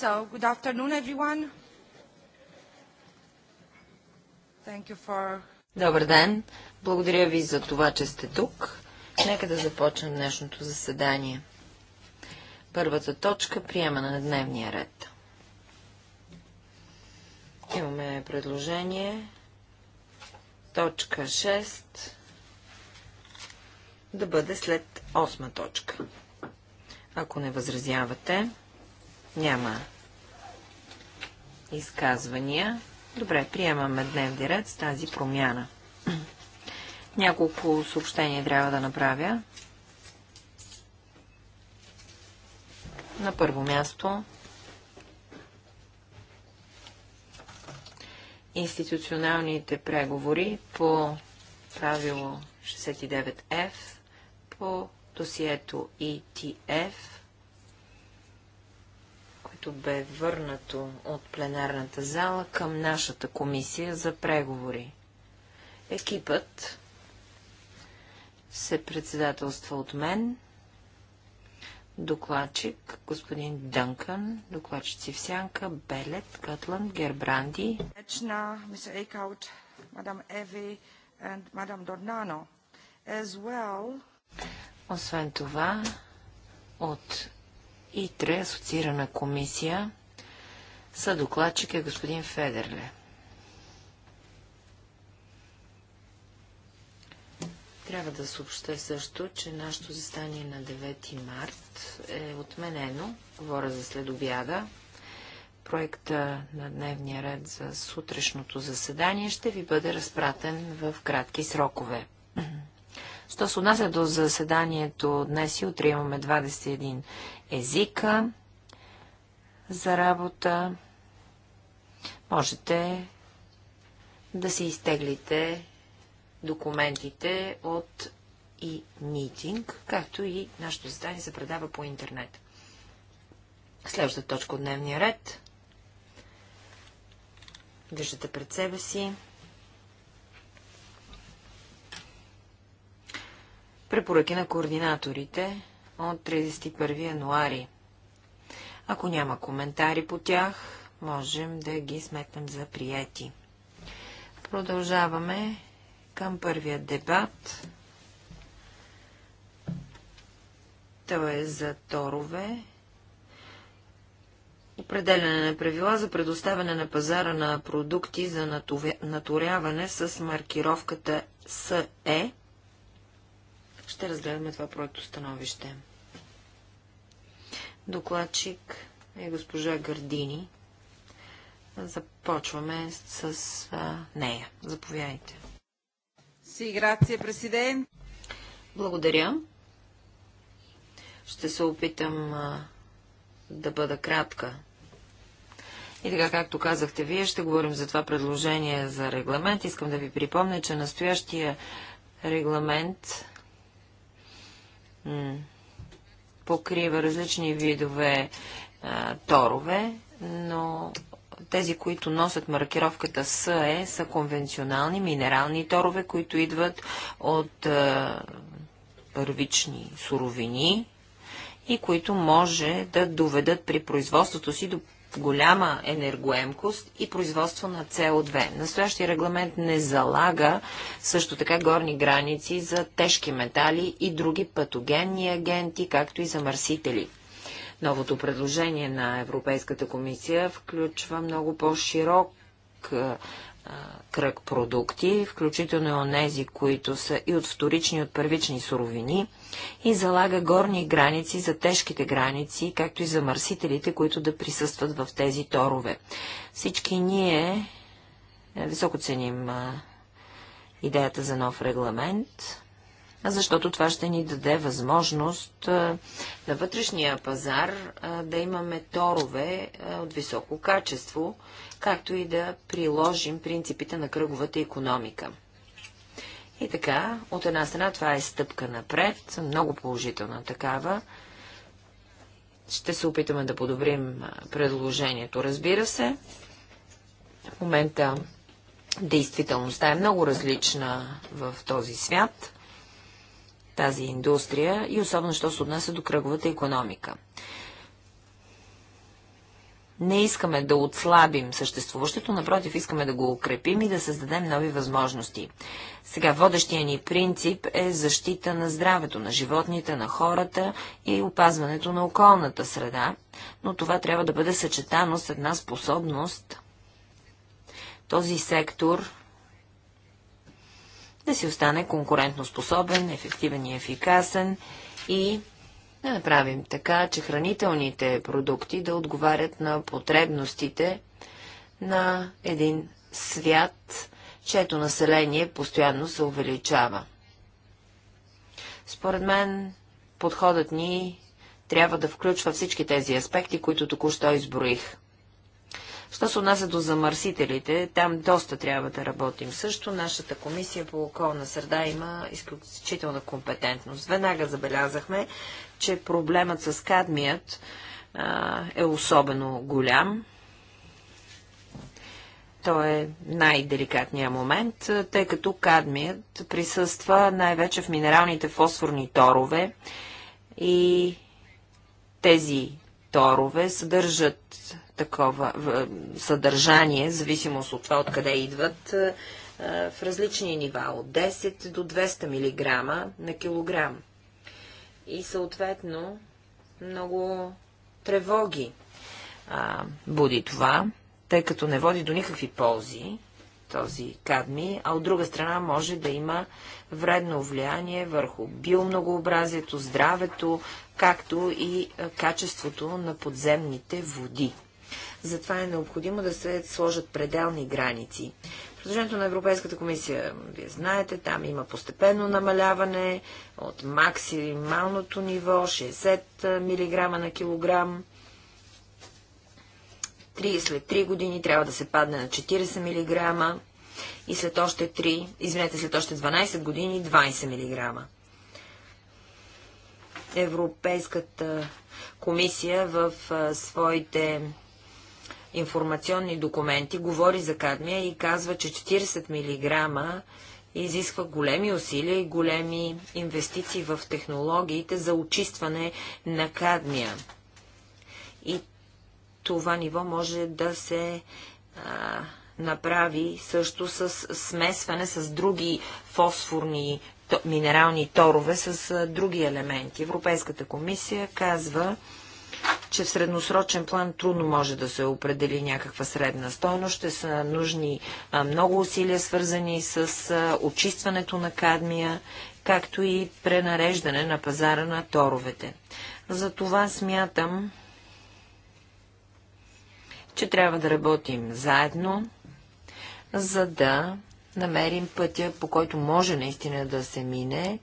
So, good afternoon, everyone. Thank you for... Добър ден! Благодаря ви за това, че сте тук. Нека да започнем днешното заседание. Първата точка – приемане на дневния ред. Имаме предложение. Точка 6 да бъде след 8 точка. Ако не възразявате, няма изказвания. Добре, приемаме дневни ред с тази промяна. Няколко съобщения трябва да направя. На първо място институционалните преговори по правило 69F по досието ETF което бе върнато от пленарната зала към нашата комисия за преговори. Екипът се председателства от мен, докладчик, господин Дънкън, докладчици в сянка, Белет, Кътлан, Гербранди. Вечна, мисър Ейкаут, мадам Еви и мадам Дорнано. Освен това, от и три асоциирана комисия, са докладчик е господин Федерле. Трябва да съобща също, че нашето застание на 9 март е отменено. Говоря за следобяда. Проекта на дневния ред за сутрешното заседание ще ви бъде разпратен в кратки срокове. Що се отнася до заседанието днес и утре имаме 21 езика за работа. Можете да си изтеглите документите от и митинг, както и нашето заседание се предава по интернет. Следващата точка от дневния ред. Виждате пред себе си Препоръки на координаторите от 31 януари. Ако няма коментари по тях, можем да ги сметнем за прияти. Продължаваме към първия дебат. Той е за торове. Определяне на правила за предоставяне на пазара на продукти за наторяване с маркировката СЕ ще разгледаме това проекто становище. Докладчик е госпожа Гардини. Започваме с а, нея. Заповядайте. Си, грация, президент. Благодаря. Ще се опитам а, да бъда кратка. И така, както казахте вие, ще говорим за това предложение за регламент. Искам да ви припомня, че настоящия регламент покрива различни видове а, торове, но тези, които носят маркировката СЕ, са конвенционални минерални торове, които идват от а, първични суровини и които може да доведат при производството си до голяма енергоемкост и производство на СО2. Настоящия регламент не залага също така горни граници за тежки метали и други патогенни агенти, както и замърсители. Новото предложение на Европейската комисия включва много по-широк кръг продукти, включително и онези, които са и от вторични, и от първични суровини, и залага горни граници за тежките граници, както и за мърсителите, които да присъстват в тези торове. Всички ние е, високо ценим идеята за нов регламент, защото това ще ни даде възможност на вътрешния пазар да имаме торове от високо качество, както и да приложим принципите на кръговата економика. И така, от една страна това е стъпка напред, много положителна такава. Ще се опитаме да подобрим предложението, разбира се. В момента действителността е много различна в този свят, тази индустрия и особено, що се отнася до кръговата економика. Не искаме да отслабим съществуващото, напротив, искаме да го укрепим и да създадем нови възможности. Сега, водещия ни принцип е защита на здравето на животните, на хората и опазването на околната среда, но това трябва да бъде съчетано с една способност този сектор да си остане конкурентно способен, ефективен и ефикасен и да направим така, че хранителните продукти да отговарят на потребностите на един свят, чето население постоянно се увеличава. Според мен, подходът ни трябва да включва всички тези аспекти, които току-що изброих. Що се отнася до замърсителите, там доста трябва да работим. Също нашата комисия по околна среда има изключителна компетентност. Веднага забелязахме, че проблемът с кадмият а, е особено голям. Той е най-деликатният момент, тъй като кадмият присъства най-вече в минералните фосфорни торове и тези торове съдържат такова съдържание, в зависимост от това откъде идват, в различни нива, от 10 до 200 мг на килограм и съответно много тревоги а, буди това, тъй като не води до никакви ползи този кадми, а от друга страна може да има вредно влияние върху биомногообразието, здравето, както и качеството на подземните води. Затова е необходимо да се сложат пределни граници. Предложението на Европейската комисия, вие знаете, там има постепенно намаляване от максималното ниво 60 мг на килограм. 3, след 3 години трябва да се падне на 40 мг и след още 3, извинете, след още 12 години 20 мг. Европейската комисия в а, своите информационни документи говори за кадмия и казва, че 40 мг изисква големи усилия и големи инвестиции в технологиите за очистване на кадмия. И това ниво може да се а, направи също с смесване с други фосфорни минерални торове с а, други елементи. Европейската комисия казва, че в средносрочен план трудно може да се определи някаква средна стойност. Ще са нужни много усилия, свързани с очистването на кадмия, както и пренареждане на пазара на торовете. Затова смятам, че трябва да работим заедно, за да намерим пътя, по който може наистина да се мине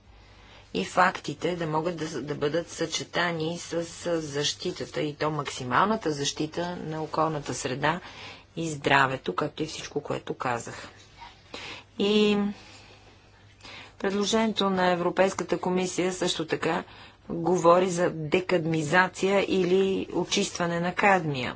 и фактите да могат да, да бъдат съчетани с, с защитата и то максималната защита на околната среда и здравето, както и всичко, което казах. И предложението на Европейската комисия също така говори за декадмизация или очистване на кадмия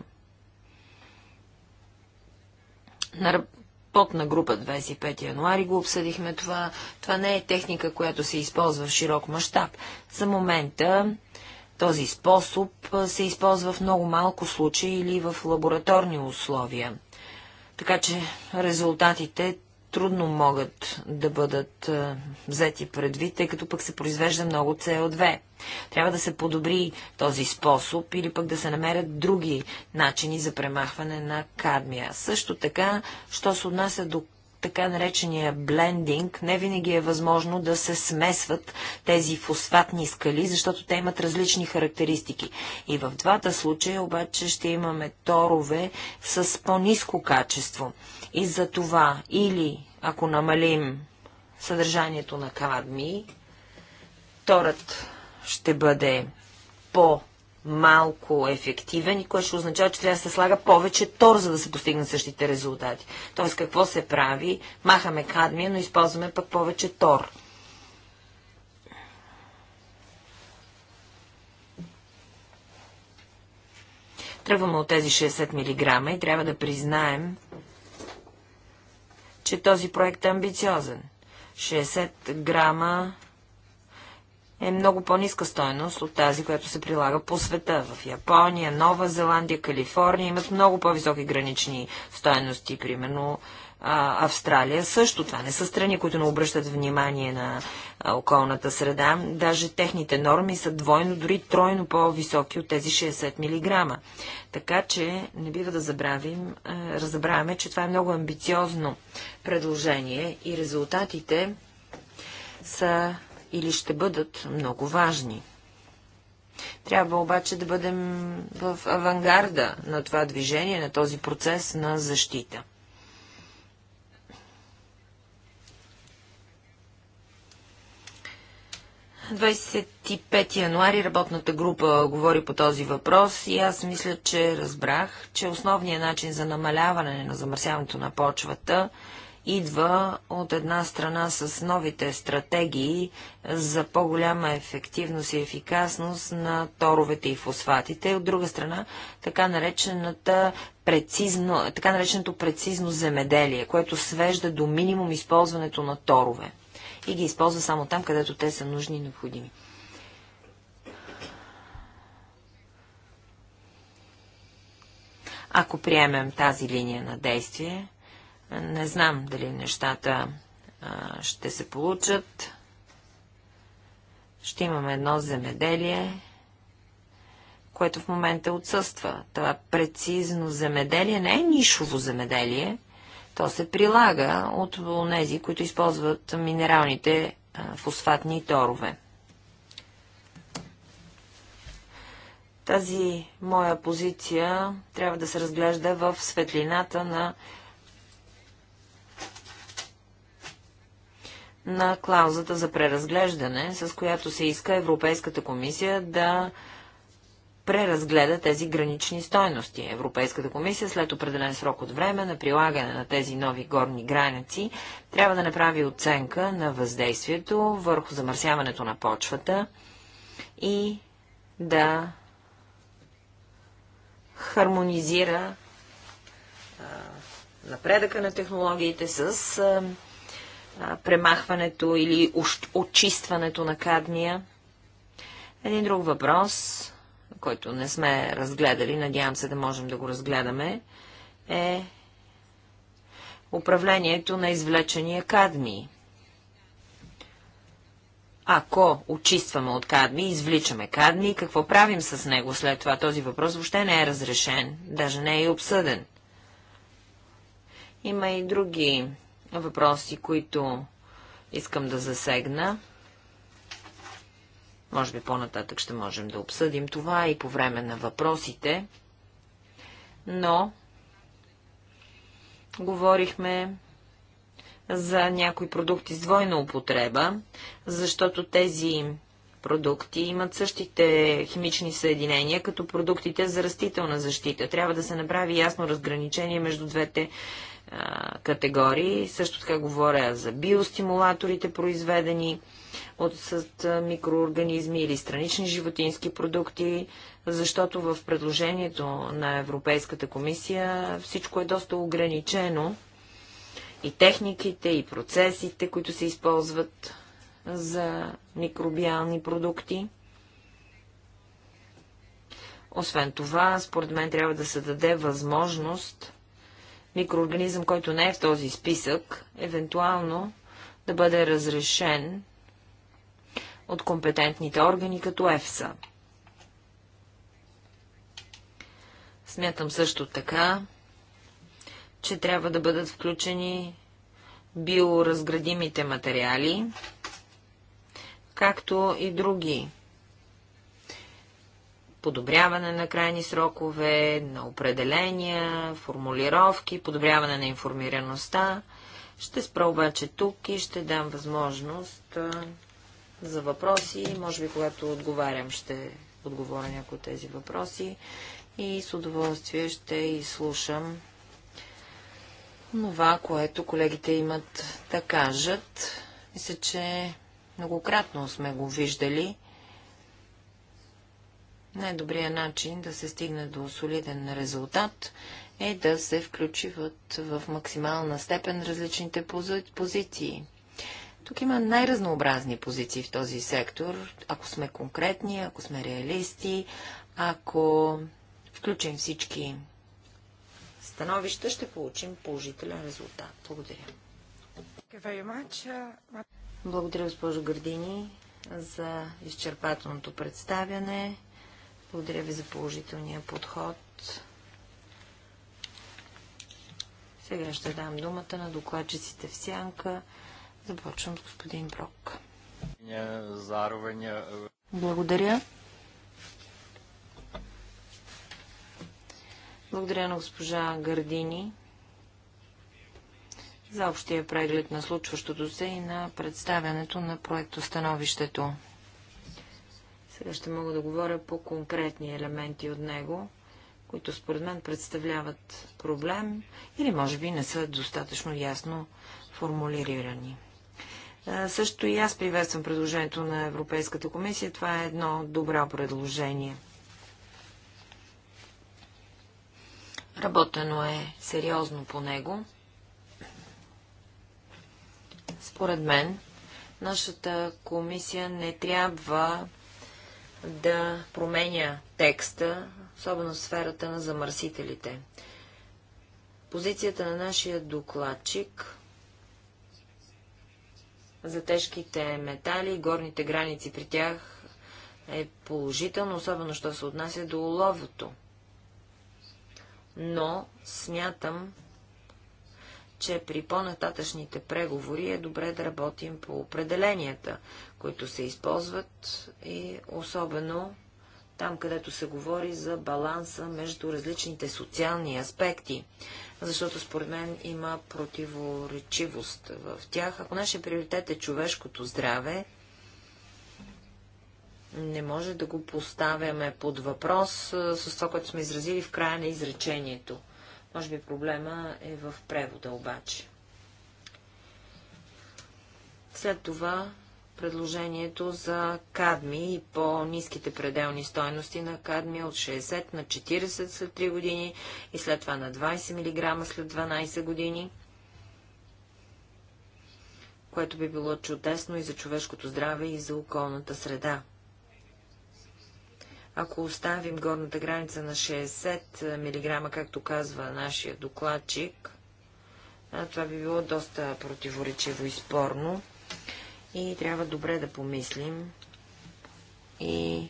на група 25 януари го обсъдихме това. Това не е техника, която се използва в широк мащаб. За момента този способ се използва в много малко случаи или в лабораторни условия. Така че резултатите трудно могат да бъдат взети предвид, тъй като пък се произвежда много CO2. Трябва да се подобри този способ или пък да се намерят други начини за премахване на кадмия. Също така, що се отнася до така наречения блендинг, не винаги е възможно да се смесват тези фосфатни скали, защото те имат различни характеристики. И в двата случая обаче ще имаме торове с по-низко качество. И за това или ако намалим съдържанието на кадми, торът ще бъде по малко ефективен и което ще означава, че трябва да се слага повече тор, за да се достигнат същите резултати. Тоест, какво се прави? Махаме кадмия, но използваме пък повече тор. Тръгваме от тези 60 мг и трябва да признаем, че този проект е амбициозен. 60 грама е много по-ниска стоеност от тази, която се прилага по света. В Япония, Нова Зеландия, Калифорния имат много по-високи гранични стоености, примерно а, Австралия също. Това не са страни, които не обръщат внимание на а, околната среда. Даже техните норми са двойно, дори тройно по-високи от тези 60 мг. Така че не бива да забравим, а, че това е много амбициозно предложение и резултатите са или ще бъдат много важни. Трябва обаче да бъдем в авангарда на това движение, на този процес на защита. На 25 януари работната група говори по този въпрос и аз мисля, че разбрах, че основният начин за намаляване на замърсяването на почвата е идва от една страна с новите стратегии за по-голяма ефективност и ефикасност на торовете и фосфатите, от друга страна така, наречената прецизно, така нареченото прецизно земеделие, което свежда до минимум използването на торове и ги използва само там, където те са нужни и необходими. Ако приемем тази линия на действие, не знам дали нещата ще се получат. Ще имаме едно земеделие, което в момента отсъства. Това прецизно земеделие не е нишово земеделие. То се прилага от тези, които използват минералните фосфатни торове. Тази моя позиция трябва да се разглежда в светлината на на клаузата за преразглеждане, с която се иска Европейската комисия да преразгледа тези гранични стойности. Европейската комисия след определен срок от време на прилагане на тези нови горни граници трябва да направи оценка на въздействието върху замърсяването на почвата и да хармонизира напредъка на технологиите с премахването или очистването на кадния. Един друг въпрос, който не сме разгледали, надявам се да можем да го разгледаме, е управлението на извлечения кадмий. Ако очистваме от кадми, извличаме кадми, какво правим с него след това? Този въпрос въобще не е разрешен, даже не е и обсъден. Има и други въпроси, които искам да засегна. Може би по-нататък ще можем да обсъдим това и по време на въпросите. Но говорихме за някои продукти с двойна употреба, защото тези продукти имат същите химични съединения, като продуктите за растителна защита. Трябва да се направи ясно разграничение между двете категории. Също така говоря за биостимулаторите, произведени от съд, микроорганизми или странични животински продукти, защото в предложението на Европейската комисия всичко е доста ограничено. И техниките, и процесите, които се използват за микробиални продукти. Освен това, според мен трябва да се даде възможност микроорганизъм, който не е в този списък, евентуално да бъде разрешен от компетентните органи, като ЕФСА. Смятам също така, че трябва да бъдат включени биоразградимите материали, както и други подобряване на крайни срокове, на определения, формулировки, подобряване на информираността. Ще спра обаче тук и ще дам възможност за въпроси. Може би, когато отговарям, ще отговоря някои от тези въпроси и с удоволствие ще изслушам това, което колегите имат да кажат. Мисля, че многократно сме го виждали най-добрият начин да се стигне до солиден резултат е да се включиват в максимална степен различните пози... позиции. Тук има най-разнообразни позиции в този сектор, ако сме конкретни, ако сме реалисти, ако включим всички становища, ще получим положителен резултат. Благодаря. Uh, Благодаря, госпожо Гърдини, за изчерпателното представяне. Благодаря ви за положителния подход. Сега ще дам думата на докладчиците в сянка. Започвам с господин Брок. Благодаря. Благодаря на госпожа Гардини за общия преглед на случващото се и на представянето на становището. Сега ще мога да говоря по конкретни елементи от него, които според мен представляват проблем или може би не са достатъчно ясно формулирани. Също и аз приветствам предложението на Европейската комисия. Това е едно добро предложение. Работено е сериозно по него. Според мен, нашата комисия не трябва да променя текста, особено в сферата на замърсителите. Позицията на нашия докладчик за тежките метали и горните граници при тях е положително, особено що се отнася до уловото. Но смятам, че при по-нататъчните преговори е добре да работим по определенията, които се използват и особено там, където се говори за баланса между различните социални аспекти, защото според мен има противоречивост в тях. Ако нашия приоритет е човешкото здраве, не може да го поставяме под въпрос с това, което сме изразили в края на изречението. Може би проблема е в превода обаче. След това предложението за кадми и по-низките пределни стойности на кадмия от 60 на 40 след 3 години и след това на 20 мг след 12 години, което би било чудесно и за човешкото здраве и за околната среда. Ако оставим горната граница на 60 е, мг, както казва нашия докладчик, това би било доста противоречиво и спорно. И трябва добре да помислим и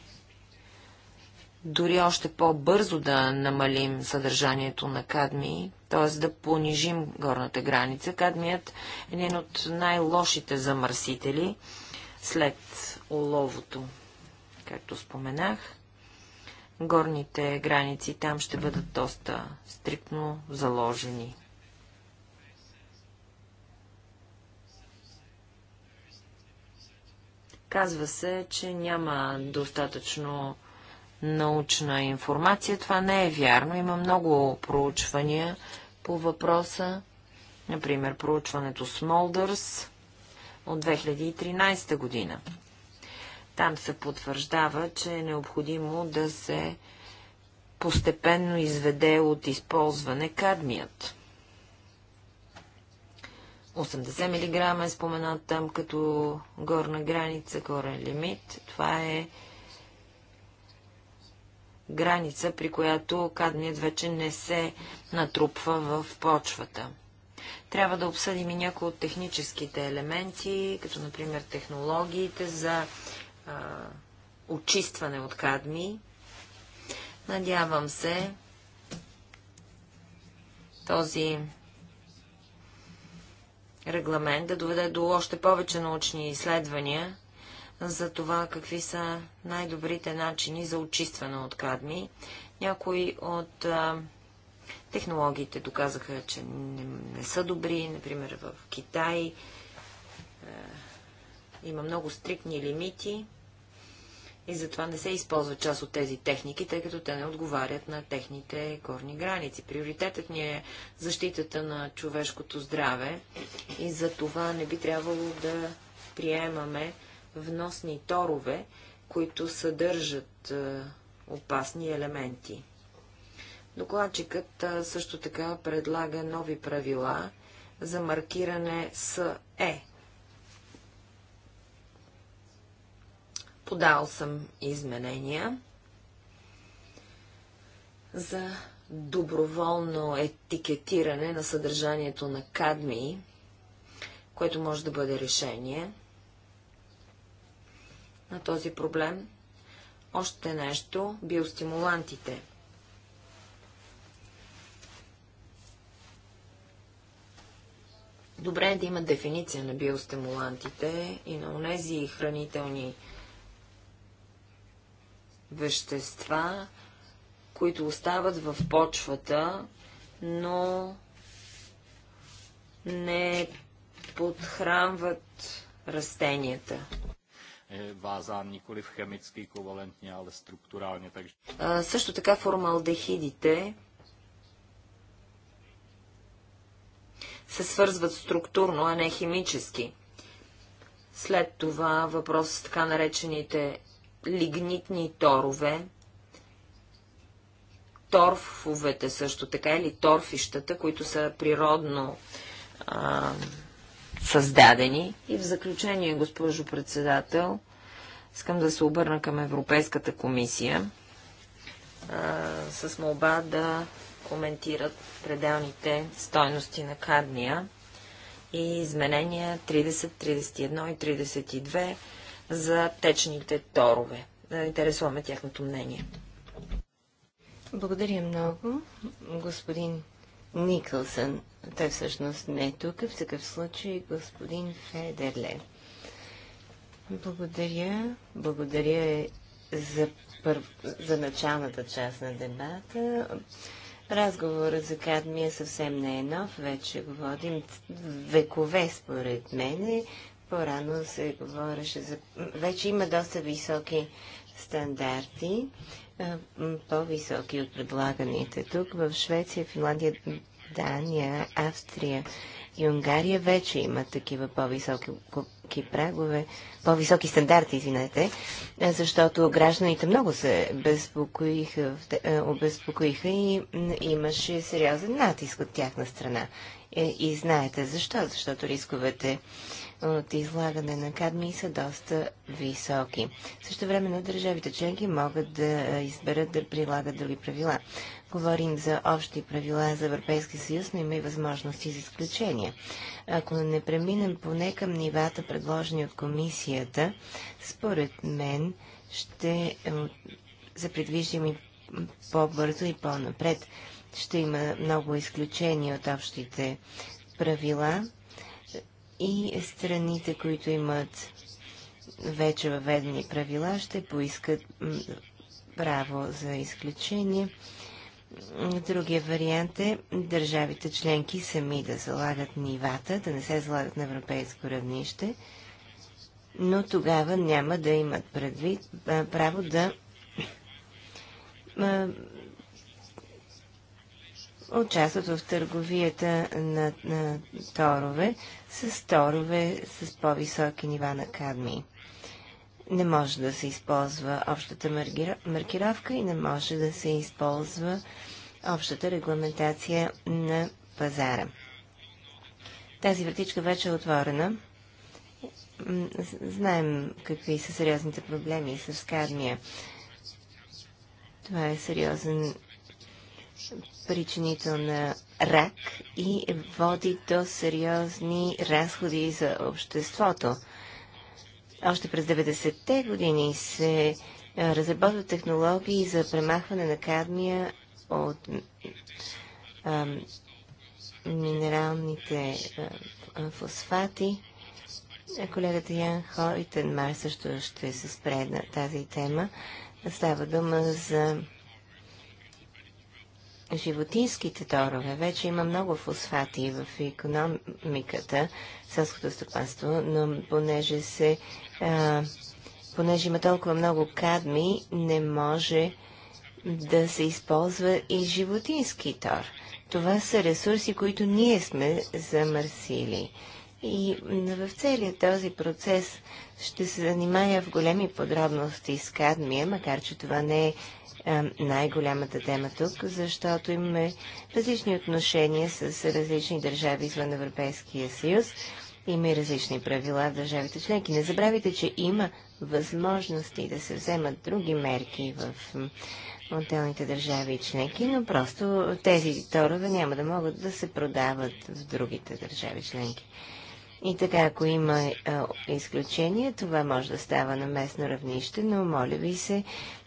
дори още по-бързо да намалим съдържанието на кадмии, т.е. да понижим горната граница. Кадмият е един от най-лошите замърсители след оловото, както споменах горните граници там ще бъдат доста стриктно заложени. Казва се, че няма достатъчно научна информация. Това не е вярно. Има много проучвания по въпроса. Например, проучването Смолдърс от 2013 година. Там се потвърждава, че е необходимо да се постепенно изведе от използване кадмият. 80 мг е споменат там като горна граница, горен лимит. Това е граница, при която кадмият вече не се натрупва в почвата. Трябва да обсъдим и някои от техническите елементи, като например технологиите за а, очистване от кадми. Надявам се този регламент да доведе до още повече научни изследвания за това какви са най-добрите начини за очистване от кадми. Някои от а, технологиите доказаха, че не, не са добри, например в Китай. А, има много стриктни лимити и затова не се използва част от тези техники, тъй като те не отговарят на техните горни граници. Приоритетът ни е защитата на човешкото здраве и за това не би трябвало да приемаме вносни торове, които съдържат е, опасни елементи. Докладчикът е, също така предлага нови правила за маркиране с Е Подал съм изменения за доброволно етикетиране на съдържанието на кадмии, което може да бъде решение на този проблем. Още нещо – биостимулантите. Добре е да има дефиниция на биостимулантите и на онези хранителни вещества, които остават в почвата, но не подхранват растенията. Е, вазан в хемически ковалентни, але структурални. Так... А, също така формалдехидите се свързват структурно, а не химически. След това въпрос с така наречените лигнитни торове, торфовете също така, или торфищата, които са природно а, създадени. И в заключение, госпожо председател, искам да се обърна към Европейската комисия а, с молба да коментират пределните стойности на кадния и изменения 30, 31 и 32 за течните торове. Интересуваме тяхното мнение. Благодаря много, господин Никълсън. Той всъщност не е тук, в такъв случай господин Федерле. Благодаря. Благодаря за, пър... за началната част на дебата. Разговорът за кадмия съвсем не е нов, вече го водим векове според мене. По-рано се говореше за... Вече има доста високи стандарти, по-високи от предлаганите. Тук в Швеция, Финландия, Дания, Австрия и Унгария вече има такива по-високи прагове, по-високи стандарти, извинете, защото гражданите много се безпокоиха, обезпокоиха и имаше сериозен натиск от тяхна страна. И, е, и знаете защо? Защото рисковете от излагане на кадми са доста високи. Също времено държавите членки могат да изберат да прилагат други правила. Говорим за общи правила за Европейския съюз, но има и възможности за изключения. Ако не преминем поне към нивата, предложени от комисията, според мен ще се придвижим и по-бързо и по-напред. Ще има много изключения от общите правила, и страните, които имат вече въведени правила, ще поискат право за изключение. Другия вариант е държавите членки сами да залагат нивата, да не се залагат на европейско равнище, но тогава няма да имат предвид право да участват в търговията на, на торове с торове с по-високи нива на кадмии. Не може да се използва общата маркировка и не може да се използва общата регламентация на пазара. Тази вратичка вече е отворена. Знаем какви са сериозните проблеми с кадмия. Това е сериозен причинител на рак и води до сериозни разходи за обществото. Още през 90-те години се разработват технологии за премахване на кадмия от а, минералните а, фосфати. Колегата Ян май също ще се спре на тази тема. Става дума за животинските торове. Вече има много фосфати в економиката, селското стопанство, но понеже се а, понеже има толкова много кадми, не може да се използва и животински тор. Това са ресурси, които ние сме замърсили. И в целият този процес ще се занимая в големи подробности с кадмия, макар че това не е е, най-голямата тема тук, защото имаме различни отношения с различни държави извън Европейския съюз. Има и различни правила в държавите членки. Не забравяйте, че има възможности да се вземат други мерки в отделните държави и членки, но просто тези торове няма да могат да се продават в другите държави членки. И така, ако има а, изключение, това може да става на местно равнище, но моля ви се,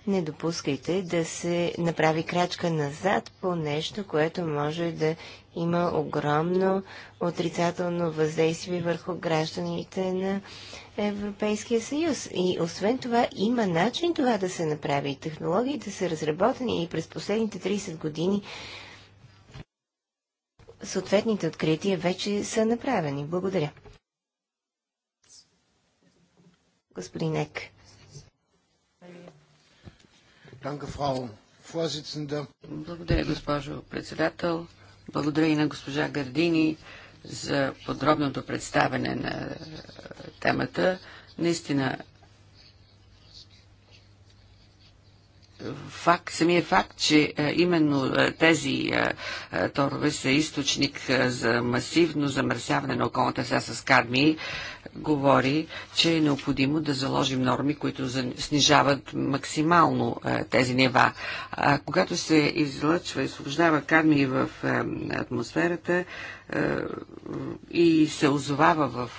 не допускайте да се направи крачка назад по нещо, което може да има огромно отрицателно въздействие върху гражданите на Европейския съюз. И освен това, има начин това да се направи. Технологиите са разработени и през последните 30 години съответните открития вече са направени. Благодаря. господин Ек. Благодаря, госпожо председател. Благодаря и на госпожа Гардини за подробното представяне на е, темата. Наистина, факт, самия факт, че е, именно е, тези торове са източник за масивно замърсяване на околната сега с кадмии, говори, че е необходимо да заложим норми, които снижават максимално е, тези нива. А когато се излъчва и освобождава кадми в е, атмосферата е, и се озовава в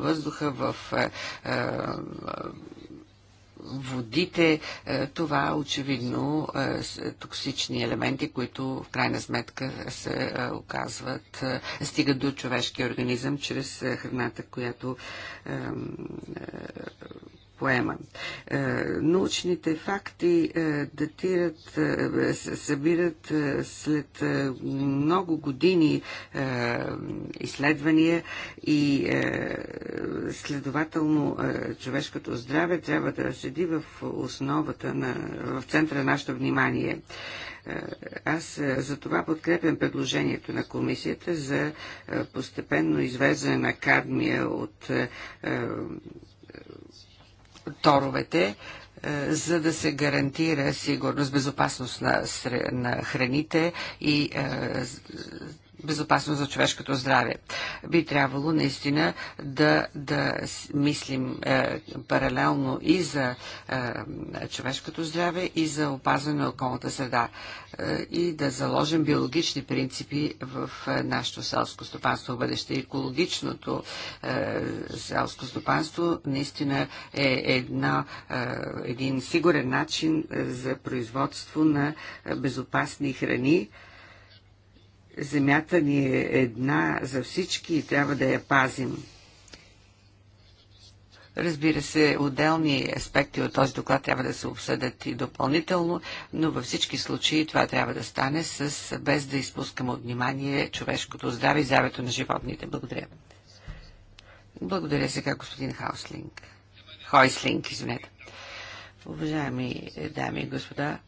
въздуха, в водите, е, това очевидно е, са е, токсични елементи, които в крайна сметка се оказват, стигат до човешкия организъм чрез храната, която поема. Е, научните факти е, датират, е, събират след много години изследвания и следователно човешкото здраве трябва да седи в основата на, в центъра на нашето внимание. Аз за това подкрепям предложението на комисията за постепенно извезване на кадмия от торовете, е, за да се гарантира сигурност, безопасност на, на храните и е, безопасност за човешкото здраве. Би трябвало наистина да, да мислим е, паралелно и за е, човешкото здраве, и за опазване на околната среда е, и да заложим биологични принципи в е, нашето селско стопанство в бъдеще. Екологичното е, селско стопанство наистина е една, е, един сигурен начин е, за производство на е, безопасни храни, Земята ни е една за всички и трябва да я пазим. Разбира се, отделни аспекти от този доклад трябва да се обсъдят и допълнително, но във всички случаи това трябва да стане с, без да изпускаме от внимание човешкото здраве и здравето на животните. Благодаря. Благодаря сега господин Хауслинг. Хойслинг, извинете. Уважаеми дами и господа,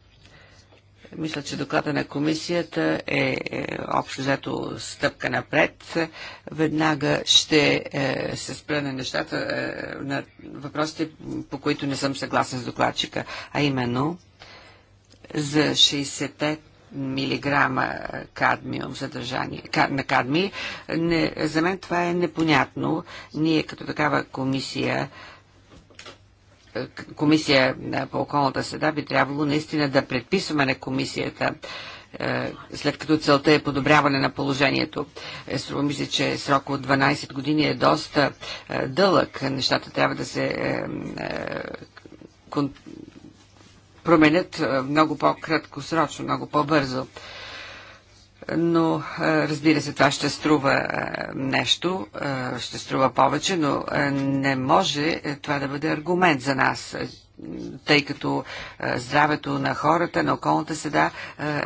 мисля, че доклада на комисията е, е общо взето стъпка напред. Веднага ще е, се спра на нещата, е, на въпросите, по които не съм съгласен с докладчика, а именно за 60-те милиграма кадмиум съдържание на кадми. Не, за мен това е непонятно. Ние като такава комисия комисия по околната среда би трябвало наистина да предписваме на комисията след като целта е подобряване на положението. Е, струва ми се, че срок от 12 години е доста дълъг. Нещата трябва да се е, е, променят много по-краткосрочно, много по-бързо но разбира се, това ще струва нещо, ще струва повече, но не може е, това да бъде аргумент за нас, тъй като здравето на хората, на околната седа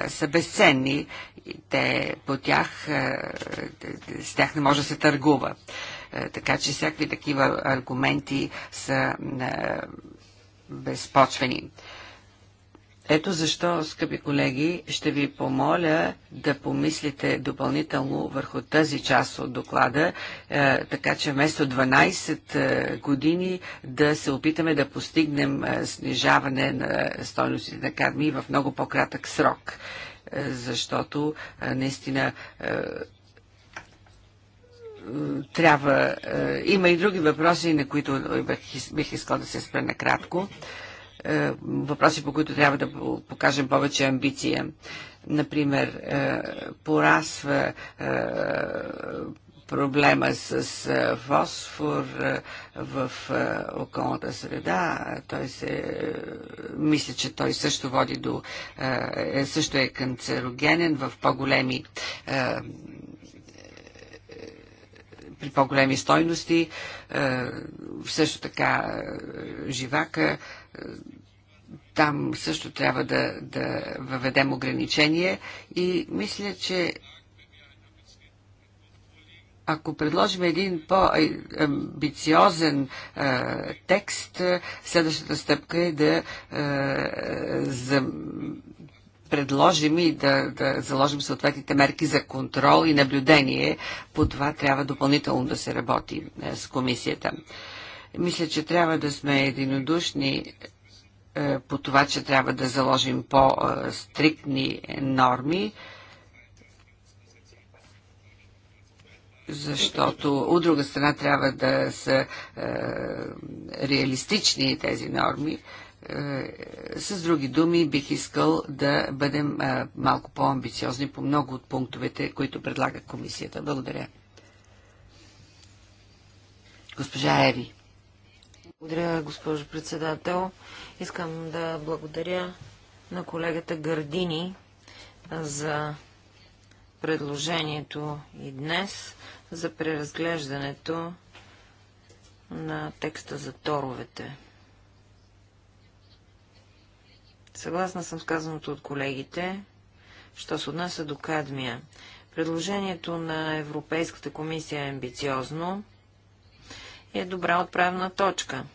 са безценни. Те по тях, с тях не може да се търгува. Така че всякакви такива аргументи са безпочвени. Ето защо, скъпи колеги, ще ви помоля да помислите допълнително върху тази част от доклада, е, така че вместо 12 е, години да се опитаме да постигнем е, снижаване на стойностите на кадми в много по-кратък срок, защото наистина трябва. Има и други въпроси, на които бих искал да се спра накратко. кратко е, въпроси, по които трябва да покажем повече амбиция. Например, е, порасва е, проблема с фосфор в околната среда. Той се, мисля, че той също води до, също е канцерогенен в по-големи при по-големи стойности, също така живака, там също трябва да, да въведем ограничение и мисля, че ако предложим един по-амбициозен текст, следващата стъпка е да а, за, предложим и да, да заложим съответните мерки за контрол и наблюдение. По това трябва допълнително да се работи с комисията. Мисля, че трябва да сме единодушни е, по това, че трябва да заложим по-стриктни норми, защото от друга страна трябва да са е, реалистични тези норми. Е, с други думи, бих искал да бъдем малко по-амбициозни по много от пунктовете, които предлага комисията. Благодаря. Госпожа Еви. Благодаря, госпожо председател. Искам да благодаря на колегата Гърдини за предложението и днес за преразглеждането на текста за торовете. Съгласна съм с казаното от колегите, що се отнася до кадмия. Предложението на Европейската комисия е амбициозно и е добра отправна точка –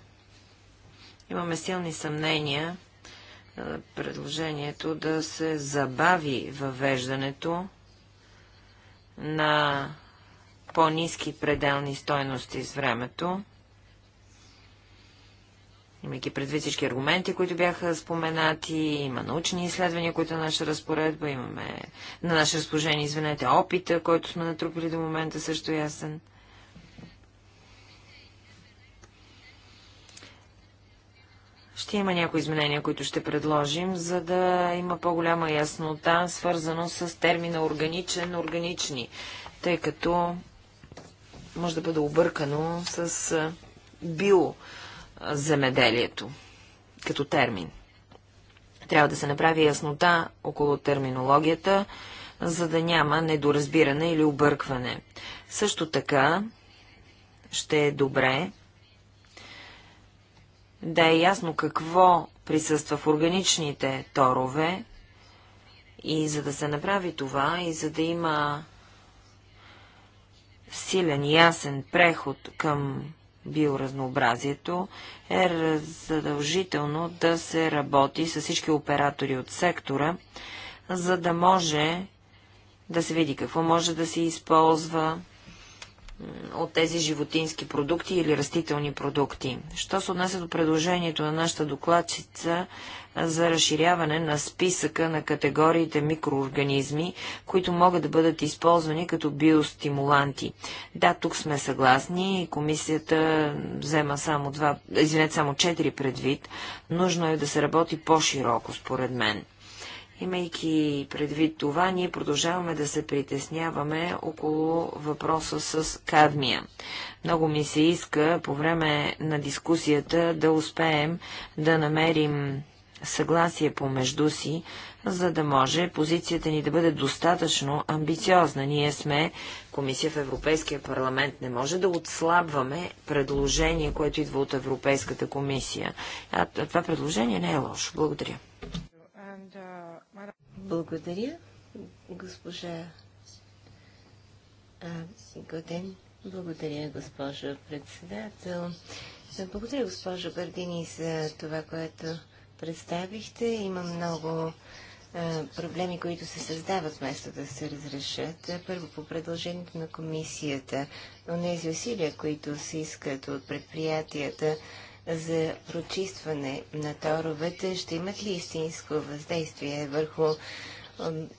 Имаме силни съмнения предложението да се забави въвеждането на по-низки пределни стойности с времето, имайки предвид всички аргументи, които бяха споменати, има научни изследвания, които е на наша разпоредба имаме, на наше разположение, извинете, опита, който сме натрупили до момента също е ясен. Ще има някои изменения, които ще предложим, за да има по-голяма яснота, свързано с термина органичен, органични, тъй като може да бъде объркано с биоземеделието като термин. Трябва да се направи яснота около терминологията, за да няма недоразбиране или объркване. Също така ще е добре да е ясно какво присъства в органичните торове и за да се направи това и за да има силен, ясен преход към биоразнообразието, е задължително да се работи с всички оператори от сектора, за да може да се види какво може да се използва, от тези животински продукти или растителни продукти. Що се отнася до предложението на нашата докладчица за разширяване на списъка на категориите микроорганизми, които могат да бъдат използвани като биостимуланти. Да, тук сме съгласни и комисията взема само, два, извинете, само четири предвид. Нужно е да се работи по-широко, според мен. Имайки предвид това, ние продължаваме да се притесняваме около въпроса с кадмия. Много ми се иска по време на дискусията да успеем да намерим съгласие помежду си, за да може позицията ни да бъде достатъчно амбициозна. Ние сме комисия в Европейския парламент. Не може да отслабваме предложение, което идва от Европейската комисия. А това предложение не е лошо. Благодаря. Благодаря, госпожа Годен. Благодаря, госпожо председател. Благодаря, госпожо Бардини за това, което представихте. Има много проблеми, които се създават вместо да се разрешат. Първо по предложението на комисията. Онези усилия, които се искат от предприятията за прочистване на торовете ще имат ли истинско въздействие върху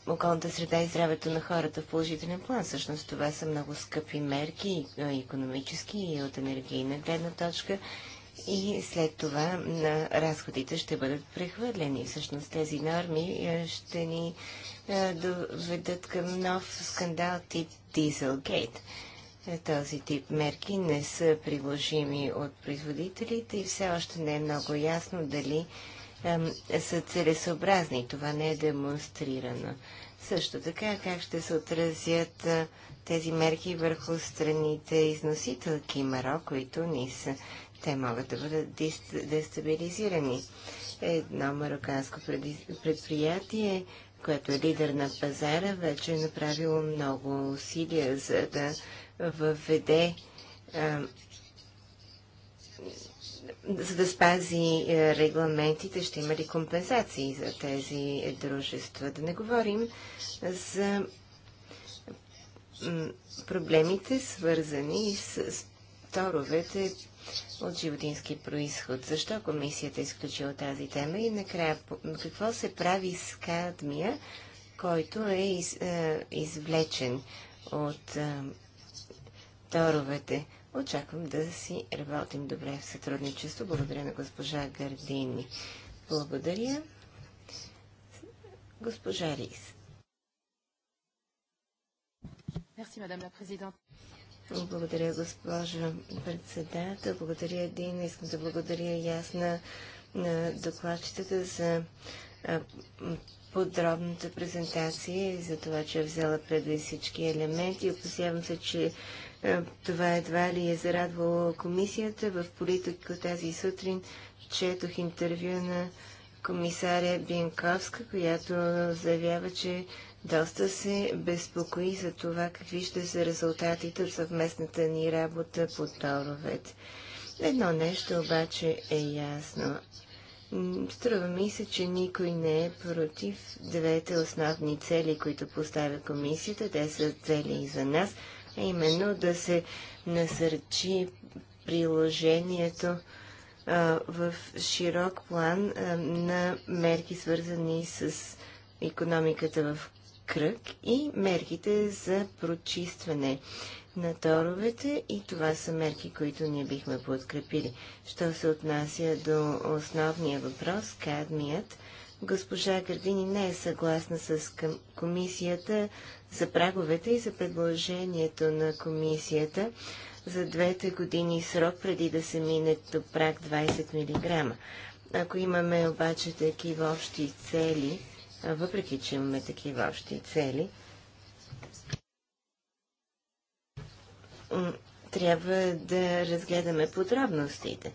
околната среда и здравето на хората в положителен план. Всъщност това са много скъпи мерки, економически и от енергийна гледна точка. И след това на разходите ще бъдат прехвърлени. Всъщност тези норми ще ни доведат към нов скандал тип Дизелгейт. Е, този тип мерки не са приложими от производителите и все още не е много ясно дали са целесообразни. Това не е демонстрирано. Също така, как ще се отразят тези мерки върху страните износителки Маро, които не са. Те могат да бъдат дестабилизирани. Едно мароканско предприятие което е лидер на пазара, вече е направило много усилия, за да въведе за да спази е, регламентите, ще има ли компенсации за тези дружества? Да не говорим за проблемите, свързани с торовете от животински происход. Защо комисията е изключила тази тема и накрая какво се прави с кадмия, който е, е извлечен от е, торовете. Очаквам да си работим добре в сътрудничество. Благодаря на госпожа Гардини. Благодаря. Госпожа Рис. Мерси, мадам ла президент. Благодаря, госпожо председател. Благодаря, Дина Искам да благодаря ясна на, докладчета докладчетата за подробната презентация и за това, че е взела преди всички елементи. Опасявам се, че това едва ли е зарадвало комисията. В политика тази сутрин четох интервю на комисаря Бенковска, която заявява, че доста се безпокои за това какви ще са резултатите от съвместната ни работа по Торовет. Едно нещо обаче е ясно. Струва ми се, че никой не е против двете основни цели, които поставя комисията. Те са цели и за нас, именно да се насърчи приложението в широк план на мерки свързани с економиката в кръг и мерките за прочистване на торовете и това са мерки, които ние бихме подкрепили. Що се отнася до основния въпрос, кадмият Госпожа Гърдини не е съгласна с комисията за праговете и за предложението на комисията за двете години срок преди да се мине до прак 20 мг. Ако имаме обаче такива общи цели, въпреки че имаме такива общи цели, трябва да разгледаме подробностите.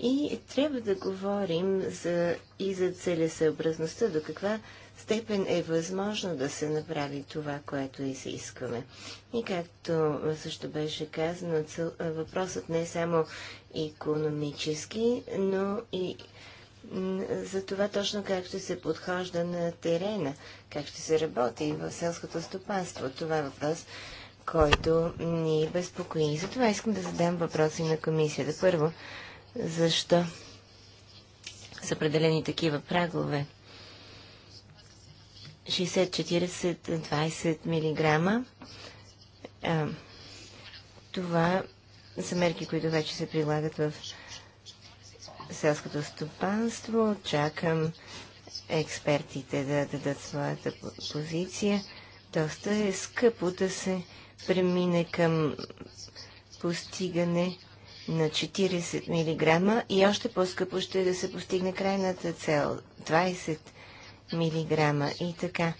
И трябва да говорим за, и за целесъобразността, до каква степен е възможно да се направи това, което изискваме. И както също беше казано, цъл, въпросът не е само економически, но и за това точно как ще се подхожда на терена, как ще се работи в селското стопанство. Това е въпрос, който ни безпокои. И затова искам да задам въпроси на комисията. Първо, защо са определени такива прагове. 60-40-20 мг. Това са мерки, които вече се прилагат в селското стопанство. Чакам експертите да дадат своята позиция. Доста е скъпо да се премине към постигане на 40 мг и още по-скъпо ще е да се постигне крайната цел 20 мг и така.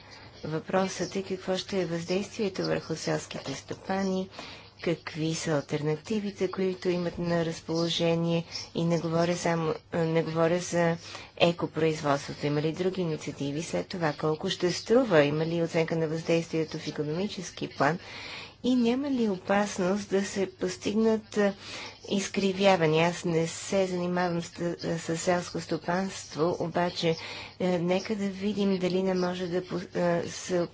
Въпросът е какво ще е въздействието върху селските стопани, какви са альтернативите, които имат на разположение и не говоря, само, не говоря за екопроизводството. Има ли други инициативи след това? Колко ще струва? Има ли оценка на въздействието в економически план? И няма ли опасност да се постигнат изкривявания. Аз не се занимавам с, с селско стопанство, обаче е, нека да видим дали не може да е, с, е,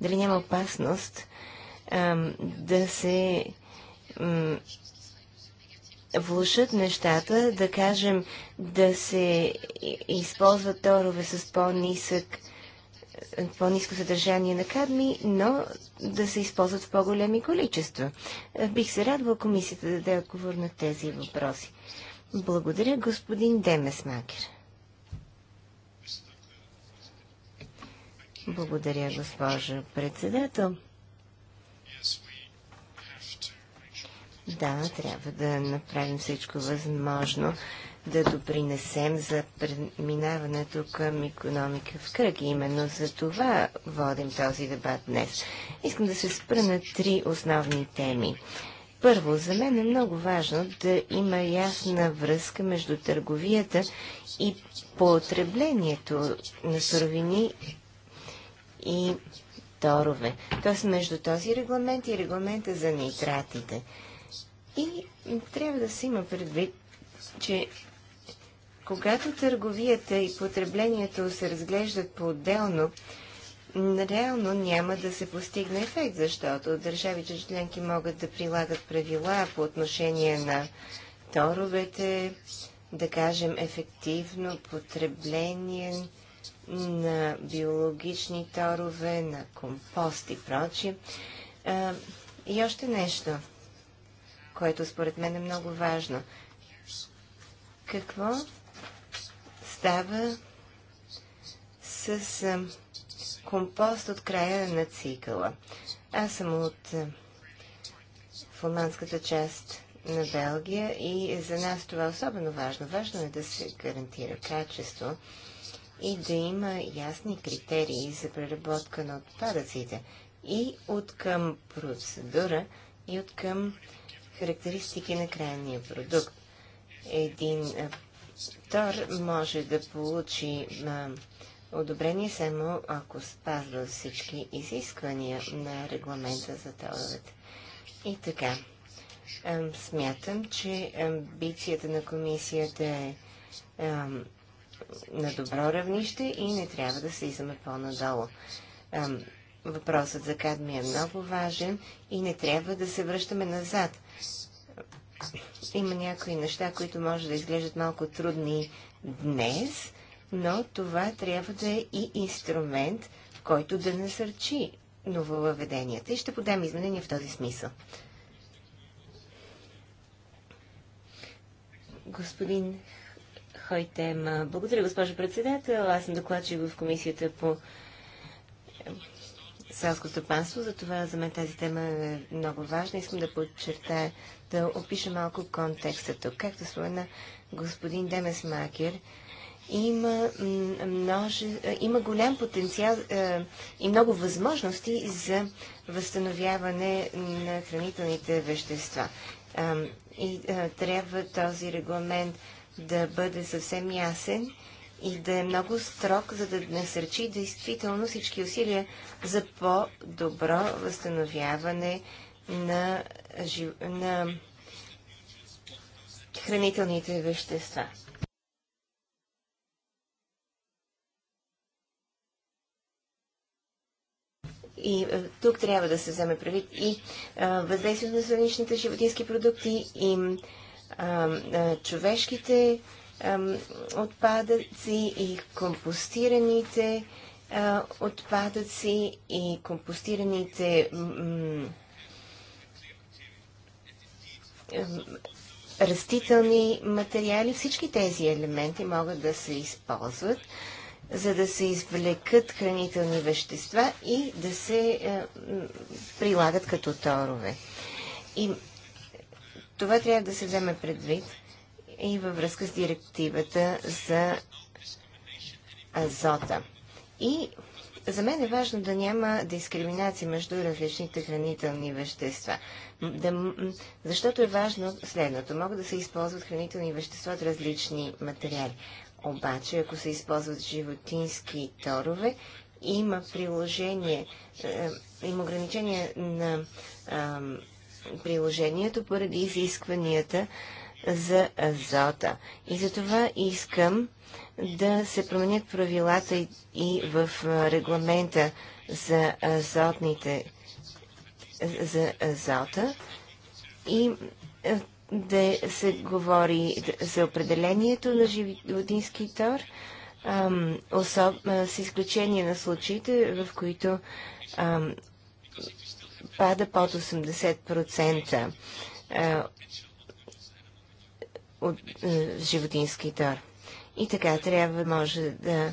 дали няма опасност е, да се е, влушат нещата, да кажем да се използват торове с по-нисък по-низко съдържание на кадми, но да се използват в по-големи количества. Е, бих се радвал комисията да даде отговор на тези въпроси. Благодаря, господин Демесмакер. Благодаря, госпожа председател. Да, трябва да направим всичко възможно, да допринесем за преминаването към економика в кръг. И именно за това водим този дебат днес. Искам да се спра на три основни теми. Първо, за мен е много важно да има ясна връзка между търговията и потреблението на суровини и торове. Тоест, между този регламент и регламента за нейтратите. И трябва да се има предвид, че когато търговията и потреблението се разглеждат по-отделно, реално няма да се постигне ефект, защото държавите членки могат да прилагат правила по отношение на торовете, да кажем ефективно потребление на биологични торове, на компост и прочи. И още нещо, което според мен е много важно. Какво става с компост от края на цикъла. Аз съм от фламандската част на Белгия и за нас това е особено важно. Важно е да се гарантира качество и да има ясни критерии за преработка на отпадъците и от към процедура, и от към характеристики на крайния продукт. Един Тор може да получи одобрение само ако спазва всички изисквания на регламента за торовете. И така, смятам, че амбицията на комисията е на добро равнище и не трябва да се изаме по-надолу. Въпросът за кадми е много важен и не трябва да се връщаме назад има някои неща, които може да изглеждат малко трудни днес, но това трябва да е и инструмент, който да насърчи нововъведенията. И ще подам изменения в този смисъл. Господин Хойтема. Благодаря, госпожо председател. Аз съм докладчик в комисията по селско стопанство, затова за мен тази тема е много важна. Искам да подчертая, да опиша малко контекста тук. Както спомена господин Демес Макер, има, множе, е, има голям потенциал е, и много възможности за възстановяване на хранителните вещества. Е, и е, трябва този регламент да бъде съвсем ясен и да е много строг, за да насърчи действително всички усилия за по-добро възстановяване на, жив... на хранителните вещества. И е, тук трябва да се вземе предвид и е, въздействието на сърничните животински продукти и а, а, е, човешките отпадъци и компостираните отпадъци и компостираните растителни материали, всички тези елементи могат да се използват, за да се извлекат хранителни вещества и да се прилагат като торове. И това трябва да се вземе предвид и във връзка с директивата за азота. И за мен е важно да няма дискриминация между различните хранителни вещества. Да, защото е важно следното. Могат да се използват хранителни вещества от различни материали. Обаче, ако се използват животински торове, има приложение, е, има ограничение на е, приложението поради изискванията за азота. И за това искам да се променят правилата и в регламента за азотните за азота и да се говори за определението на животински тор, особ, с изключение на случаите, в които ам, пада под 80% от е, животински тор. И така трябва може да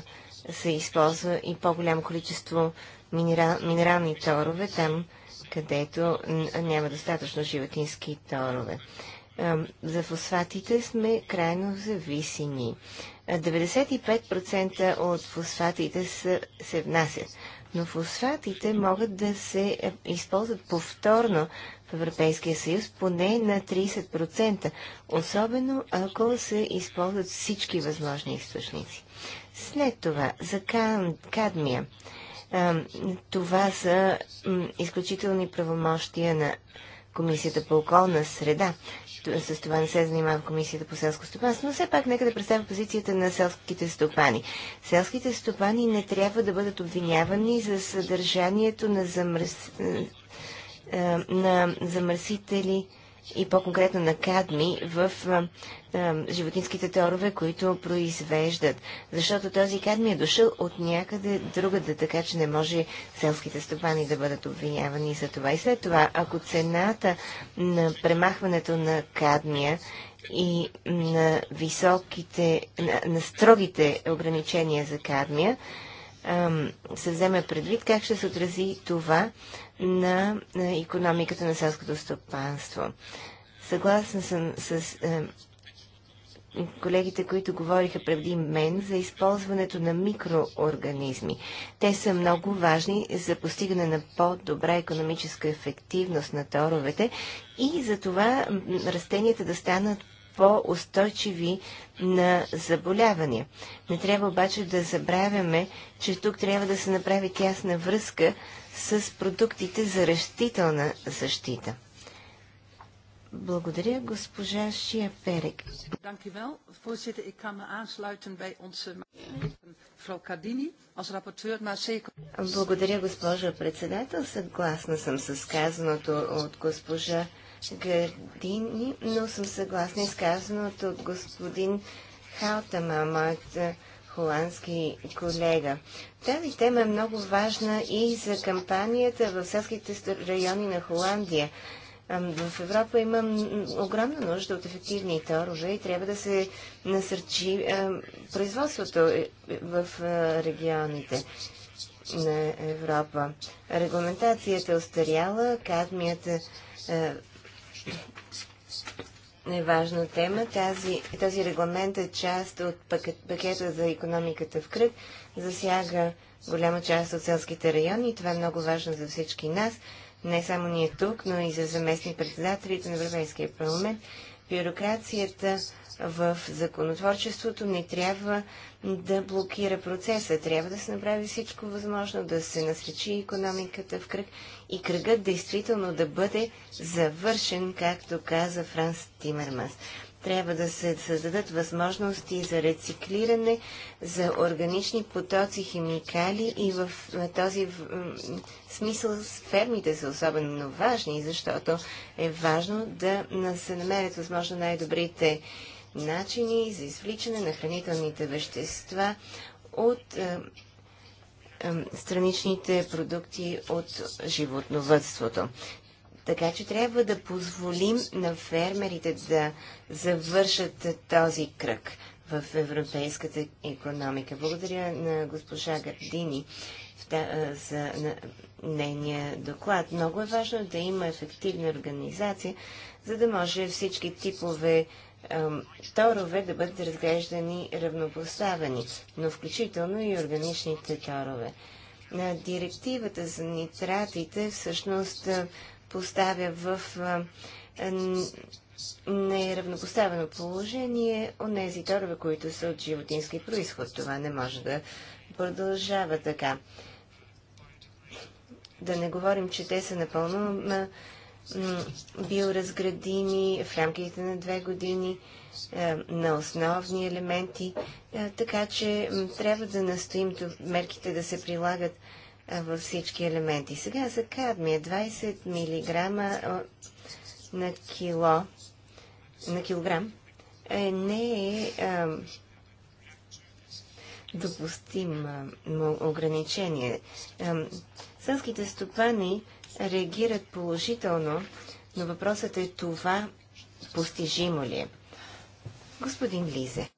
се използва и по-голямо количество минерал, минерални торове там, където няма достатъчно животински торове. Е, за фосфатите сме крайно зависими. Е, 95% от фосфатите са, се внасят но фосфатите могат да се е, използват повторно в Европейския съюз поне на 30%, особено ако се използват всички възможни източници. След това, за кадмия. Това са изключителни правомощия на Комисията по околна среда с това не се занимава в Комисията по селско стопанство, но все пак нека да представя позицията на селските стопани. Селските стопани не трябва да бъдат обвинявани за съдържанието на, замърс... Е, е, на замърсители и по-конкретно на кадми в а, а, животинските торове, които произвеждат. Защото този кадми е дошъл от някъде другаде, така че не може селските стопани да бъдат обвинявани за това. И след това, ако цената на премахването на кадмия и на високите, на, на строгите ограничения за кадмия, се вземе предвид как ще се отрази това на, економиката на селското стопанство. Съгласна съм с е, колегите, които говориха преди мен за използването на микроорганизми. Те са много важни за постигане на по-добра економическа ефективност на торовете и за това растенията да станат по-устойчиви на заболявания. Не трябва обаче да забравяме, че тук трябва да се направи тясна връзка с продуктите за растителна защита. Благодаря, госпожа Шия Перек. Voorzitter, ik kan me aansluiten bij onze mevrouw Cardini als rapporteur, maar zeker... Благодаря, госпожа председател. Съгласна съм с казаното от госпожа градини, но съм съгласна изказаното от господин Халтама, моят е, холандски колега. Тази тема е много важна и за кампанията в селските райони на Холандия. В Европа има огромна нужда от ефективни торове и трябва да се насърчи производството е, е, в регионите на Европа. Регламентацията е остаряла, кадмията е важна тема. Тази, този регламент е част от пакет, пакета за економиката в кръг, засяга голяма част от селските райони и това е много важно за всички нас, не само ние тук, но и за заместни председателите на Европейския парламент. Бюрокрацията в законотворчеството не трябва да блокира процеса. Трябва да се направи всичко възможно, да се насречи економиката в кръг и кръгът действително да бъде завършен, както каза Франс Тимермас. Трябва да се създадат възможности за рециклиране, за органични потоци, химикали и в този смисъл фермите са особено важни, защото е важно да се намерят възможно най-добрите начини за извличане на хранителните вещества от е, е, страничните продукти от животновътството. Така че трябва да позволим на фермерите да завършат този кръг в европейската економика. Благодаря на госпожа Гардини е, за нейния доклад. Много е важно да има ефективна организация, за да може всички типове торове да бъдат разглеждани равнопоставени, но включително и органичните торове. На директивата за нитратите всъщност поставя в неравнопоставено положение от тези торове, които са от животински происход. Това не може да продължава така. Да не говорим, че те са напълно биоразградими в рамките на две години е, на основни елементи, е, така че трябва да настоим мерките да се прилагат е, във всички елементи. Сега за кадмия 20 мг на кило на килограм не е допустим ограничение. сънските стопани реагират положително, но въпросът е това постижимо ли е. Господин Лизе.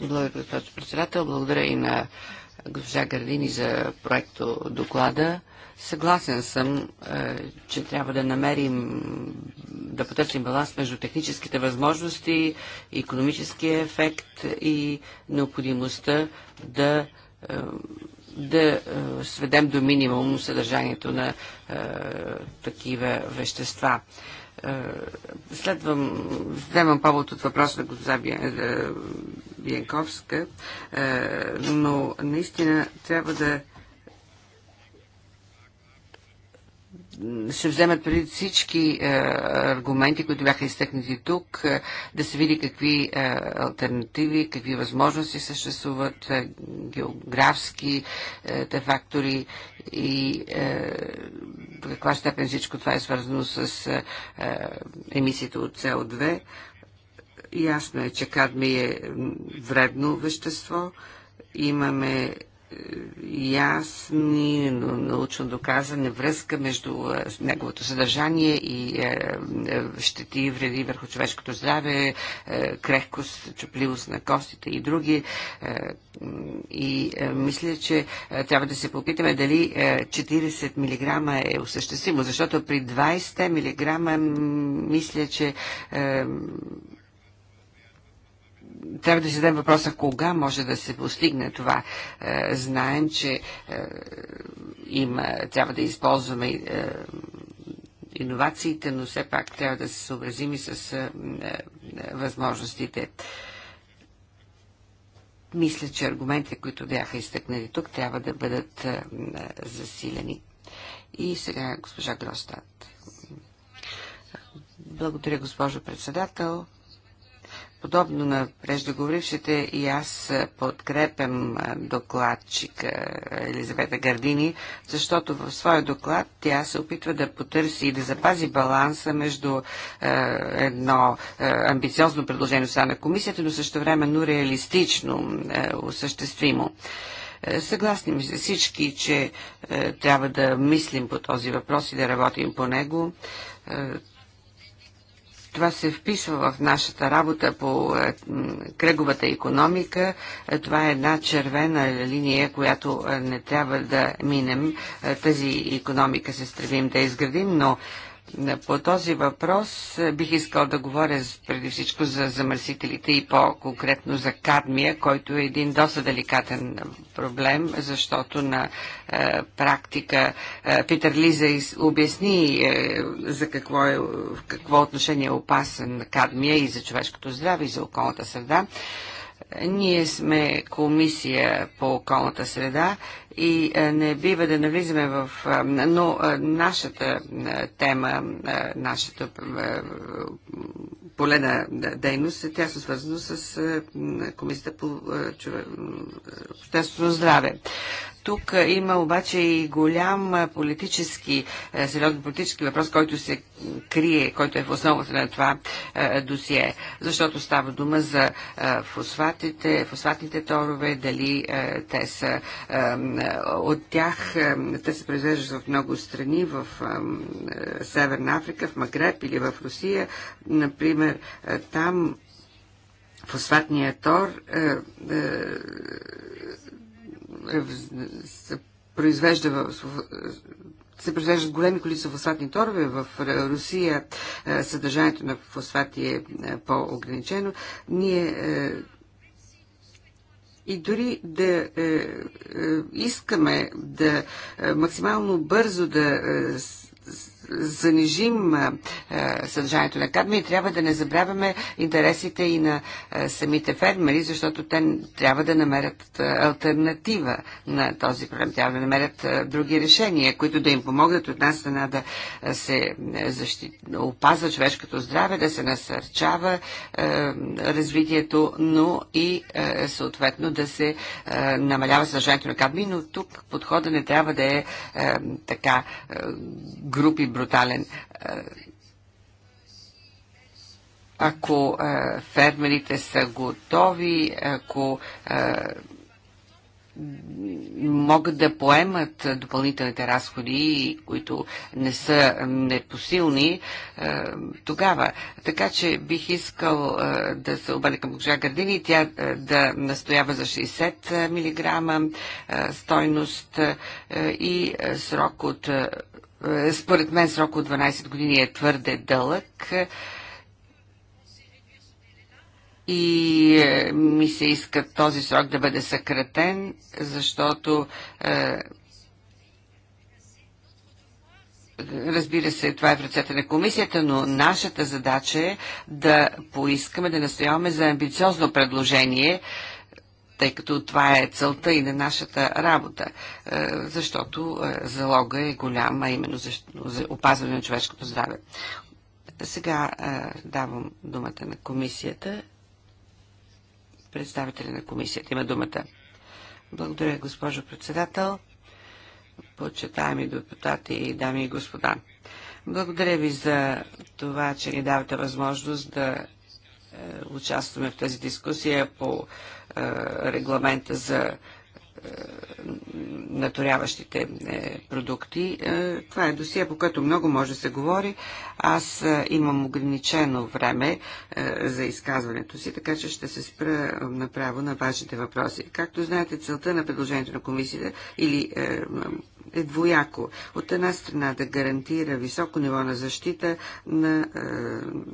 Благодаря, госпожо председател. Благодаря и на госпожа Гардини за проекто доклада. Съгласен съм, е, че трябва да намерим, да потърсим баланс между техническите възможности, економическия ефект и необходимостта да е, да е, сведем до минимум съдържанието на е, такива вещества. Е, следвам, вземам повод от въпроса на госпожа е, Бянковска, е, но наистина трябва да се вземат преди всички е, аргументи, които бяха изтъкнати тук, е, да се види какви е, альтернативи, какви възможности съществуват, географски те фактори и в до каква степен всичко това е свързано с емисията от СО2. Ясно е, че кадми е вредно вещество. Имаме ясни, научно доказани връзка между е, неговото съдържание и е, е, щети и вреди върху човешкото здраве, крехкост, чупливост на костите и други. И мисля, че трябва да се попитаме дали 40 мг е осъществимо, защото при 20 мг мисля, че трябва да си зададем въпроса кога може да се постигне това. Е, знаем, че е, има, трябва да използваме е, иновациите, но все пак трябва да се съобразим и с е, е, възможностите. Мисля, че аргументите, които бяха изтъкнали тук, трябва да бъдат е, засилени. И сега госпожа Гростат. Благодаря, госпожо председател. Подобно на преждеговорившите и аз подкрепям докладчика Елизавета Гардини, защото в своя доклад тя се опитва да потърси и да запази баланса между е, едно е, амбициозно предложение от на комисията, но също времено реалистично, е, осъществимо. Съгласни се всички, че е, трябва да мислим по този въпрос и да работим по него. Е, това се вписва в нашата работа по е, кръговата економика. Е, това е една червена линия, която е, не трябва да минем. Тази економика се стремим да изградим, но по този въпрос е, бих искал да говоря преди всичко за замърсителите и по-конкретно за кадмия, който е един доста деликатен проблем, защото на е, практика е, Питър Лиза обясни за какво, е, в какво отношение е опасен кадмия и за човешкото здраве, и за околната среда. Ние сме комисия по околната среда и е, не бива да навлизаме в... Е, но е, нашата тема, нашата поле на дейност е тясно свързано с Комисията по обществено здраве. Тук има обаче и голям политически, сериозен политически въпрос, който се крие, който е в основата на това досие, защото става дума за фосфатите, фосфатните торове, дали те са от тях, те се произвеждат в много страни, в Северна Африка, в Магреб или в Русия. Например, там фосфатният тор е, се произвежда в, се произвеждат големи количества фосфатни торове. В Русия съдържанието на фосфати е по-ограничено. Ние е, и дори да е, е, искаме да максимално бързо да занижим съдържанието на кадми и трябва да не забравяме интересите и на самите фермери, защото те трябва да намерят альтернатива на този проблем. Трябва да намерят други решения, които да им помогнат от нас страна да се защит... опазва човешкото здраве, да се насърчава развитието, но и съответно да се намалява съдържанието на кадми, но тук подхода не трябва да е така групи брутален. Ако фермерите са готови, ако могат да поемат допълнителните разходи, които не са непосилни, тогава. Така че бих искал да се обърна към госпожа Гърдини тя да настоява за 60 мг стойност и срок от е, според мен срок от 12 години е твърде дълъг и е, ми се иска този срок да бъде съкратен, защото е, разбира се, това е в ръцете на комисията, но нашата задача е да поискаме, да настояваме за амбициозно предложение, тъй като това е целта и на нашата работа, е, защото е, залога е голяма, именно за опазване на човешкото здраве. Сега е, давам думата на комисията. Представители на комисията има думата. Благодаря, госпожо председател. Почитаеми депутати и дами и господа. Благодаря ви за това, че ни давате възможност да участваме в тази дискусия по регламента за наторяващите е, продукти. Е, това е досия, по което много може да се говори. Аз имам ограничено време е, за изказването си, така че ще се спра направо на вашите въпроси. Както знаете, целта на предложението на комисията или е двояко. От една страна да гарантира високо ниво на защита на е,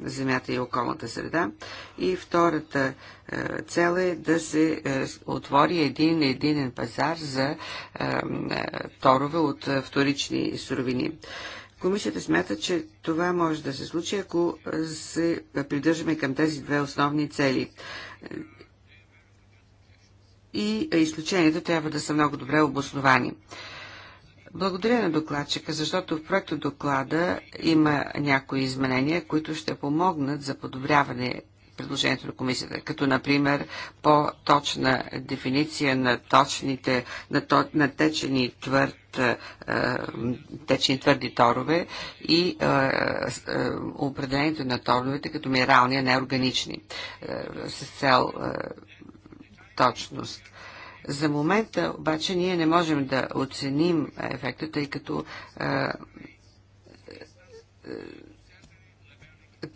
земята и околната среда и втората е, цел е да се е, отвори един единен пазар за е, е, торове от е, вторични суровини. Комисията смята, че това може да се случи, ако се придържаме към тези две основни цели и изключенията трябва да са много добре обосновани. Благодаря на докладчика, защото в проекта доклада има някои изменения, които ще помогнат за подобряване предложението на комисията, като например по-точна дефиниция на точните, на, то, на течени твърд е, течни твърди торове и е, е, определението на торовете като минерални, а не органични, е, с цел е, точност за момента обаче ние не можем да оценим ефекта, тъй като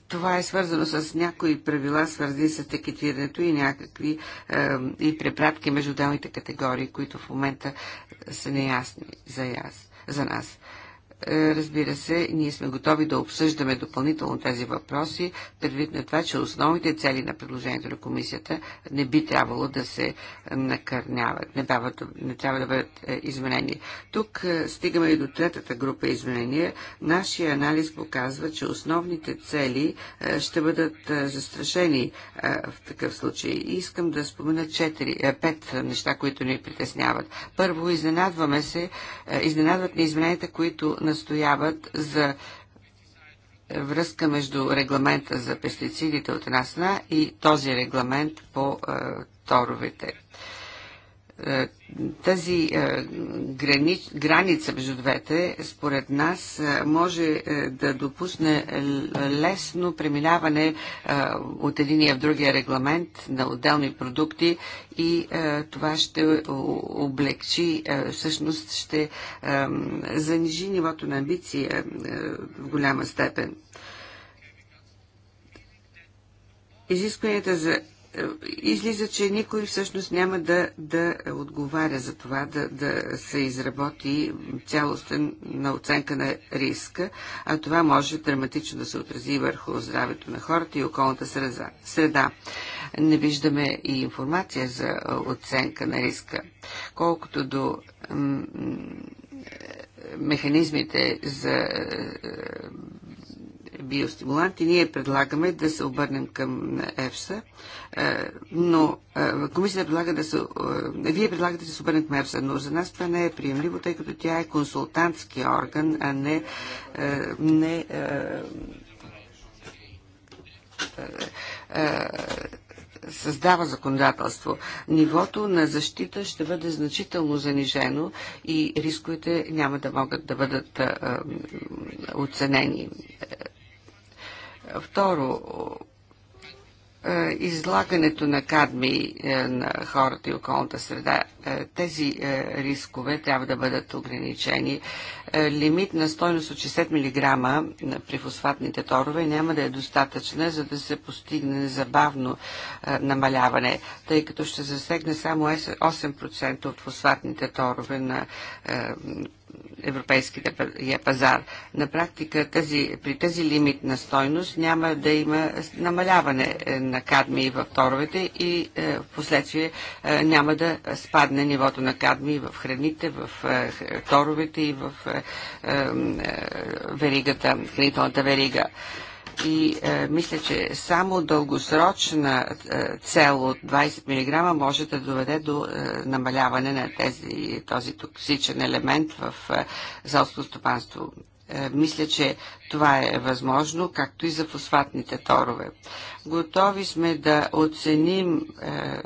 това е свързано с някои правила, свързани с етикетирането и някакви е, и препратки между отделните категории, които в момента са неясни за, яс, за нас. Е, разбира се, ние сме готови да обсъждаме допълнително тези въпроси, предвид на това, че основните цели на предложението на комисията не би трябвало да се накърняват, не, трябва, не трябва да бъдат е, изменени. Тук е, стигаме и до третата група изменения. Нашия анализ показва, че основните цели ще бъдат застрашени в такъв случай. И искам да спомена четири, пет неща, които ни притесняват. Първо, изненадваме се, изненадват ни измененията, които на настояват за връзка между регламента за пестицидите от една страна и този регламент по е, торовете. Е, тази е, граница между двете, според нас, е, може да допусне лесно преминаване от единия в другия регламент на отделни продукти и това ще облегчи, всъщност ще занижи нивото на амбиция в голяма степен. Изискванията за излиза, че никой всъщност няма да, да отговаря за това, да, да се изработи цялостен на оценка на риска, а това може драматично да се отрази върху здравето на хората и околната среда. среда. Не виждаме и информация за оценка на риска. Колкото до механизмите за е, биостимуланти, ние предлагаме да се обърнем към ЕФСА, е, но е, комисията предлага да се... Е, вие предлагате да се обърнем към ЕФСА, но за нас това не е приемливо, тъй като тя е консултантски орган, а не... не създава законодателство. Нивото на защита ще бъде значително занижено и рисковете няма да могат да бъдат оценени Второ, е, излагането на кадми е, на хората и околната среда, е, тези рискове трябва да бъдат ограничени. Лимит на стойност от 60 мг при фосфатните торове няма да е достатъчна, за да се постигне забавно намаляване, тъй като ще засегне само 8% от фосфатните торове на европейския пазар. На практика тази, при тази лимитна стойност няма да има намаляване е, на кадмии в торовете и е, в последствие е, няма да спадне нивото на кадмии в храните, в торовете и в веригата, хранителната верига и е, мисля, че само дългосрочна е, цел от 20 мг може да доведе до е, намаляване на тези, този токсичен елемент в е, селското стопанство. Е, мисля, че това е възможно, както и за фосфатните торове. Готови сме да оценим е, е,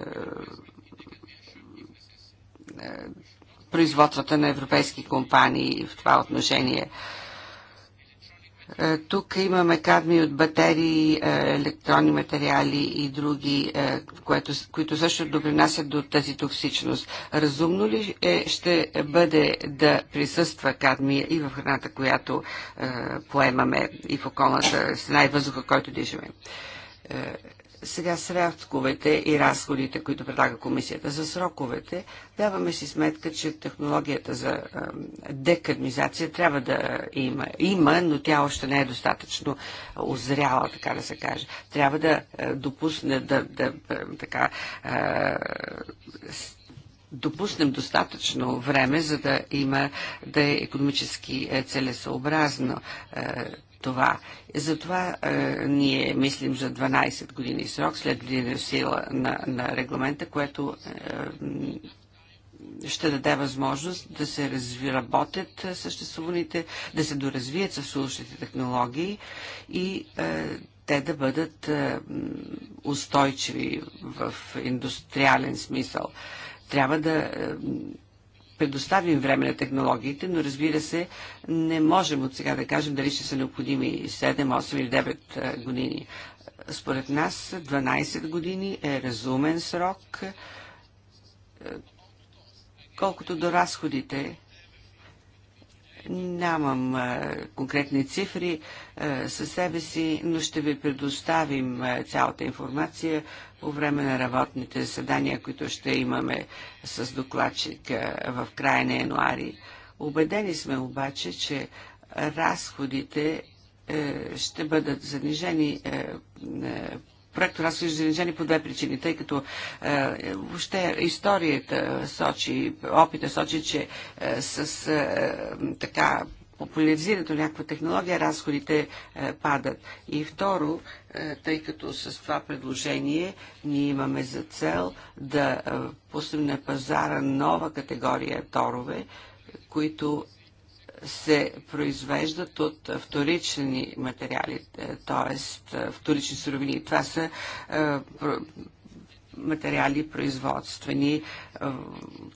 производствата на европейски компании в това отношение. Е, е, тук имаме кадми от батерии, е, електронни материали и други, е, което, които също допринасят до тази токсичност. Разумно ли ще бъде да присъства кадмия и в храната, която поемаме и в околната с най-въздуха, който дишаме? Сега срядковете и разходите, които предлага комисията за сроковете, даваме си сметка, че технологията за декадмизация трябва да има. Има, но тя още не е достатъчно озряла, така да се каже. Трябва да допусне, да, да така, допуснем достатъчно време, за да има да е економически е, целесообразно това. Затова е, ние мислим за 12 години срок след влизане в сила на, на регламента, което е, ще даде възможност да се разработят е, съществуваните, да се доразвият съществуващите технологии и е, те да бъдат е, устойчиви в индустриален смисъл. Трябва да. Е, предоставим време на технологиите, но разбира се, не можем от сега да кажем дали ще са необходими 7, 8 или 9 години. Според нас 12 години е разумен срок. Колкото до разходите, нямам конкретни цифри със себе си, но ще ви предоставим цялата информация по време на работните заседания, които ще имаме с докладчик в края на януари. Обедени сме обаче, че разходите е, ще бъдат занижени е, е, проекто разходи са занижени по две причини, тъй като въобще историята сочи, опита сочи, че с така популяризирането на някаква технология разходите падат. И второ, е, тъй като с това предложение ние имаме за цел да е, пуснем на пазара нова категория торове, които се произвеждат от вторични материали, е, т.е. вторични суровини. Това са материали производствени е,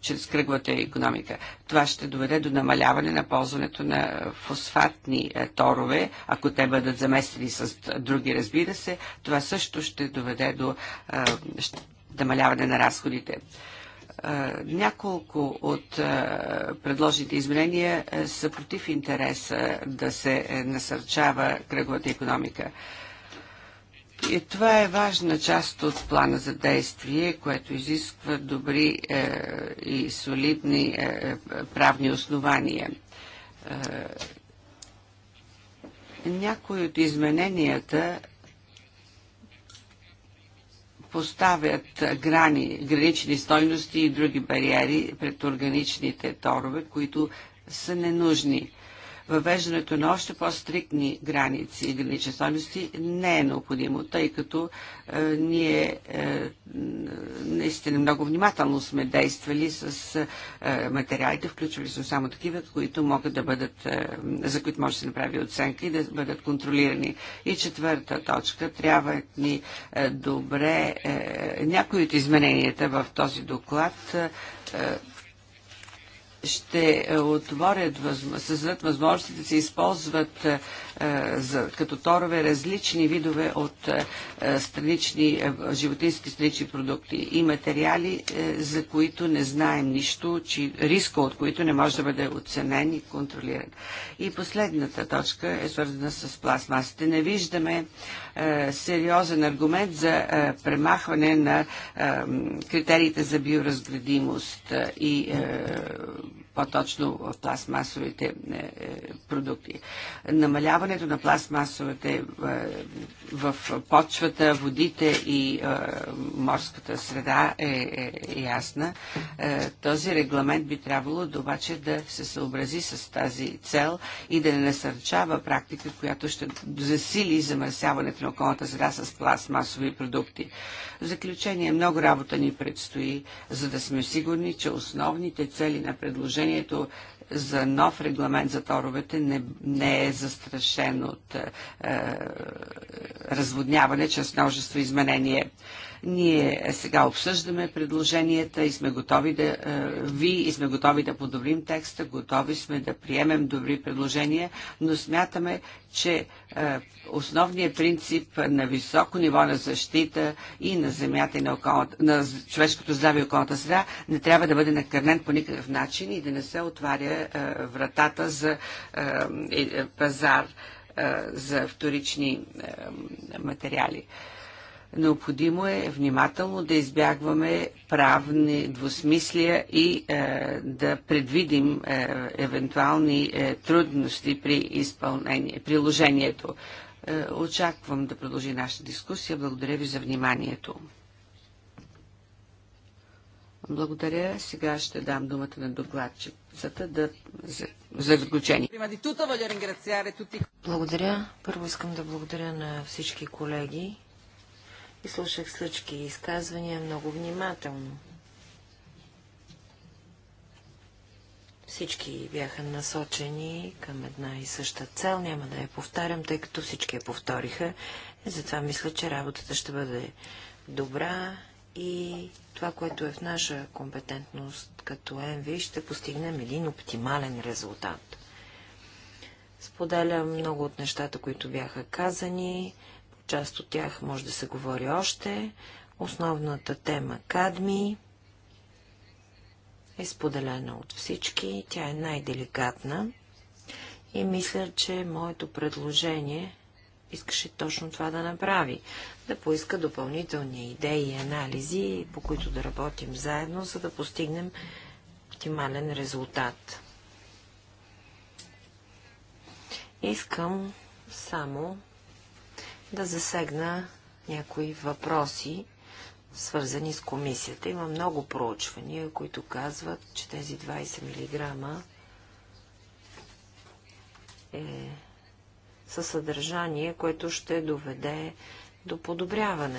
чрез кръглата економика. Това ще доведе до намаляване на ползването на фосфатни е, торове, ако те бъдат заместени с други, разбира се. Това също ще доведе до е, намаляване на разходите няколко от предложените изменения са против интереса да се насърчава кръговата економика. И това е важна част от плана за действие, което изисква добри е, и солидни е, е, правни основания. Е, някои от измененията поставят грани, гранични стойности и други бариери пред органичните торове, които са ненужни въвеждането на още по-стриктни граници и гранични стойности не е необходимо, тъй като е, ние е, наистина много внимателно сме действали с е, материалите, включвали сме само такива, които могат да бъдат, е, за които може да се направи оценка и да бъдат контролирани. И четвърта точка, трябва ни е, добре е, някои от измененията в този доклад е, е ще е, отворят, създадат възможности да се използват е, като торове различни видове от е, странични, животински странични продукти и материали, за които не знаем нищо, че риска от които не може да бъде оценен и контролиран. И последната точка е свързана с пластмасите. Не виждаме сериозен аргумент за премахване на критериите за биоразградимост и по-точно в пластмасовите е, е, продукти. Намаляването на пластмасовите е, в почвата, водите и а, е, морската среда е, е, е ясна. А, е, този регламент би трябвало да обаче да се съобрази с тази цел и да не насърчава практика, която ще засили замърсяването на околната среда с пластмасови продукти. В заключение, много работа ни предстои, за да сме сигурни, че основните цели на предложението за нов регламент за торовете не, не е застрашен от е, е разводняване чрез множество изменения. Ние сега обсъждаме предложенията и сме готови да е, ви и сме готови да подобрим текста, готови сме да приемем добри предложения, но смятаме, че е, основният принцип на високо ниво на защита и на земята и на, околната, на човешкото здраве и околната среда не трябва да бъде накърнен по никакъв начин и да не се отваря е, вратата за пазар за вторични материали. Необходимо е внимателно да избягваме правни двусмислия и е, да предвидим е, евентуални е, трудности при изпълнение, приложението. Е, очаквам да продължи нашата дискусия. Благодаря ви за вниманието. Благодаря. Сега ще дам думата на докладчицата да, за, за заключение. Благодаря. Първо искам да благодаря на всички колеги, и слушах всички изказвания много внимателно. Всички бяха насочени към една и съща цел. Няма да я повтарям, тъй като всички я повториха. И е, затова мисля, че работата ще бъде добра и това, което е в наша компетентност като МВ, ще постигнем един оптимален резултат. Споделям много от нещата, които бяха казани. Част от тях може да се говори още. Основната тема кадми е споделена от всички. Тя е най-деликатна и мисля, че моето предложение искаше точно това да направи. Да поиска допълнителни идеи и анализи, по които да работим заедно, за да постигнем оптимален резултат. Искам само да засегна някои въпроси, свързани с комисията. Има много проучвания, които казват, че тези 20 мг е със съдържание, което ще доведе до подобряване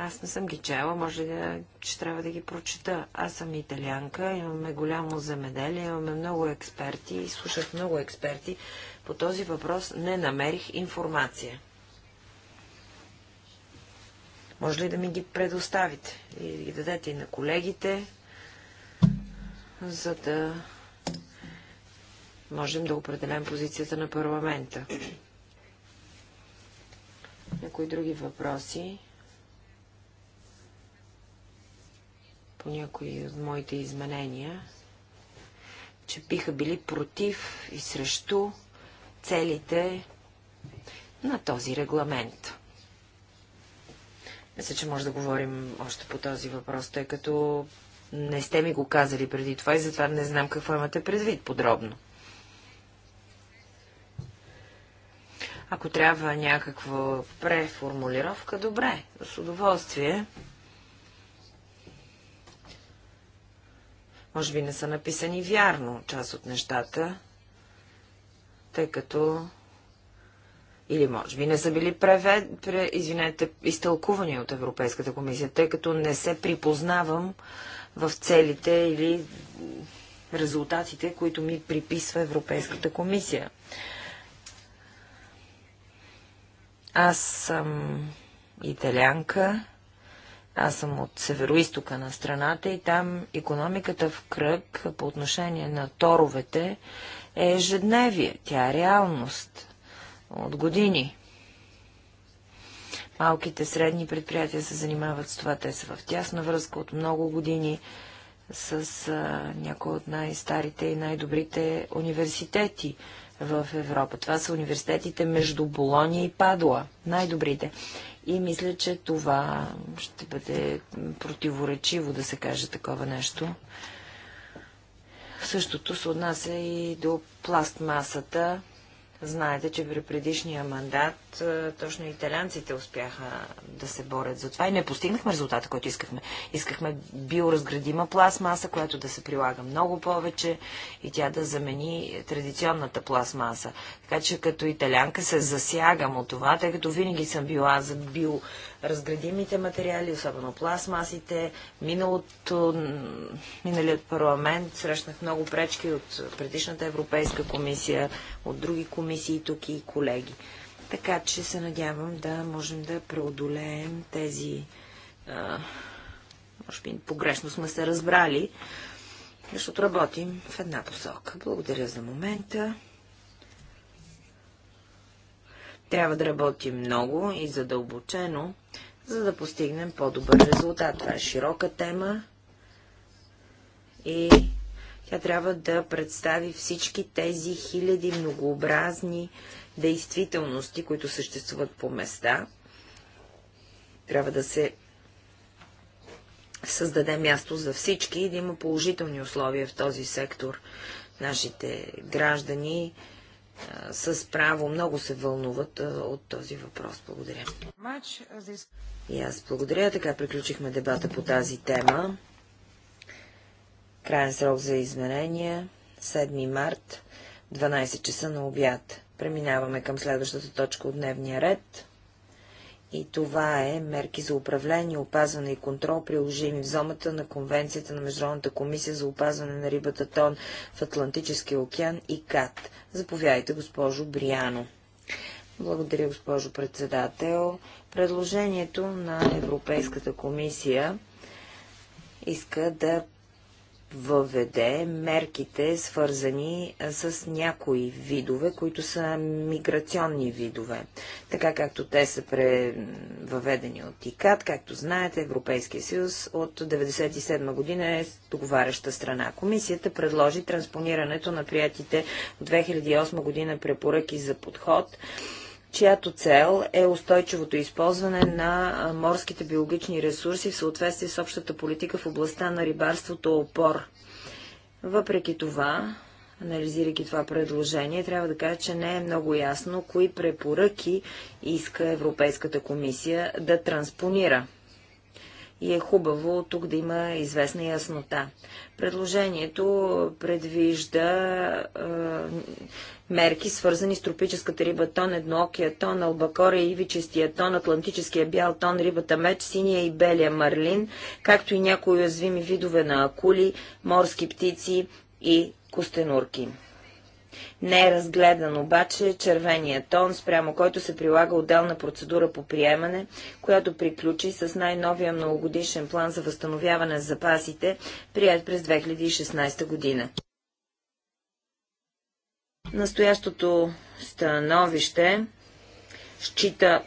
Аз не съм ги чела, може да, че трябва да ги прочета. Аз съм италианка, имаме голямо земеделие, имаме много експерти, и слушах много експерти. По този въпрос не намерих информация. Може ли да ми ги предоставите и да ги дадете и на колегите, за да можем да определям позицията на парламента? Някои други въпроси? по някои от моите изменения, че биха били против и срещу целите на този регламент. Мисля, че може да говорим още по този въпрос, тъй като не сте ми го казали преди това и затова не знам какво имате предвид подробно. Ако трябва някаква преформулировка, добре, с удоволствие. Може би не са написани вярно част от нещата, тъй като... Или може би не са били превед, пре, извинете, изтълкувани от Европейската комисия, тъй като не се припознавам в целите или резултатите, които ми приписва Европейската комисия. Аз съм италянка аз съм от северо на страната и там економиката в кръг по отношение на торовете е ежедневие. Тя е реалност от години. Малките средни предприятия се занимават с това. Те са в тясна връзка от много години с а, някои от най-старите и най-добрите университети в Европа. Това са университетите между Болония и Падуа. Най-добрите. И мисля, че това ще бъде противоречиво да се каже такова нещо. Същото се отнася и до пластмасата. Знаете, че при предишния мандат е, точно италянците успяха да се борят за това и не постигнахме резултата, който искахме. Искахме биоразградима пластмаса, която да се прилага много повече и тя да замени традиционната пластмаса. Така че като италянка се засягам от това, тъй като винаги съм била за биоразградимите материали, особено пластмасите. Миналото, миналият парламент срещнах много пречки от предишната Европейска комисия, от други комисии тук и колеги. Така че се надявам да можем да преодолеем тези... А, може би погрешно сме се разбрали, защото работим в една посока. Благодаря за момента. Трябва да работим много и задълбочено, за да постигнем по-добър резултат. Това е широка тема и тя трябва да представи всички тези хиляди многообразни действителности, които съществуват по места. Трябва да се създаде място за всички и да има положителни условия в този сектор. Нашите граждани а, с право много се вълнуват а, от този въпрос. Благодаря. И аз благодаря. Така приключихме дебата по тази тема. Крайен срок за изменения 7 март, 12 часа на обяд. Преминаваме към следващата точка от дневния ред. И това е мерки за управление, опазване и контрол, приложими в зомата на Конвенцията на Международната комисия за опазване на рибата Тон в Атлантическия океан и КАТ. Заповядайте, госпожо Бриано. Благодаря, госпожо председател. Предложението на Европейската комисия иска да въведе мерките, свързани с някои видове, които са миграционни видове, така както те са въведени от ИКАД, както знаете, Европейския съюз от 1997 година е договаряща страна. Комисията предложи транспонирането на приятите от 2008 година препоръки за подход чиято цел е устойчивото използване на морските биологични ресурси в съответствие с общата политика в областта на рибарството опор. Въпреки това, анализирайки това предложение, трябва да кажа, че не е много ясно кои препоръки иска Европейската комисия да транспонира – и е хубаво тук да има известна яснота. Предложението предвижда е, мерки, свързани с тропическата риба тон, едноокия тон, албакория, ивичестия тон, атлантическия бял тон, рибата меч, синия и белия марлин, както и някои уязвими видове на акули, морски птици и костенурки. Не е разгледан обаче червения тон, спрямо който се прилага отделна процедура по приемане, която приключи с най-новия многогодишен план за възстановяване на запасите, прият през 2016 година. Настоящото становище счита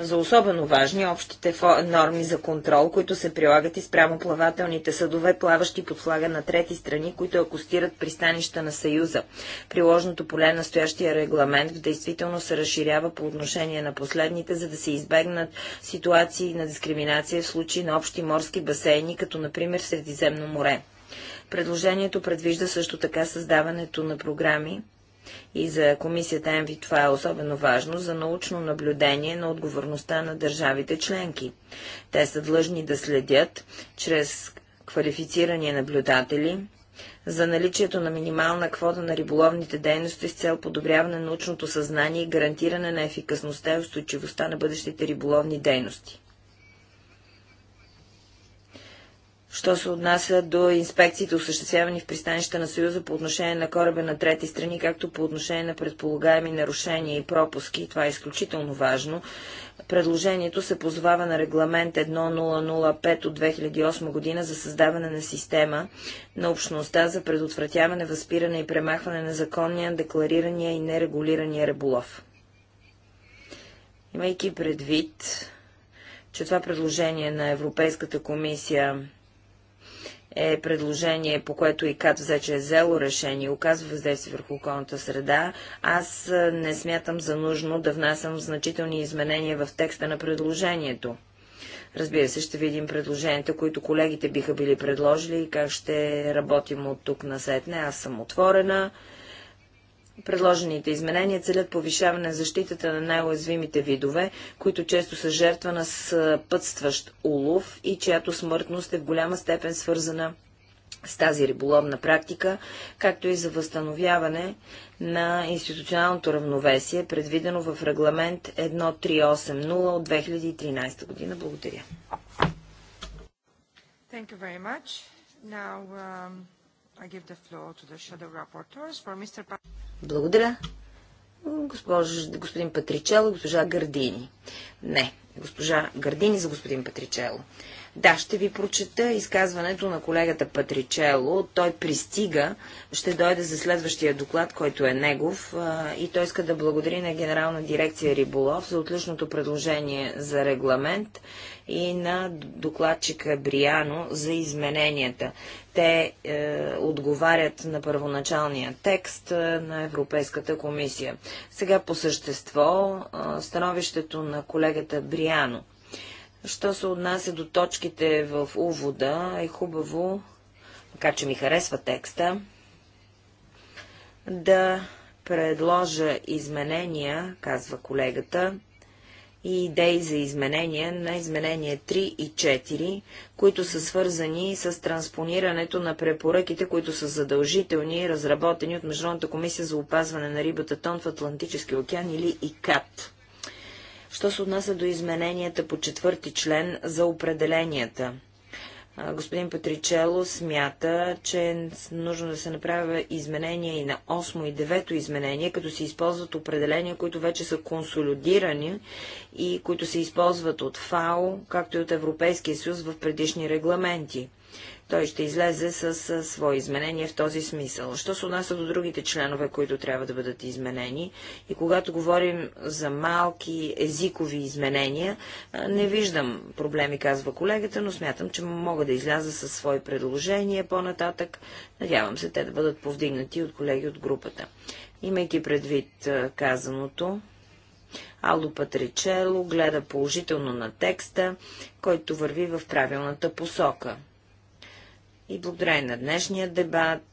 за особено важни общите норми за контрол, които се прилагат и спрямо плавателните съдове, плаващи под флага на трети страни, които акустират пристанища на Съюза. Приложното поле на настоящия регламент в действително се разширява по отношение на последните, за да се избегнат ситуации на дискриминация в случай на общи морски басейни, като например Средиземно море. Предложението предвижда също така създаването на програми, и за комисията ЕМВИ това е особено важно за научно наблюдение на отговорността на държавите членки. Те са длъжни да следят чрез квалифицирани наблюдатели за наличието на минимална квота на риболовните дейности с цел подобряване на научното съзнание и гарантиране на ефикасността и устойчивостта на бъдещите риболовни дейности. що се отнася до инспекциите, осъществявани в пристанища на Съюза по отношение на кораба на трети страни, както по отношение на предполагаеми нарушения и пропуски. Това е изключително важно. Предложението се позовава на регламент 1005 от 2008 година за създаване на система на общността за предотвратяване, възпиране и премахване на законния, декларирания и нерегулирания реболов. Имайки предвид, че това предложение на Европейската комисия е предложение, по което и КАТ взе, че е взело решение, оказва въздействие върху околната среда, аз не смятам за нужно да внасям значителни изменения в текста на предложението. Разбира се, ще видим предложенията, които колегите биха били предложили и как ще работим от тук на сетне. Аз съм отворена. Предложените изменения целят повишаване на защитата на най-уязвимите видове, които често са жертва на съпътстващ улов и чиято смъртност е в голяма степен свързана с тази риболовна практика, както и за възстановяване на институционалното равновесие, предвидено в регламент 1380 от 2013 година. Благодаря. Now, um, благодаря. господин Патричело, госпожа Гардини. Не, госпожа Гардини за господин Патричело. Да, ще ви прочета изказването на колегата Патричело. Той пристига, ще дойде за следващия доклад, който е негов, и той иска да благодари на Генерална дирекция Риболов за отличното предложение за регламент и на докладчика Бриано за измененията. Те е, отговарят на първоначалния текст е, на Европейската комисия. Сега по същество е, становището на колегата Бриано – Що се отнася до точките в увода, е хубаво, макар че ми харесва текста, да предложа изменения, казва колегата, и идеи за изменения на изменения 3 и 4, които са свързани с транспонирането на препоръките, които са задължителни и разработени от Международната комисия за опазване на рибата тон в Атлантически океан или ИКАТ. Що се отнася до измененията по четвърти член за определенията? Господин Петричело смята, че е нужно да се направя изменения и на 8 и 9 изменение, като се използват определения, които вече са консолидирани и които се използват от ФАО, както и от Европейския съюз в предишни регламенти. Той ще излезе с, с свои изменения в този смисъл. Що се отнася до другите членове, които трябва да бъдат изменени, и когато говорим за малки езикови изменения, не виждам проблеми, казва колегата, но смятам, че мога да изляза с свои предложения по-нататък. Надявам се те да бъдат повдигнати от колеги от групата. Имайки предвид казаното, Алдо Патричело гледа положително на текста, който върви в правилната посока. И благодаря на днешния дебат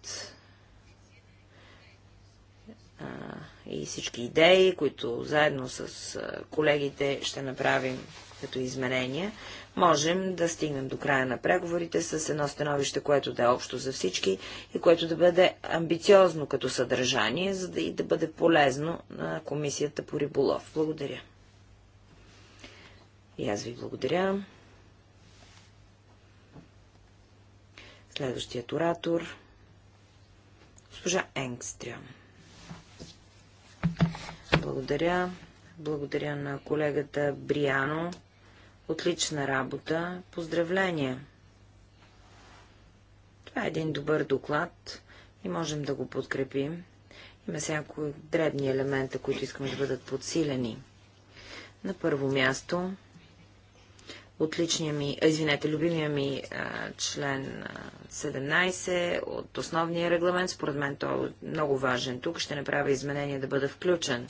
и всички идеи, които заедно с колегите ще направим като изменения, можем да стигнем до края на преговорите с едно становище, което да е общо за всички и което да бъде амбициозно като съдържание, за да и да бъде полезно на Комисията по риболов. Благодаря. И аз ви благодаря. Следващият оратор госпожа Енгстря. Благодаря. Благодаря на колегата Бриано. Отлична работа. Поздравления! Това е един добър доклад и можем да го подкрепим. Има всяко дребни елемента, които искаме да бъдат подсилени. На първо място отличния ми, извинете, любимия ми член 17 от основния регламент. Според мен той е много важен. Тук ще направя изменение да бъда включен.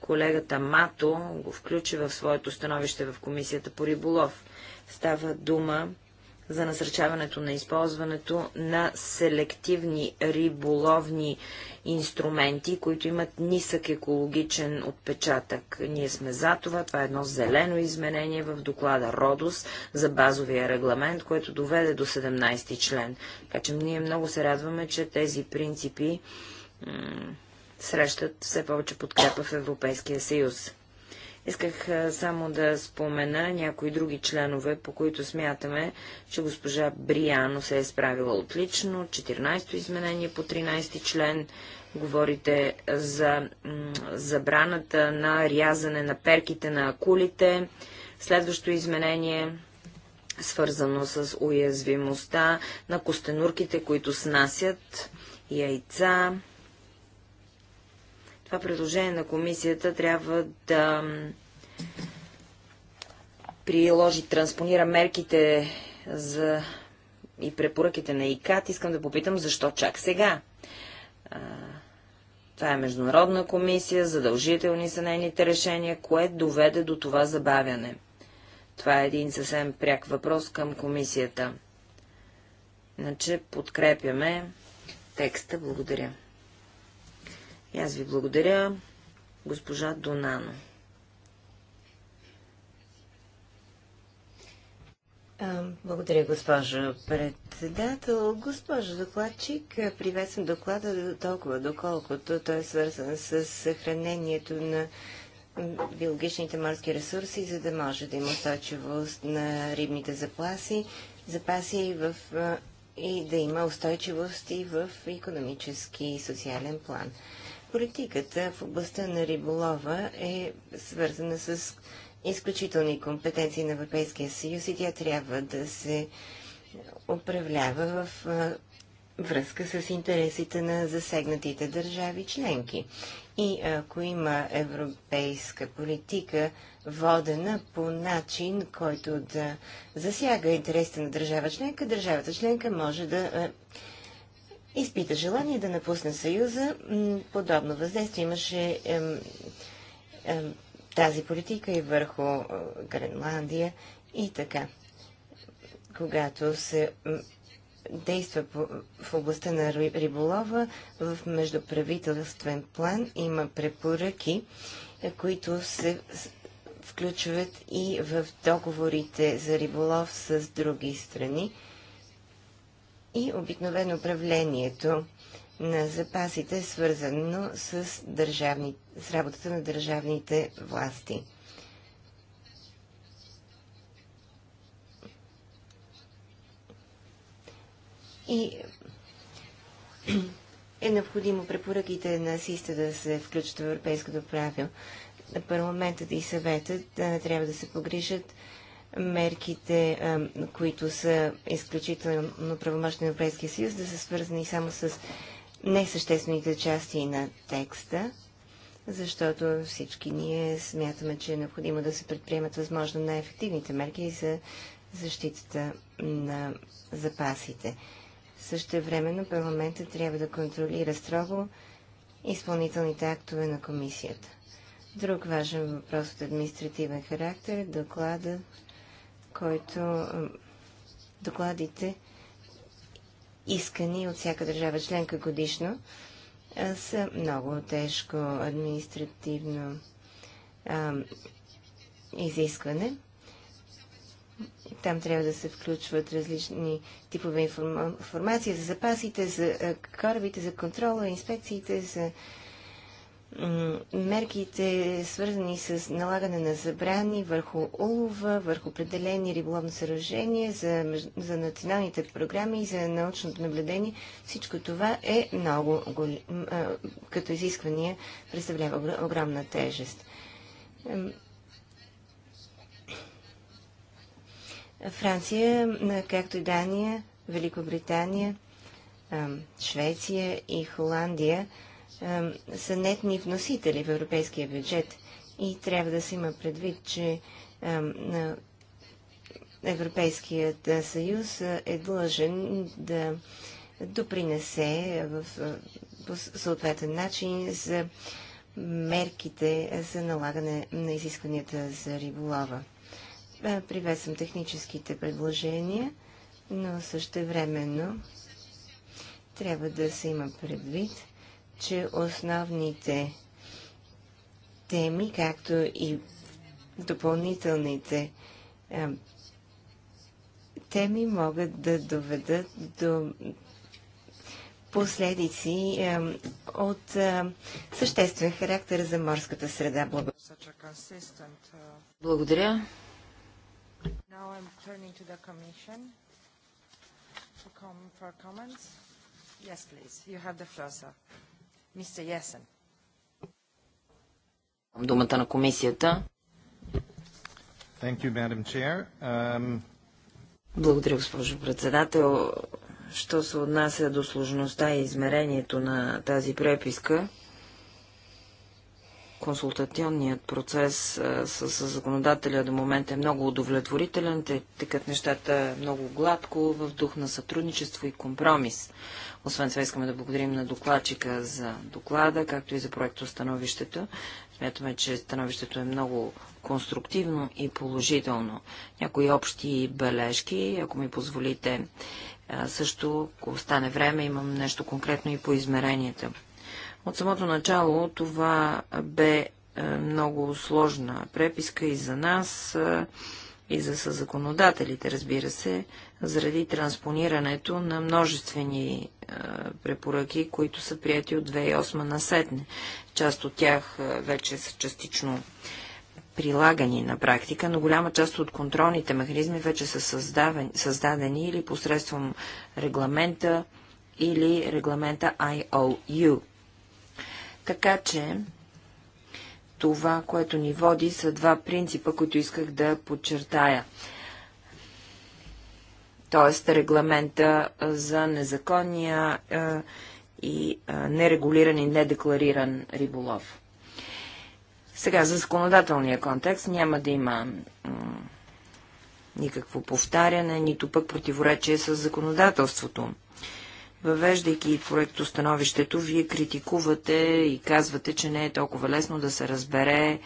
Колегата Мато го включи в своето становище в Комисията по риболов. Става дума за насърчаването на използването на селективни риболовни инструменти, които имат нисък екологичен отпечатък. Ние сме за това. Това е едно зелено изменение в доклада РОДОС за базовия регламент, което доведе до 17 ти член. Така че ние много се радваме, че тези принципи срещат все повече подкрепа в Европейския съюз. Исках само да спомена някои други членове, по които смятаме, че госпожа Бриано се е справила отлично. 14-то изменение по 13-ти член. Говорите за забраната на рязане на перките на акулите. Следващо изменение свързано с уязвимостта на костенурките, които снасят яйца. Това предложение на комисията трябва да приложи, транспонира мерките за и препоръките на ИКАТ. Искам да попитам защо чак сега. Това е международна комисия, задължителни са нейните решения, кое доведе до това забавяне. Това е един съвсем пряк въпрос към комисията. Иначе подкрепяме текста. Благодаря. И аз ви благодаря, госпожа Донано. Благодаря, госпожо председател. Госпожо докладчик, приветствам доклада до толкова, доколкото той е свързан с съхранението на биологичните морски ресурси, за да може да има устойчивост на рибните запласи, запаси в, и да има устойчивост и в економически и социален план. Политиката в областта на риболова е свързана с изключителни компетенции на Европейския съюз и тя трябва да се управлява в връзка с интересите на засегнатите държави членки. И ако има европейска политика, водена по начин, който да засяга интересите на държава членка, държавата членка може да изпита желание да напусне Съюза. Подобно въздействие имаше е, е, тази политика и върху е, Гренландия и така. Когато се действа по, в областта на риболова в междуправителствен план, има препоръки, е, които се включват и в договорите за риболов с други страни и обикновено управлението на запасите, свързано с, държавни, с работата на държавните власти. И е необходимо препоръките на СИСТА да се включат в европейското правило. Парламентът и съветът да, трябва да се погрижат мерките, които са изключително правомощни на Европейския съюз, да са свързани само с несъществените части на текста, защото всички ние смятаме, че е необходимо да се предприемат възможно най-ефективните мерки за защитата на запасите. Също времено парламента трябва да контролира строго изпълнителните актове на комисията. Друг важен въпрос от административен характер е доклада който докладите искани от всяка държава членка годишно са много тежко административно а, изискване. Там трябва да се включват различни типове информация за запасите, за корабите, за контрола, инспекциите, за мерките, свързани с налагане на забрани върху улова, върху определени риболовни съоръжения, за, за националните програми и за научното наблюдение, всичко това е много, като изисквания, представлява огромна тежест. Франция, както и Дания, Великобритания, Швеция и Холандия – а, са нетни вносители в европейския бюджет. И трябва да се има предвид, че а, Европейският съюз е длъжен да допринесе в, по съответен начин за мерките за налагане на изискванията за риболова. Приветствам техническите предложения, но също времено трябва да се има предвид, че основните теми, както и допълнителните а, теми могат да доведат до последици е, от е, съществен характер за морската среда. Благодаря. Благодаря. Yes, please. You have the floor, sir. Мистер Ясен. Думата на комисията. Thank you, Madam Chair. Um... Благодаря, госпожо председател. Що се отнася до сложността и измерението на тази преписка, консултационният процес с, с законодателя до момента е много удовлетворителен, те тъкат нещата много гладко в дух на сътрудничество и компромис. Освен това искаме да благодарим на докладчика за доклада, както и за проекто становището. Смятаме, че становището е много конструктивно и положително. Някои общи бележки, ако ми позволите, също, ако остане време, имам нещо конкретно и по измеренията. От самото начало това бе е, много сложна преписка и за нас, е, и за съзаконодателите, разбира се, заради транспонирането на множествени е, препоръки, които са прияти от 2008 на сетне. Част от тях е, вече са частично прилагани на практика, но голяма част от контролните механизми вече са създадени или посредством регламента или регламента IOU. Така че това, което ни води, са два принципа, които исках да подчертая – т.е. регламента за незаконния и нерегулиран и недеклариран риболов. Сега за законодателния контекст няма да има никакво повтаряне, нито пък противоречие с законодателството. Въвеждайки становището, вие критикувате и казвате, че не е толкова лесно да се разбере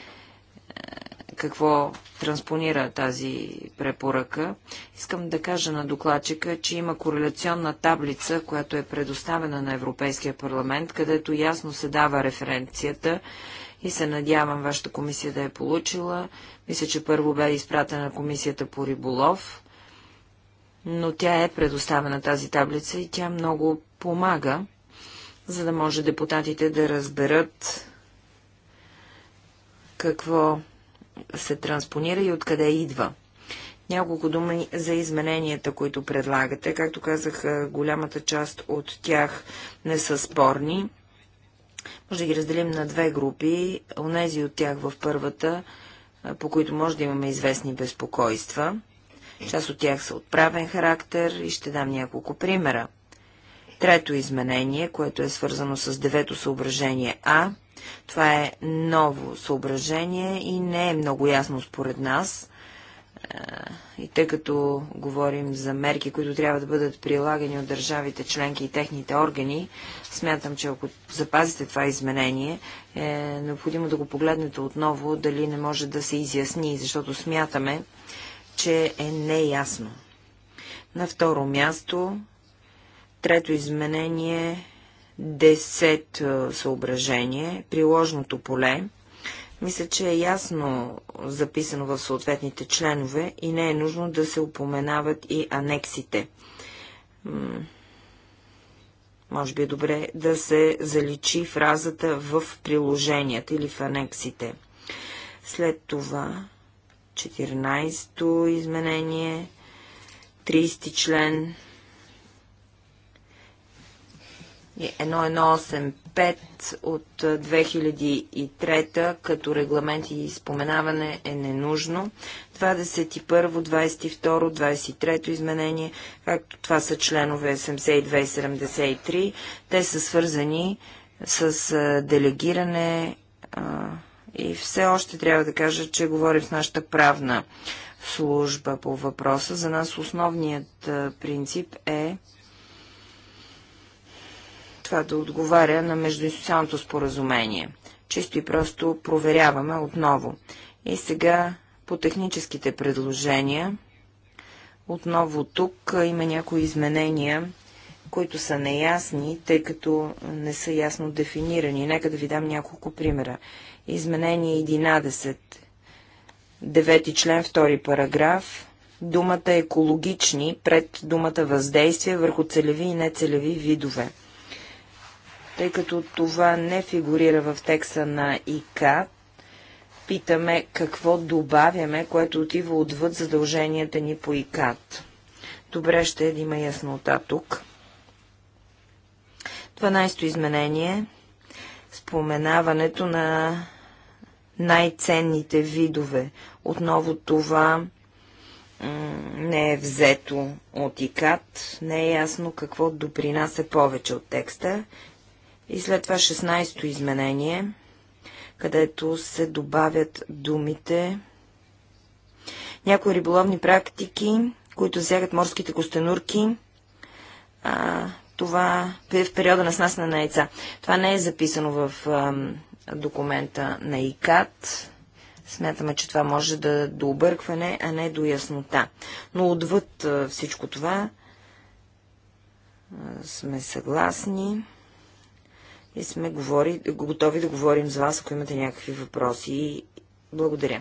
какво транспонира тази препоръка. Искам да кажа на докладчика, че има корелационна таблица, която е предоставена на Европейския парламент, където ясно се дава референцията и се надявам вашата комисия да е получила. Мисля, че първо бе изпратена комисията по риболов, но тя е предоставена тази таблица и тя много помага, за да може депутатите да разберат какво се транспонира и откъде идва. Няколко думи за измененията, които предлагате. Както казах, голямата част от тях не са спорни. Може да ги разделим на две групи. Онези от тях в първата, по които може да имаме известни безпокойства. Част от тях са отправен характер и ще дам няколко примера. Трето изменение, което е свързано с девето съображение А, това е ново съображение и не е много ясно според нас. Е, и тъй като говорим за мерки, които трябва да бъдат прилагани от държавите членки и техните органи, смятам, че ако запазите това изменение, е необходимо да го погледнете отново, дали не може да се изясни, защото смятаме, че е неясно. На второ място, трето изменение 10 е, съображение, приложното поле, мисля, че е ясно записано в съответните членове и не е нужно да се упоменават и анексите. може би е добре да се заличи фразата в приложенията или в анексите. След това 14-то изменение, 30 член, 1185 от 2003 като регламент и споменаване е ненужно. 21, 22, 23 изменение, както това са членове 82 и 73, те са свързани с делегиране и все още трябва да кажа, че говорим с нашата правна служба по въпроса. За нас основният принцип е това да отговаря на междуинституционалното споразумение. Чисто и просто проверяваме отново. И сега по техническите предложения. Отново тук има някои изменения, които са неясни, тъй като не са ясно дефинирани. Нека да ви дам няколко примера. Изменение 11, девети член, втори параграф, думата екологични пред думата въздействие върху целеви и нецелеви видове. Тъй като това не фигурира в текста на ИК, питаме какво добавяме, което отива отвъд задълженията ни по ИКАТ. Добре ще да има яснота тук. 12-то изменение споменаването на най-ценните видове. Отново това не е взето от ИКАТ, не е ясно какво допринася повече от текста и след това 16-то изменение, където се добавят думите някои риболовни практики, които засягат морските костенурки, а, това е в периода на снасна на яйца. Това не е записано в а, документа на ИКАТ. Смятаме, че това може да до объркване, а не до яснота. Но отвъд а, всичко това а, сме съгласни и сме говори, готови да говорим с вас, ако имате някакви въпроси. Благодаря.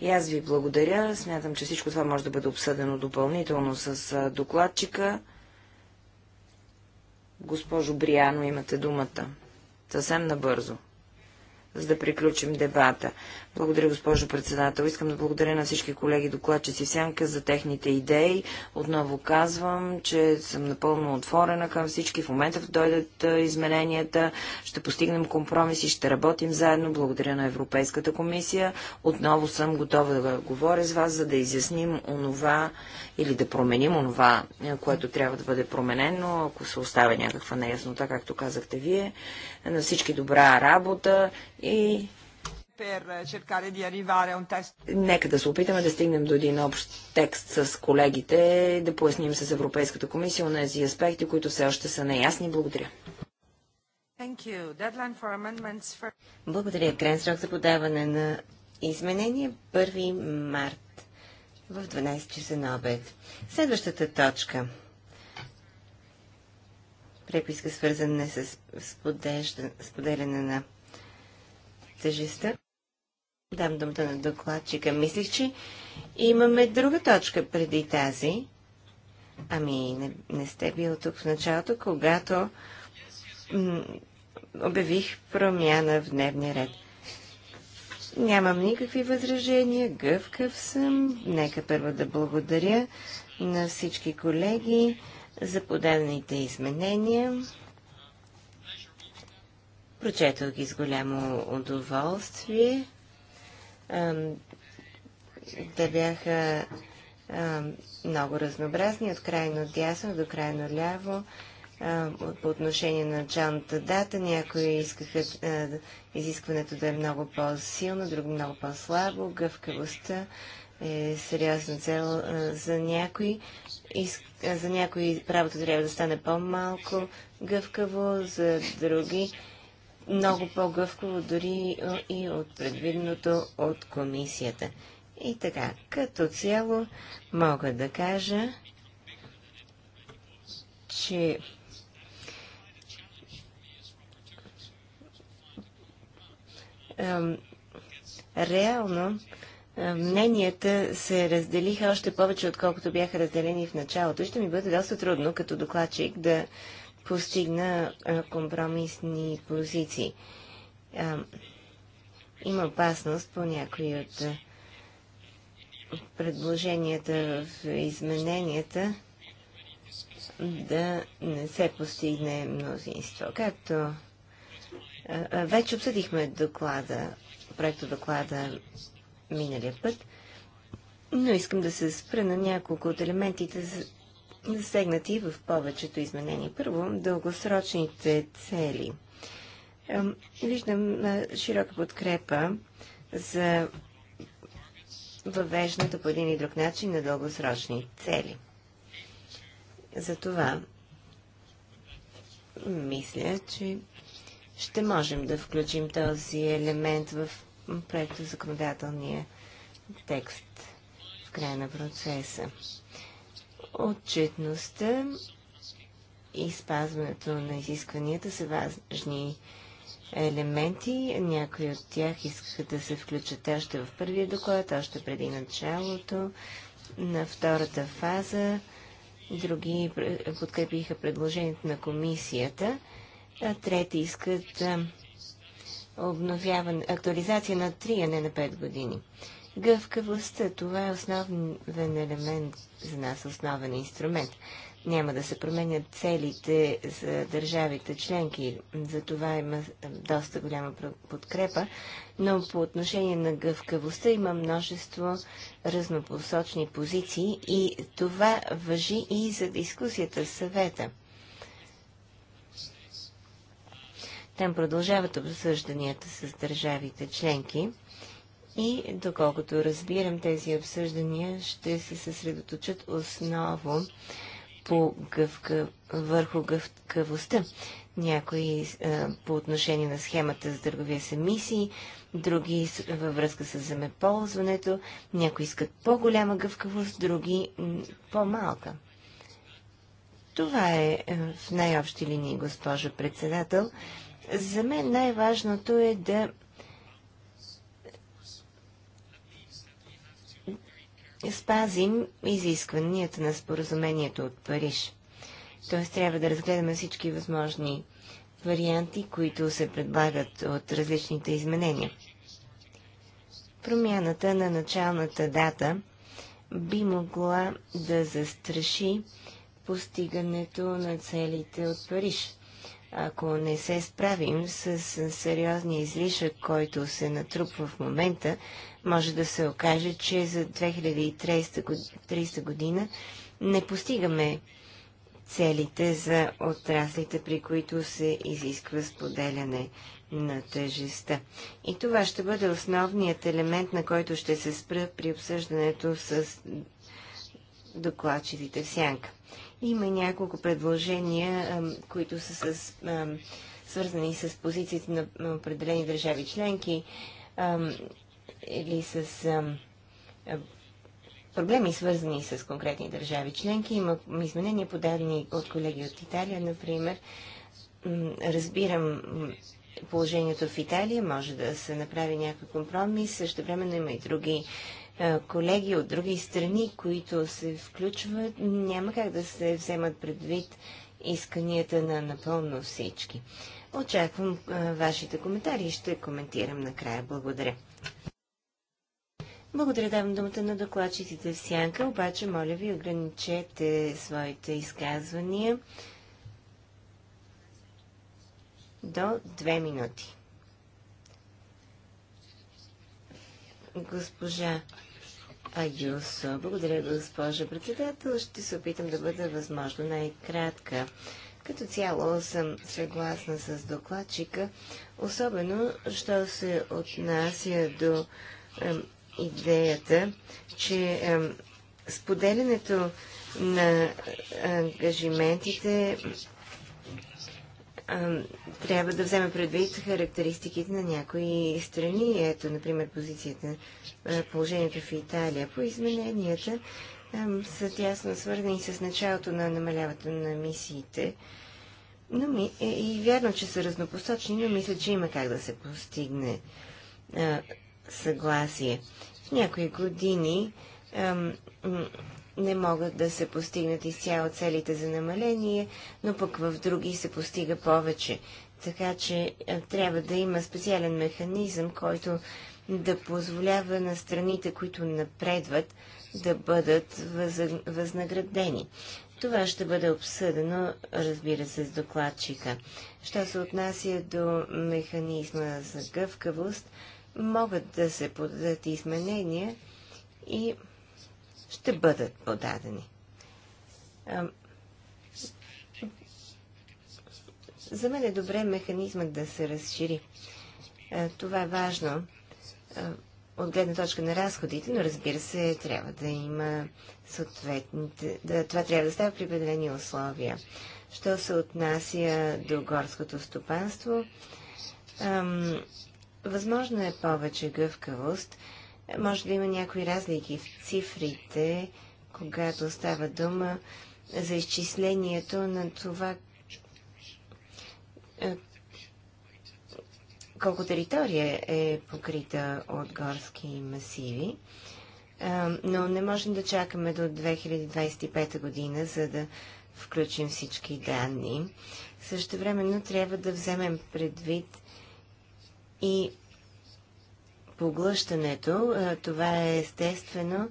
И аз ви благодаря. Смятам, че всичко това може да бъде обсъдено допълнително с докладчика. Госпожо Брияно, имате думата. Съвсем набързо за да приключим дебата. Благодаря, госпожо председател. Искам да благодаря на всички колеги докладчици Сянка за техните идеи. Отново казвам, че съм напълно отворена към всички. В момента дойдат измененията, ще постигнем компромиси, ще работим заедно. Благодаря на Европейската комисия. Отново съм готова да говоря с вас, за да изясним онова или да променим онова, е, което трябва да бъде променено, ако се оставя някаква неяснота, както казахте вие. На всички добра работа и Нека да се опитаме да стигнем до един общ текст с колегите, да поясним с Европейската комисия на тези аспекти, които все още са неясни. Благодаря. For... Благодаря. Крайен срок за подаване на изменения 1 е март в 12 часа на обед. Следващата точка. Преписка свързана с споделяне на тежеста. Дам думата на докладчика. Мислих, че имаме друга точка преди тази. Ами, не, не сте бил тук в началото, когато обявих промяна в дневния ред. Нямам никакви възражения, гъвкав съм. Нека първо да благодаря на всички колеги за подадените изменения. Прочетох ги с голямо удоволствие. Те бяха много разнообразни, от крайно дясно до крайно ляво по отношение на началната дата. Някои искаха изискването да е много по-силно, други много по-слабо. Гъвкавостта е сериозна цел за някои. За някои правото трябва да стане по-малко гъвкаво, за други много по-гъвкаво дори и от предвиденото от комисията. И така, като цяло мога да кажа, че реално мненията се разделиха още повече, отколкото бяха разделени в началото. Ще ми бъде доста трудно като докладчик да постигна компромисни позиции. Има опасност по някои от предложенията в измененията да не се постигне мнозинство. Както е, вече обсъдихме доклада, проекто доклада миналия път, но искам да се спра на няколко от елементите, засегнати в повечето изменения. Първо, дългосрочните цели. Виждам е, широка подкрепа за въвеждането по един и друг начин на дългосрочни цели. Затова мисля, че ще можем да включим този елемент в проекта законодателния текст в края на процеса. Отчетността и спазването на изискванията са важни елементи. Някои от тях искаха да се включат още в първия доклад, още преди началото на втората фаза. Други подкрепиха предложението на комисията трети искат обновяване, актуализация на 3, а не на 5 години. Гъвкавостта, това е основен елемент за нас, основен инструмент. Няма да се променят целите за държавите членки. За това има доста голяма подкрепа, но по отношение на гъвкавостта има множество разнопосочни позиции и това въжи и за дискусията в съвета. Там продължават обсъжданията с държавите членки и, доколкото разбирам, тези обсъждания ще се съсредоточат основно по гъвка, върху гъвкавостта. Някои а, е, по отношение на схемата за търговия с емисии, други във връзка с земеползването, някои искат по-голяма гъвкавост, други по-малка. Това е, е в най-общи линии, госпожо председател. За мен най-важното е да спазим изискванията на споразумението от Париж. Т.е. трябва да разгледаме всички възможни варианти, които се предлагат от различните изменения. Промяната на началната дата би могла да застраши постигането на целите от Париж. Ако не се справим с, сериозния излишък, който се натрупва в момента, може да се окаже, че за 2030 година не постигаме целите за отраслите, при които се изисква споделяне на тежеста. И това ще бъде основният елемент, на който ще се спра при обсъждането с докладчивите в сянка. Има и няколко предложения, които са с, свързани с позициите на определени държави членки или с проблеми, свързани с конкретни държави членки. Има изменения подадени от колеги от Италия, например. Разбирам положението в Италия, може да се направи някакъв компромис, също времено има и други колеги от други страни, които се включват, няма как да се вземат предвид исканията на напълно всички. Очаквам вашите коментари и ще коментирам накрая. Благодаря. Благодаря, давам думата на докладчиците в сянка, обаче моля ви ограничете своите изказвания до две минути. Госпожа Айосо. Благодаря, госпожа председател. Ще се опитам да бъда възможно най-кратка. Като цяло съм съгласна с докладчика, особено, що се отнася до е, идеята, че е, споделянето на е, ангажиментите трябва да вземе предвид характеристиките на някои страни. Ето, например, позицията, положението в Италия. По измененията са тясно свързани с началото на намаляването на мисиите. Но ми, е, и вярно, че са разнопосочни, но мисля, че има как да се постигне съгласие. В някои години не могат да се постигнат изцяло целите за намаление, но пък в други се постига повече. Така че трябва да има специален механизъм, който да позволява на страните, които напредват, да бъдат възнаградени. Това ще бъде обсъдено, разбира се, с докладчика. Що се отнася до механизма за гъвкавост, могат да се подадат изменения и ще бъдат подадени. За мен е добре механизмът да се разшири. Това е важно от гледна точка на разходите, но разбира се, трябва да има съответните... Да, това трябва да става при определени условия. Що се отнася до горското стопанство, възможно е повече гъвкавост, може да има някои разлики в цифрите, когато става дума за изчислението на това е, колко територия е покрита от горски масиви, е, но не можем да чакаме до 2025 година, за да включим всички данни. Също времено трябва да вземем предвид и поглъщането. Това е естествено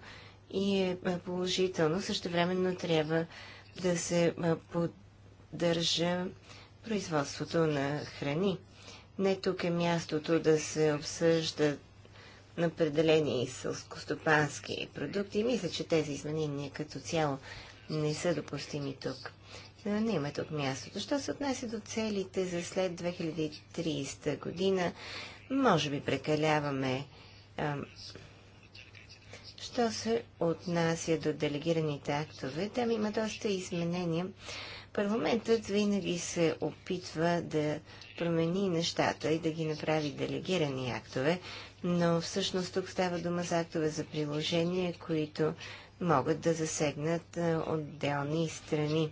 и е положително. Също времено трябва да се поддържа производството на храни. Не тук е мястото да се обсъждат определени сълскостопански продукти. Мисля, че тези изменения като цяло не са допустими тук. Не има тук мястото. Що се отнася до целите за след 2030 година, може би прекаляваме. А, що се отнася до делегираните актове, там има доста изменения. Парламентът винаги се опитва да промени нещата и да ги направи делегирани актове, но всъщност тук става дума за актове за приложение, които могат да засегнат отделни страни.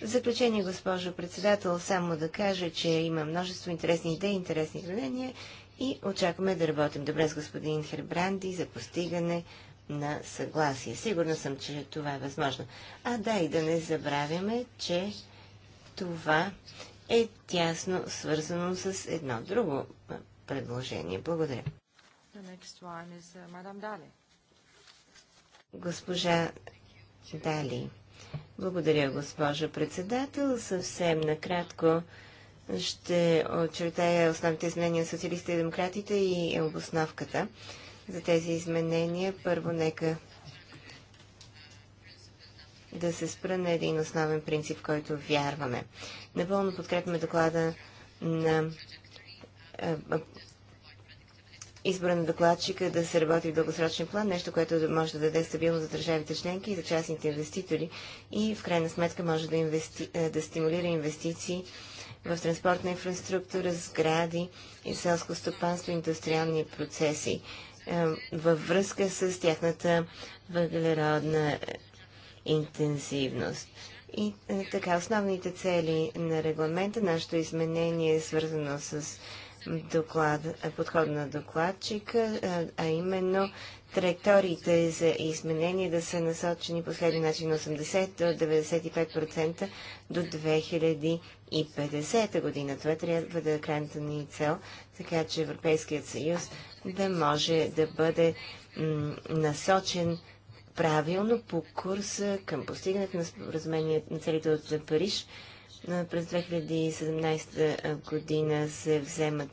В заключение, госпожо председател, само да кажа, че има множество интересни идеи, интересни изменения и очакваме да работим добре с господин Хербранди за постигане на съгласие. Сигурна съм, че това е възможно. А да, и да не забравяме, че това е тясно свързано с едно друго предложение. Благодаря. Uh, Госпожа Дали. Благодаря, госпожа председател. Съвсем накратко ще очертая основните изменения на социалистите и демократите и обосновката за тези изменения. Първо, нека да се спра на един основен принцип, който вярваме. Напълно подкрепяме доклада на избора на докладчика да се работи в дългосрочен план, нещо, което може да даде стабилност за държавите членки и за частните инвеститори и в крайна сметка може да, инвести... Е, да стимулира инвестиции в транспортна инфраструктура, сгради, и селско стопанство, индустриални процеси е, във връзка с тяхната въглеродна е, интензивност. И така, основните цели на регламента, нашето изменение е свързано с доклад, е, подхода на докладчика, е, а именно траекториите за изменение да са насочени по следния начин 80 до 95% до 2050 година. Това трябва да е крайната ни цел, така че Европейският съюз да може да бъде насочен правилно по курса към постигането на споразумение на целите от Париж – през 2017 година се вземат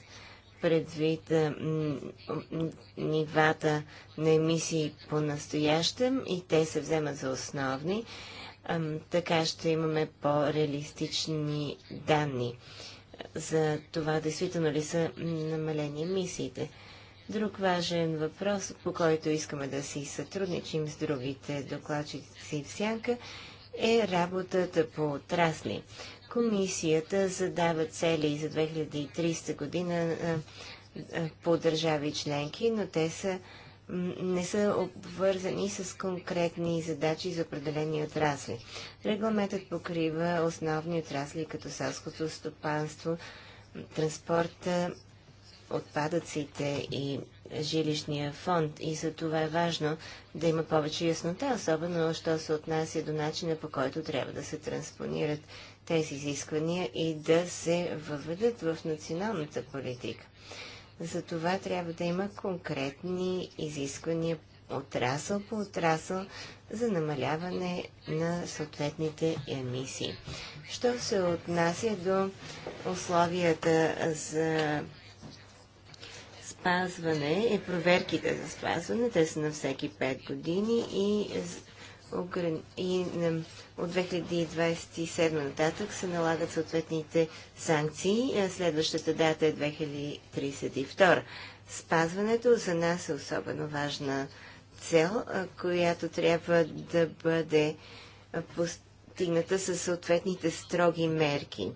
предвид нивата на емисии по настоящем и те се вземат за основни, така ще имаме по-реалистични данни за това действително ли са намалени емисиите. Друг важен въпрос, по който искаме да си сътрудничим с другите докладчици в сянка, е работата по отрасли. Комисията задава цели за 2300 година по държави членки, но те са, не са обвързани с конкретни задачи за определени отрасли. Регламентът покрива основни отрасли, като селското стопанство, транспорта, отпадъците и жилищния фонд и за това е важно да има повече яснота, особено, що се отнася до начина по който трябва да се транспонират тези изисквания и да се въведат в националната политика. За това трябва да има конкретни изисквания отрасъл по отрасъл за намаляване на съответните емисии. Що се отнася до условията за спазване е проверките за спазване. Те са на всеки 5 години и, и от 2027 нататък се налагат съответните санкции. Следващата дата е 2032. Спазването за нас е особено важна цел, която трябва да бъде постигната със съответните строги мерки.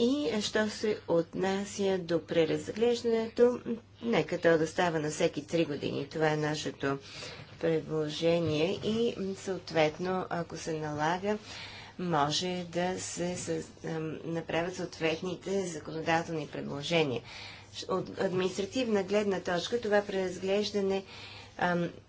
И що се отнася до преразглеждането, нека то да става на всеки 3 години. Това е нашето предложение и съответно, ако се налага, може да се направят съответните законодателни предложения. От административна гледна точка това преразглеждане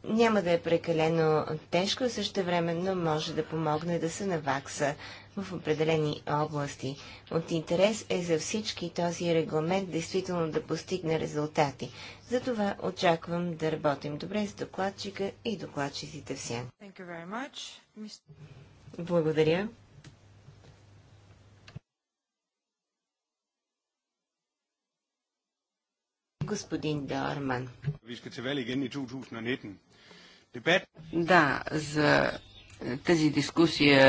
няма да е прекалено тежко, също времено може да помогне да се навакса в определени области. От интерес е за всички този регламент действително да постигне резултати. Затова очаквам да работим добре с докладчика и докладчиците в сян. Благодаря. господин Дарман. Да, за тази дискусия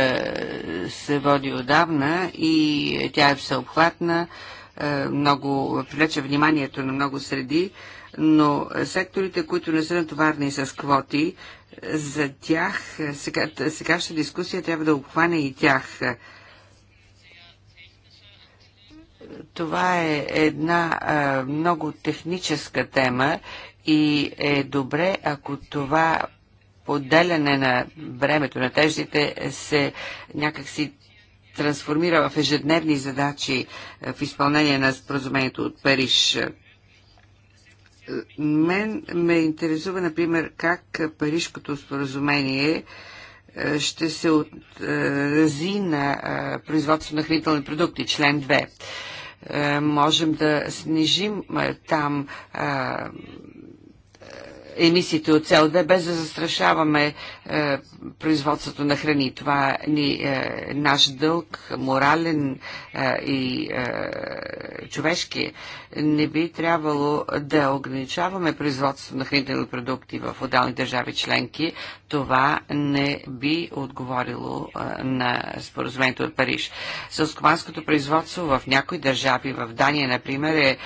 се води отдавна и тя е всеобхватна, е, много привлече вниманието на много среди, но секторите, които не са натоварни с квоти, за тях е, сега, е, сегашната дискусия трябва да обхване и тях това е една а, много техническа тема и е добре, ако това поделяне на времето на теждите се някакси трансформира в ежедневни задачи в изпълнение на споразумението от Париж. Мен ме интересува, например, как Парижкото споразумение ще се отрази на производство на хранителни продукти, член 2. Е, можем да снижим е, там е, емисиите от цел 2 без да застрашаваме е, производството на храни. Това ни е наш дълг, морален е, и е, човешки. Не би трябвало да ограничаваме производството на хранителни продукти в отделни държави членки. Това не би отговорило е, на споразумението от Париж. Селскоманското производство в някои държави, в Дания, например, е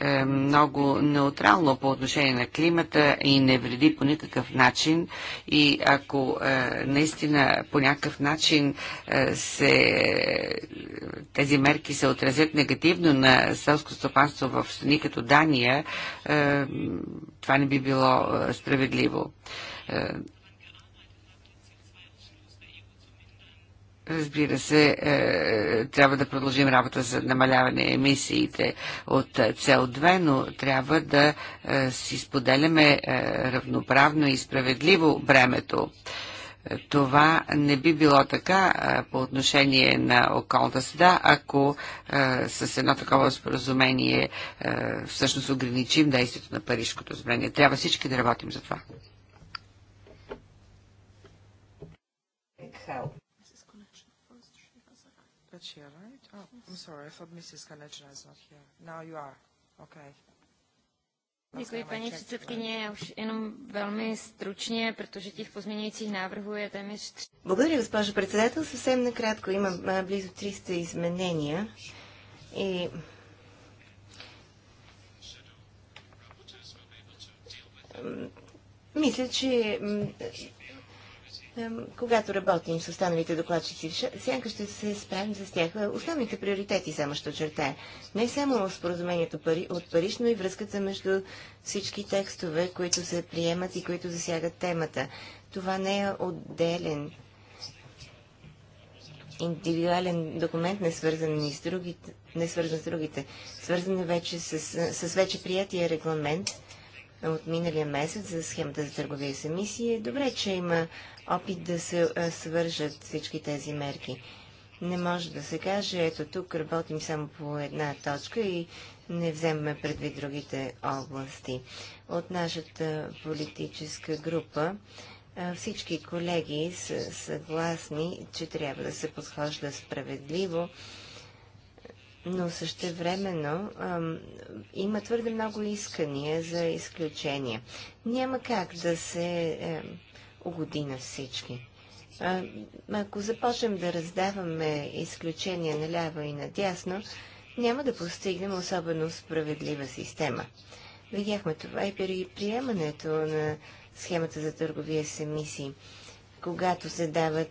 е, много неутрално по отношение на климата и не вреди по никакъв начин. И ако е, наистина по някакъв начин е, се, тези мерки се отразят негативно на селско стопанство в страни като Дания, това не би било справедливо. Разбира се, е, трябва да продължим работа за намаляване емисиите от CO2, но трябва да е, си споделяме е, равноправно и справедливо бремето. Това не би било така по отношение на околната среда, ако с едно такова споразумение всъщност ограничим действието на Парижското споразумение. Трябва всички да работим за това. sorry, I thought Mrs. Kanechna is not here. Now you are. Okay. Děkuji, paní předsedkyně. Já už jenom velmi stručně, protože těch pozměňujících návrhů je téměř tři. Благодаря, госпожо председател. Съвсем накратко има близо 300 изменения. И мисля, че когато работим с останалите докладчици в сянка, ще се справим с тях. Е, основните приоритети само ще очертая. Не само споразумението от Париж, но и връзката между всички текстове, които се приемат и които засягат темата. Това не е отделен индивидуален документ, не свързан, ни с, другите, не свързан с другите. Свързан е вече с, с вече приятия регламент от миналия месец за схемата за търговия с емисии. Е добре, че има опит да се свържат всички тези мерки. Не може да се каже, ето тук работим само по една точка и не вземаме предвид другите области. От нашата политическа група всички колеги са съгласни, че трябва да се подхожда справедливо, но същевременно има твърде много искания за изключения. Няма как да се угоди всички. А, ако започнем да раздаваме изключения наляво и надясно, няма да постигнем особено справедлива система. Видяхме това и при приемането на схемата за търговия с емисии, когато се дават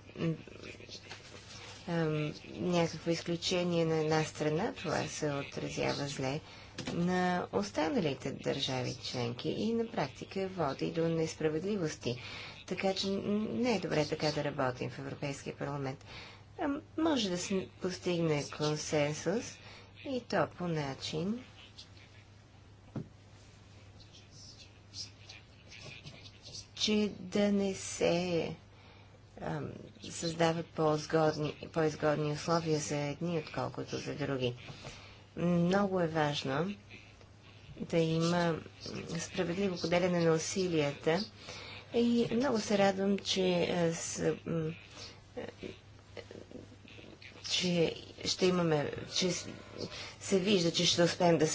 някакво изключение на една страна, това се отразява зле на останалите държави членки и на практика води до несправедливости. Така че не е добре така да работим в Европейския парламент. А, може да се постигне консенсус и то по начин, че да не се а, създават по-изгодни, по-изгодни условия за едни, отколкото за други. Много е важно да има справедливо поделяне на усилията и много се радвам, че, е, е, че ще имаме, че се вижда, че ще успеем да,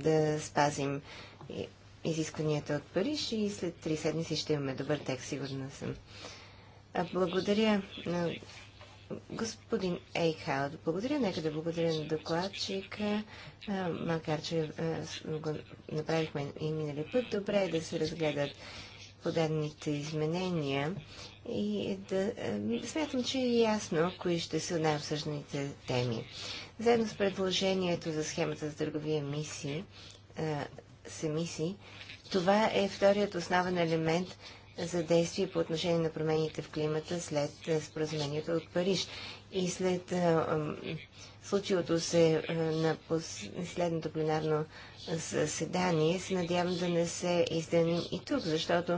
да спазим изискванията от Париж и след три седмици ще имаме добър текст, сигурна съм. Благодаря на господин Ейхаут. Благодаря, нека да благодаря на докладчика, макар че го направихме и минали път. Добре е да се разгледат подадените изменения и да ами, смятам, че е ясно кои ще са най-обсъжданите теми. Заедно с предложението за схемата за търговия мисии, с емисии, това е вторият основен елемент за действие по отношение на промените в климата след споразумението от Париж. И след а, случилото се е, на последното пленарно заседание, се надявам да не се изданим и тук, защото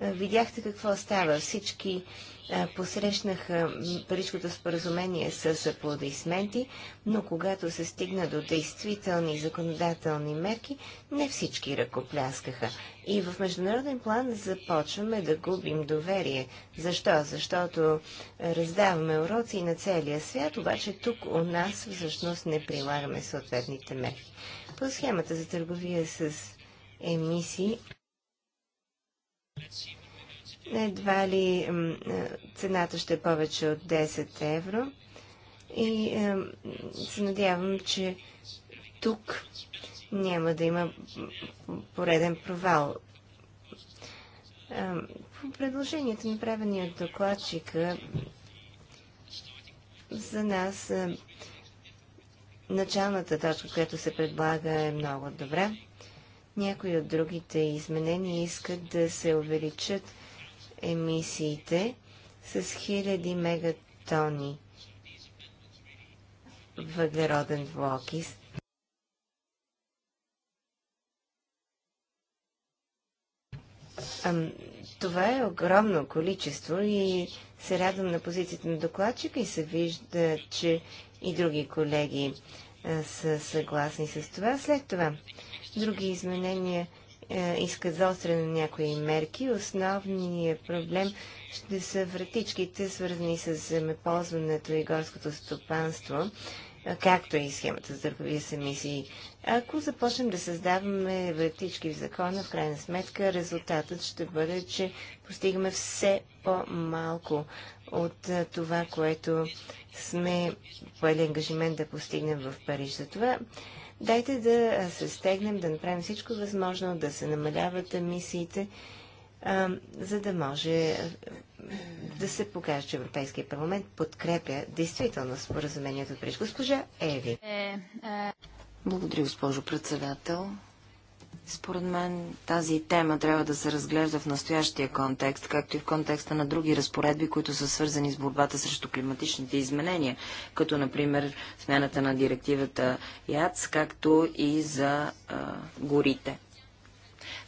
е, видяхте какво става. Всички е, посрещнаха Парижкото споразумение с аплодисменти, но когато се стигна до действителни законодателни мерки, не всички ръкопляскаха. И в международен план започваме да губим доверие. Защо? Защото е, раздаваме уроци на целия свят, обаче тук у нас всъщност не прилагаме съответните мерки. По схемата за търговия с емисии едва ли е, цената ще е повече от 10 евро. И е, се надявам, че тук няма да има пореден провал. Е, по предложението, на от докладчика, за нас началната точка, която се предлага, е много добра. Някои от другите изменения искат да се увеличат емисиите с хиляди мегатони въглероден двуокис. Това е огромно количество и се радвам на позицията на докладчика и се вижда, че и други колеги са съгласни с това. След това други изменения – е, иска заострено някои мерки. Основният проблем ще са вратичките, свързани с земеползването и горското стопанство, е, както и схемата за търговия с емисии. Ако започнем да създаваме вратички в закона, в крайна сметка резултатът ще бъде, че постигаме все по-малко от е, това, което сме поели ангажимент да постигнем в Париж. Затова това Дайте да се стегнем, да направим всичко възможно, да се намаляват емисиите, за да може да се покаже, че Европейския парламент подкрепя действително споразумението от Париж. Госпожа Еви. Е, е. Благодаря, госпожо председател. Според мен тази тема трябва да се разглежда в настоящия контекст, както и в контекста на други разпоредби, които са свързани с борбата срещу климатичните изменения, като например смяната на директивата ЯЦ, както и за а, горите.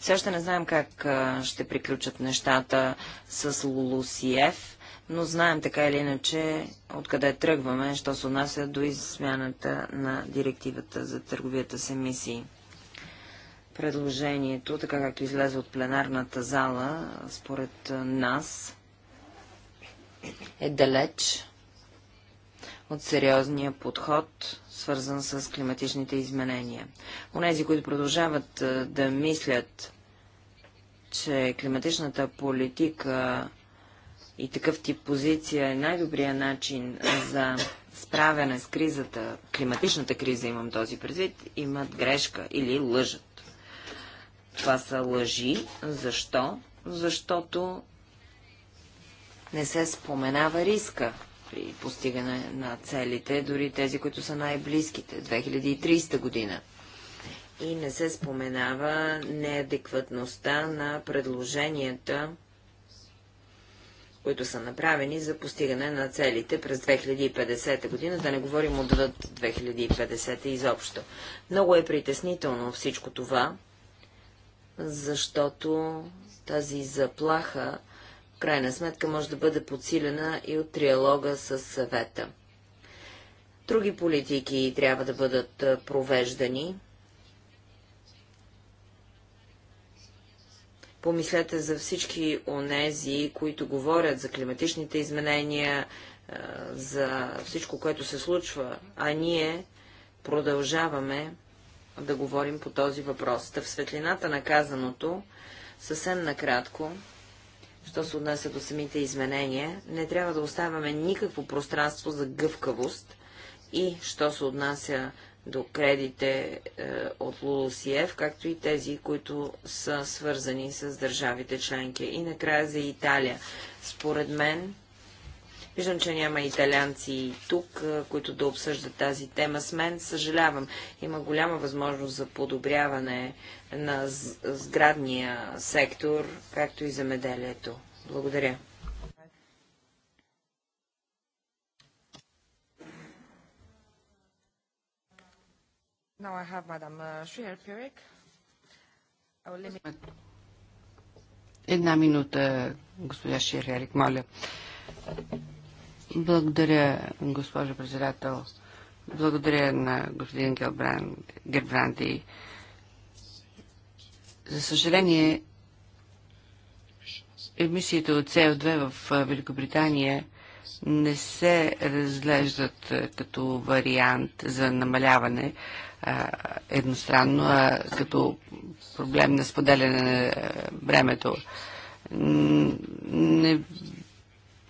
Все още не знаем как ще приключат нещата с Лулусиев, но знаем така или иначе откъде тръгваме, що се отнася до измяната на директивата за търговията с емисии предложението, така както излезе от пленарната зала, според нас е далеч от сериозния подход, свързан с климатичните изменения. Онези, които продължават да мислят, че климатичната политика и такъв тип позиция е най-добрия начин за справяне с кризата, климатичната криза имам този предвид, имат грешка или лъжат. Това са лъжи. Защо? Защото не се споменава риска при постигане на целите, дори тези, които са най-близките, 2030 година. И не се споменава неадекватността на предложенията, които са направени за постигане на целите през 2050 година, да не говорим отвъд 2050 изобщо. Много е притеснително всичко това, защото тази заплаха, в крайна сметка, може да бъде подсилена и от триалога с съвета. Други политики трябва да бъдат провеждани. Помислете за всички онези, които говорят за климатичните изменения, за всичко, което се случва, а ние продължаваме да говорим по този въпрос. Та в светлината на казаното, съвсем накратко, що се отнася до самите изменения, не трябва да оставяме никакво пространство за гъвкавост и, що се отнася до кредите е, от ЛУЛСИЕВ, както и тези, които са свързани с държавите членки. И накрая за Италия. Според мен Виждам, че няма италианци тук, които да обсъждат тази тема с мен. Съжалявам, има голяма възможност за подобряване на сградния сектор, както и замеделието. Благодаря. Now I have Madam uh, Една минута, госпожа Ширерик, моля. Благодаря, госпожо председател. Благодаря на господин Гербранди. За съжаление, емисиите от со 2 в Великобритания не се разглеждат като вариант за намаляване а, едностранно, а като проблем на споделяне на времето. Не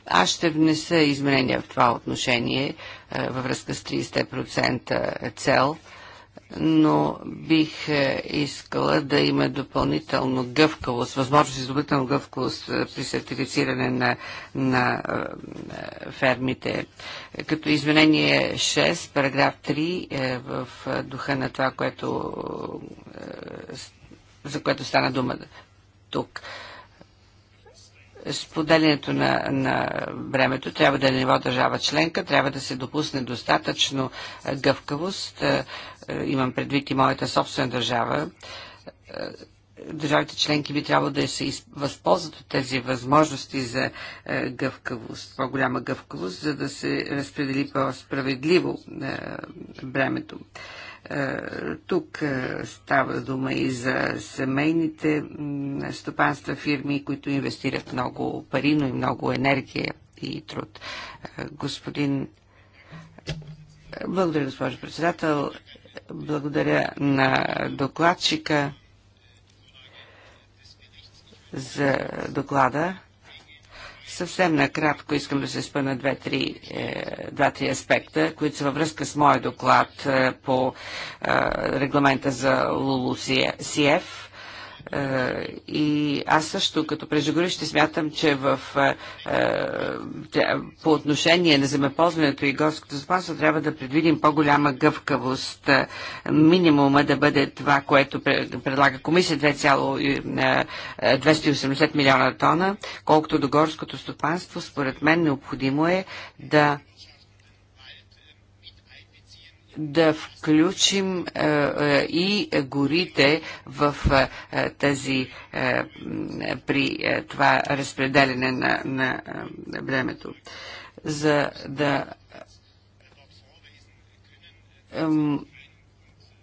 аз ще внеса изменения в това отношение е, във връзка с 30% цел, но бих е, искала да има допълнително гъвкавост, възможност за допълнително гъвкавост е, при сертифициране на, на фермите. Като изменение 6, параграф 3, в духа на това, което, за което стана дума тук споделянето на, на времето трябва да е на ниво държава членка, трябва да се допусне достатъчно гъвкавост. Имам предвид и моята собствена държава. Държавите членки би трябвало да се възползват от тези възможности за гъвкавост, по-голяма гъвкавост, за да се разпредели по-справедливо времето. Е, е, тук е, става дума и за семейните стопанства фирми, които инвестират много пари, но и много енергия и труд. Е, господин... Благодаря, госпожо председател. Благодаря на докладчика за доклада. Съвсем накратко искам да се спа на два-три е, аспекта, които са във връзка с моя доклад е, по е, регламента за ЛУЛУСИЕФ е- е, и аз също като преждеговорище смятам, че в, е, е, по отношение на земеползването и горското стопанство трябва да предвидим по-голяма гъвкавост. Минимума да бъде това, което предлага комисия 2,280 милиона тона, колкото до горското стопанство, според мен необходимо е да да включим е, е, и горите в е, тези, тази при това разпределяне на, на времето, за да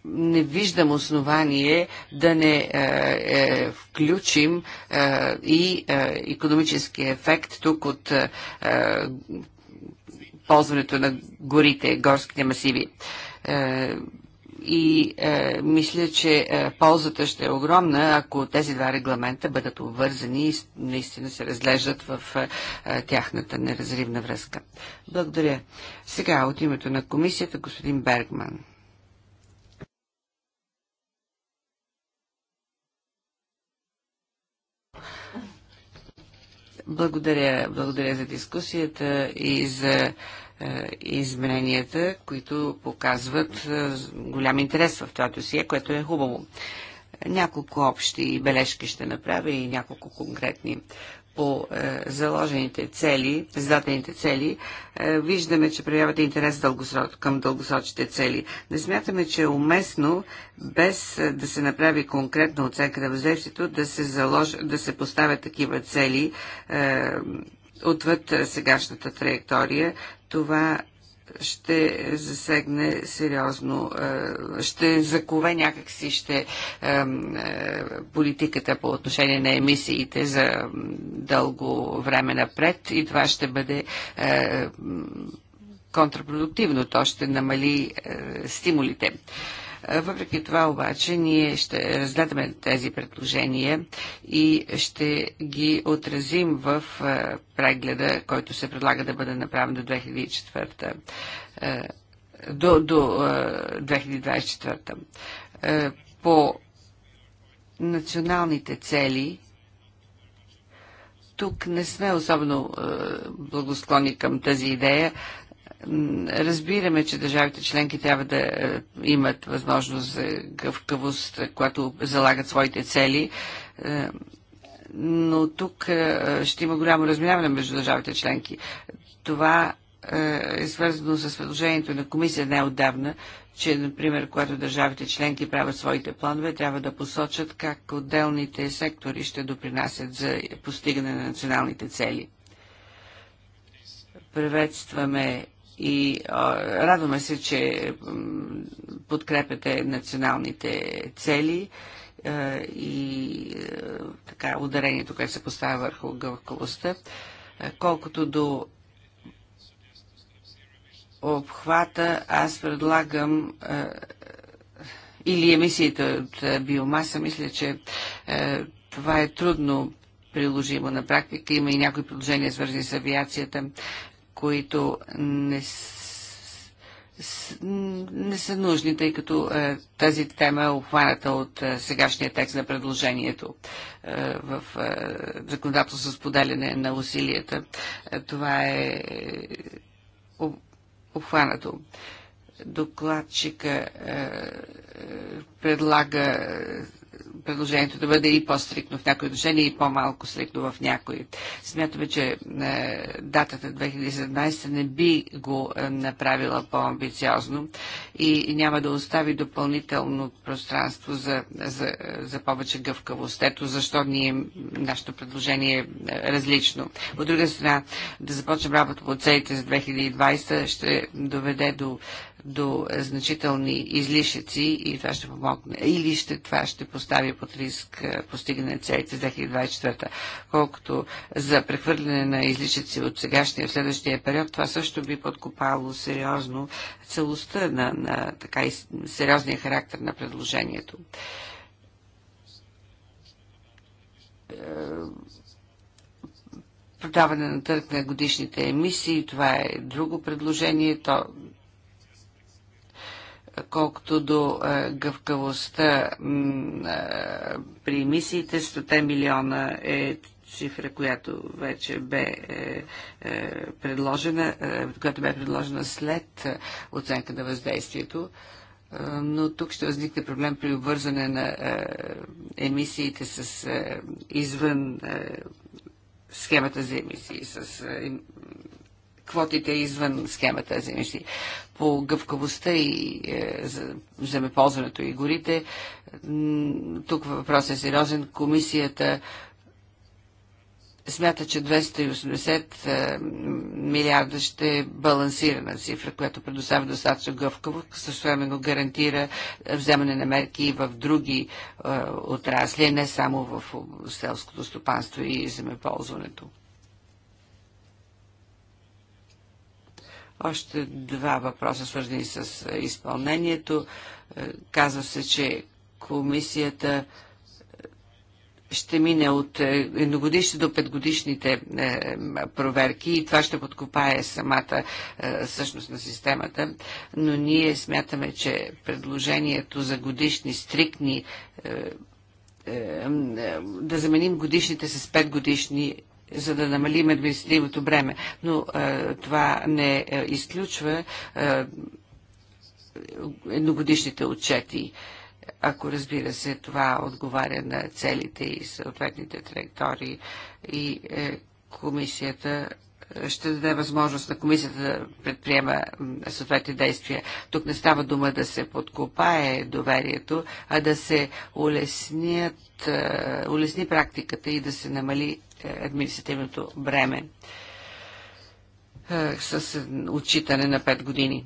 не виждам основание да не е, е, включим е, и е, економически ефект тук от е, ползването на горите, горските масиви. Е, е, и е, мисля, че е, ползата ще е огромна, ако тези два регламента бъдат обвързани и наистина се разглеждат в е, е, тяхната неразривна връзка. Благодаря. Сега от името на комисията господин Бергман. Благодаря, благодаря за дискусията и за е, измененията, които показват е, голям интерес в това досие, което е хубаво. Няколко общи бележки ще направя и няколко конкретни по е, заложените цели, зададените цели, е, виждаме, че проявявате интерес дългосрок, към дългосрочните цели. Не смятаме, че е уместно, без е, да се направи конкретна оценка на въздействието, да се, залож, да се поставят такива цели е, отвъд е, сегашната траектория, това ще засегне сериозно, е, ще закове някакси ще е, е, политиката по отношение на емисиите за дълго време напред и това ще бъде контрапродуктивно. То ще намали стимулите. Е, въпреки това обаче ние ще разгледаме тези предложения и ще ги отразим в е, прегледа, който се предлага да бъде направен до 2004 е, до, до 2024. По националните цели тук не сме особено благосклонни към тази идея, Разбираме, че държавите членки трябва да е, имат възможност за гъвкавост, когато залагат своите цели е, но тук е, ще има голямо разминаване между държавите членки. Това е свързано с предложението на комисия неотдавна, че, например, когато държавите членки правят своите планове, трябва да посочат как отделните сектори ще допринасят за постигане на националните цели. Приветстваме и а, радваме се, че подкрепяте националните цели а, и а, така ударението, което се поставя върху гъвкавостта. Колкото до обхвата, аз предлагам а, или емисиите от биомаса, мисля, че а, това е трудно приложимо на практика. Има и някои предложения, свързани с авиацията които не, са, не са нужни, тъй като е, тази тема е обхваната от е, сегашния текст на предложението е, в законодателство с поделяне на усилията. това е обхванато. Докладчика предлага предложението да бъде и по-стрикно в някои отношения и по-малко стрикно в някои. Смятаме, че е, датата 2017 не би го е, направила по-амбициозно и няма да остави допълнително пространство за, за, за повече гъвкавост. Ето защо ние, нашето предложение е, е различно. От друга страна, да започнем работа по целите за 2020 ще доведе до до значителни излишици и това ще помогне. Или ще, това ще постави под риск е, постигане на целите за 2024. Колкото за прехвърляне на излишици от сегашния в следващия период, това също би подкопало сериозно целостта на, на така и сериозния характер на предложението е, продаване на търг на годишните емисии. Това е друго предложение. То Колкото до а, е, гъвкавостта а, е, при мисиите, 100 милиона е цифра, която вече бе е, е, предложена, е, която бе предложена след оценка на въздействието. Е, но тук ще възникне проблем при обвързане на е, емисиите с е, извън е, схемата за емисии, с е, квотите извън схемата за емисии. По гъвкавостта и е, земеползването и горите, тук въпросът е сериозен. Комисията смята, че 280 е, милиарда ще е балансирана цифра, която предоставя достатъчно гъвкаво, го гарантира вземане на мерки и в други е, отрасли, не само в селското стопанство и земеползването. Още два въпроса, свързани с е, изпълнението. Е, казва се, че комисията е, ще мине от едногодишни до петгодишните проверки и това ще подкопае самата същност на системата, но ние смятаме, че предложението за годишни стрикни да заменим годишните с петгодишни за да намалим административното бреме. Но а, е, това не а, е, изключва а, е, едногодишните отчети, ако разбира се това отговаря на целите и съответните траектории и е, комисията ще даде възможност на комисията да предприема съответни действия. Тук не става дума да се подкопае доверието, а да се улеснят, улесни практиката и да се намали административното бреме с отчитане на 5 години.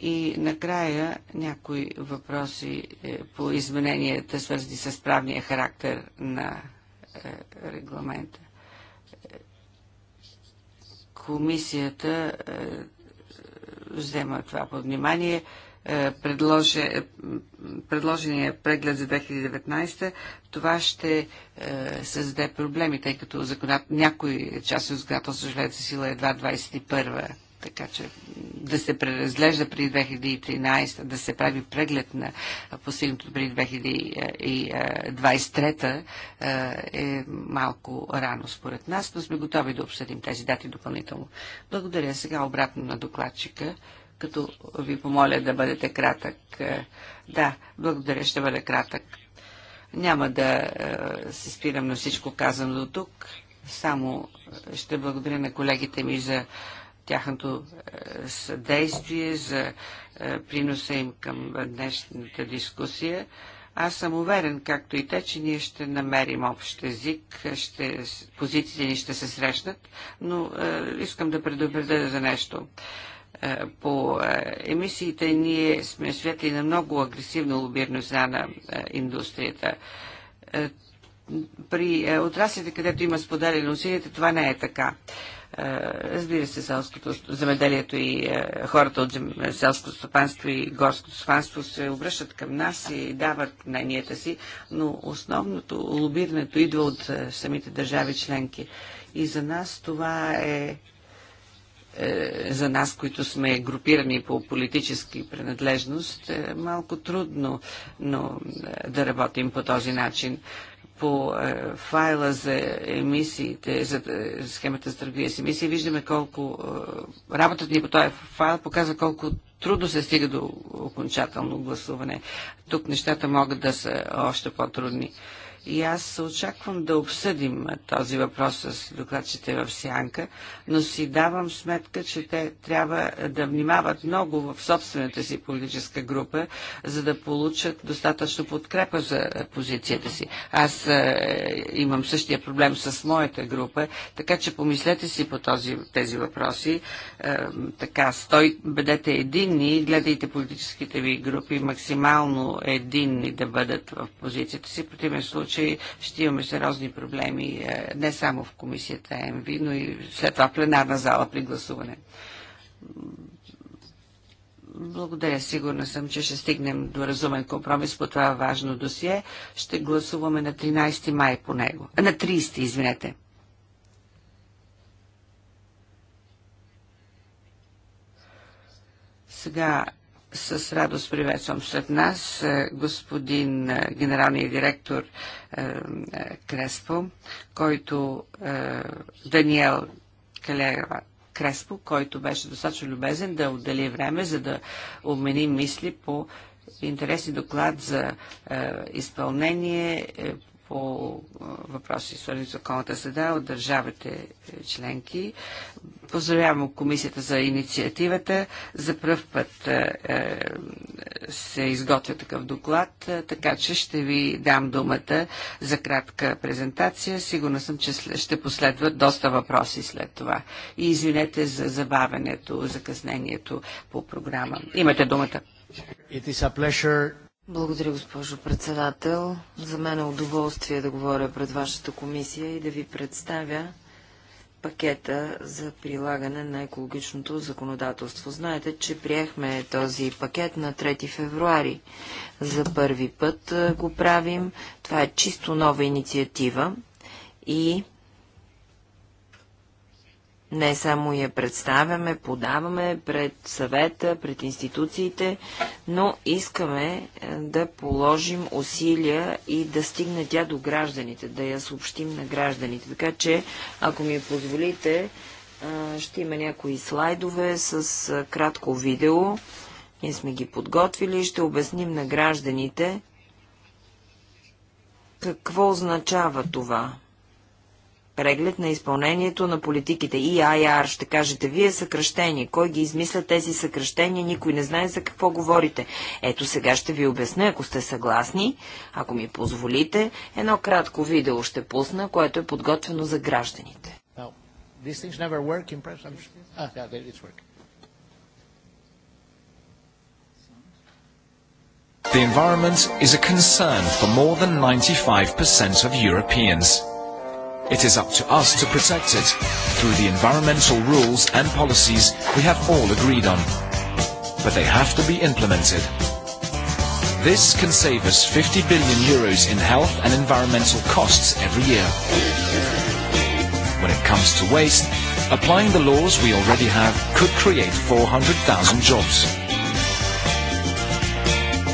И накрая някои въпроси е, по измененията, свързани с правния характер на е, регламента. Комисията е, взема това под внимание. Е, е, предложения преглед за 2019, това ще е, създаде проблеми, тъй като законат, някои част от законодателството живеят за сила едва 2021, така че да се преразглежда при 2013, да се прави преглед на постигнато при 2023 е малко рано според нас, но сме готови да обсъдим тези дати допълнително. Благодаря. Сега обратно на докладчика като ви помоля да бъдете кратък. Е, да, благодаря, ще бъда кратък. Няма да е, се спирам на всичко казано до тук. Само е, ще благодаря на колегите ми за тяхното съдействие, за приноса им към днешната дискусия. Аз съм уверен, както и те, че ние ще намерим общ език, ще, позициите ни ще се срещнат, но е, искам да предупредя за нещо. Е, е, по е, емисиите, ние сме светли на много агресивно лобирно за на е, индустрията. При отраслите, където има споделени усилията, това не е така. Разбира се, селското, замеделието и хората от селското стопанство и горското стопанство се обръщат към нас и дават мненията си, но основното лобирането идва от самите държави членки. И за нас това е е, за нас, които сме групирани по политически принадлежност, е малко трудно но, е, да работим по този начин. По е, файла за емисиите, за е, схемата за търговия с емисии, виждаме колко е, работата ни по този файл показва колко трудно се стига до окончателно гласуване. Тук нещата могат да са още по-трудни и аз очаквам да обсъдим този въпрос с докладчите в Сянка, но си давам сметка, че те трябва да внимават много в собствената си политическа група, за да получат достатъчно подкрепа за позицията си. Аз е, имам същия проблем с моята група, така че помислете си по този, тези въпроси. Е, така, стой, бъдете единни, гледайте политическите ви групи максимално единни да бъдат в позицията си. В противен случай случай ще имаме сериозни проблеми е, не само в комисията МВ, но и след това пленарна зала при гласуване. Благодаря. Сигурна съм, че ще стигнем до разумен компромис по това важно досие. Ще гласуваме на 13 май по него. На 30, извинете. Сега с радост приветствам след нас е, господин е, генералния директор е, Креспо, който Даниел Калева Креспо, който беше достатъчно любезен да отдели време, за да обмени мисли по интересни доклад за изпълнение, по въпроси свързани с околната среда от държавите е, членки. Поздравявам комисията за инициативата. За пръв път е, е, се изготвя такъв доклад, така че ще ви дам думата за кратка презентация. Сигурна съм, че ще последват доста въпроси след това. И извинете за забавенето, закъснението по програма. Имате думата. It is a pleasure благодаря, госпожо председател. За мен е удоволствие да говоря пред вашата комисия и да ви представя пакета за прилагане на екологичното законодателство. Знаете, че приехме този пакет на 3 февруари. За първи път го правим. Това е чисто нова инициатива и не само я представяме, подаваме пред съвета, пред институциите, но искаме е, да положим усилия и да стигне тя до гражданите, да я съобщим на гражданите. Така че, ако ми позволите, е, ще има някои слайдове с е, кратко видео. Ние сме ги подготвили и ще обясним на гражданите какво означава това преглед на изпълнението на политиките. IR, ще кажете, вие съкръщение. Кой ги измисля тези съкръщения? Никой не знае за какво говорите. Ето сега ще ви обясня, ако сте съгласни, ако ми позволите, едно кратко видео ще пусна, което е подготвено за гражданите. Ah, The environment is a concern for more than 95% of Europeans. It is up to us to protect it through the environmental rules and policies we have all agreed on. But they have to be implemented. This can save us 50 billion euros in health and environmental costs every year. When it comes to waste, applying the laws we already have could create 400,000 jobs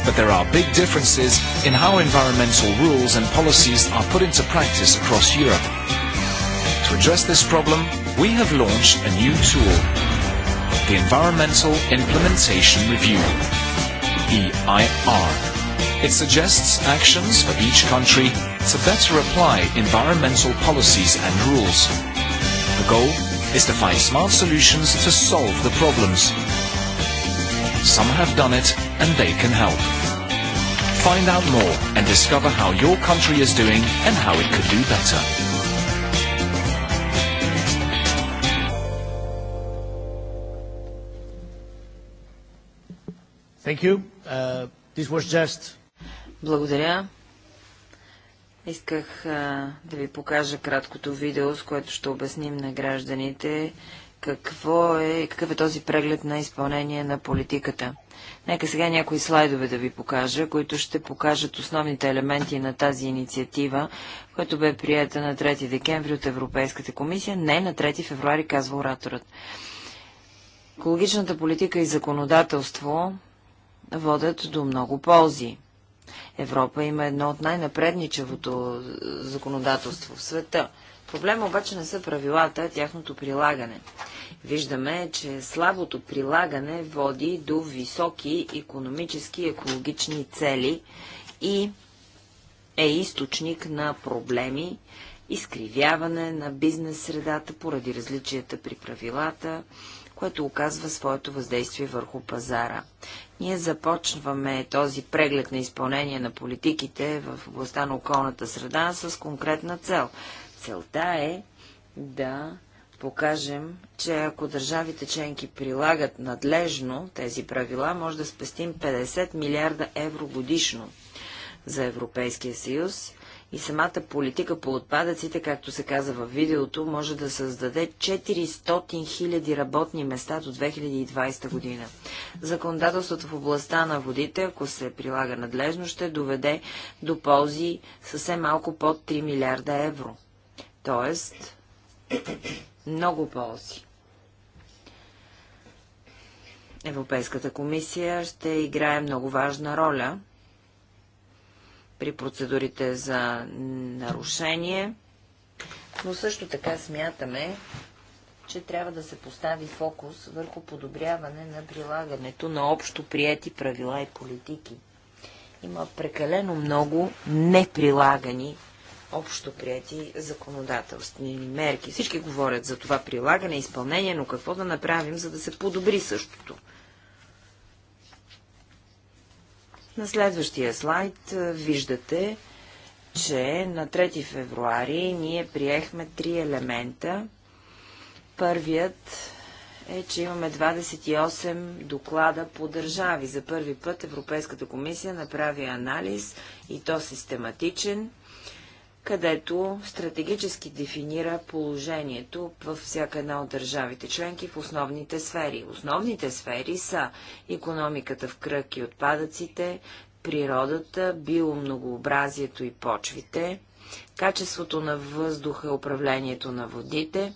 but there are big differences in how environmental rules and policies are put into practice across Europe. To address this problem, we have launched a new tool, the Environmental Implementation Review, EIR. It suggests actions for each country to better apply environmental policies and rules. The goal is to find smart solutions to solve the problems. Some have done it and they can help find out more and discover how your country is doing and how it could do better. Thank you. Uh, this was just... Благодаря. Исках а, да ви покажа краткото видео, с което ще обясним на гражданите какво е, какъв е този преглед на изпълнение на политиката. Нека сега някои слайдове да ви покажа, които ще покажат основните елементи на тази инициатива, която бе приета на 3 декември от Европейската комисия. Не, на 3 февруари, казва ораторът. Екологичната политика и законодателство водят до много ползи. Европа има едно от най-напредничевото законодателство в света. Проблема обаче не са правилата, а тяхното прилагане. Виждаме, че слабото прилагане води до високи економически и екологични цели и е източник на проблеми, изкривяване на бизнес средата поради различията при правилата, което оказва своето въздействие върху пазара. Ние започваме този преглед на изпълнение на политиките в областта на околната среда с конкретна цел. Целта е да покажем, че ако държавите членки прилагат надлежно тези правила, може да спестим 50 милиарда евро годишно за Европейския съюз и самата политика по отпадъците, както се каза в видеото, може да създаде 400 000 работни места до 2020 година. Законодателството в областта на водите, ако се прилага надлежно, ще доведе до ползи съвсем малко под 3 милиарда евро. Тоест, много ползи. Европейската комисия ще играе много важна роля при процедурите за нарушение, но също така смятаме, че трябва да се постави фокус върху подобряване на прилагането на общо прияти правила и политики. Има прекалено много неприлагани общо прияти законодателствени мерки. Всички говорят за това прилагане и изпълнение, но какво да направим, за да се подобри същото? На следващия слайд виждате, че на 3 февруари ние приехме три елемента. Първият е, че имаме 28 доклада по държави. За първи път Европейската комисия направи анализ и то систематичен където стратегически дефинира положението във всяка една от държавите членки в основните сфери. Основните сфери са економиката в кръг и отпадъците, природата, биомногообразието и почвите, качеството на въздуха, управлението на водите,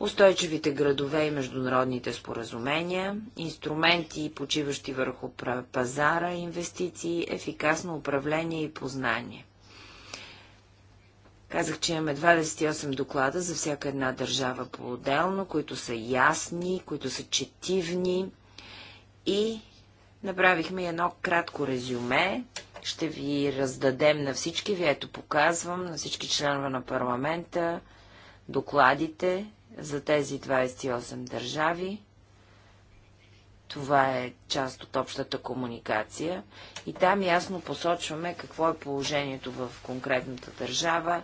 устойчивите градове и международните споразумения, инструменти, почиващи върху пазара, инвестиции, ефикасно управление и познание. Казах, че имаме 28 доклада за всяка една държава по-отделно, които са ясни, които са четивни и направихме едно кратко резюме. Ще ви раздадем на всички, ви ето показвам, на всички членове на парламента, докладите за тези 28 държави. Това е част от общата комуникация и там ясно посочваме какво е положението в конкретната държава,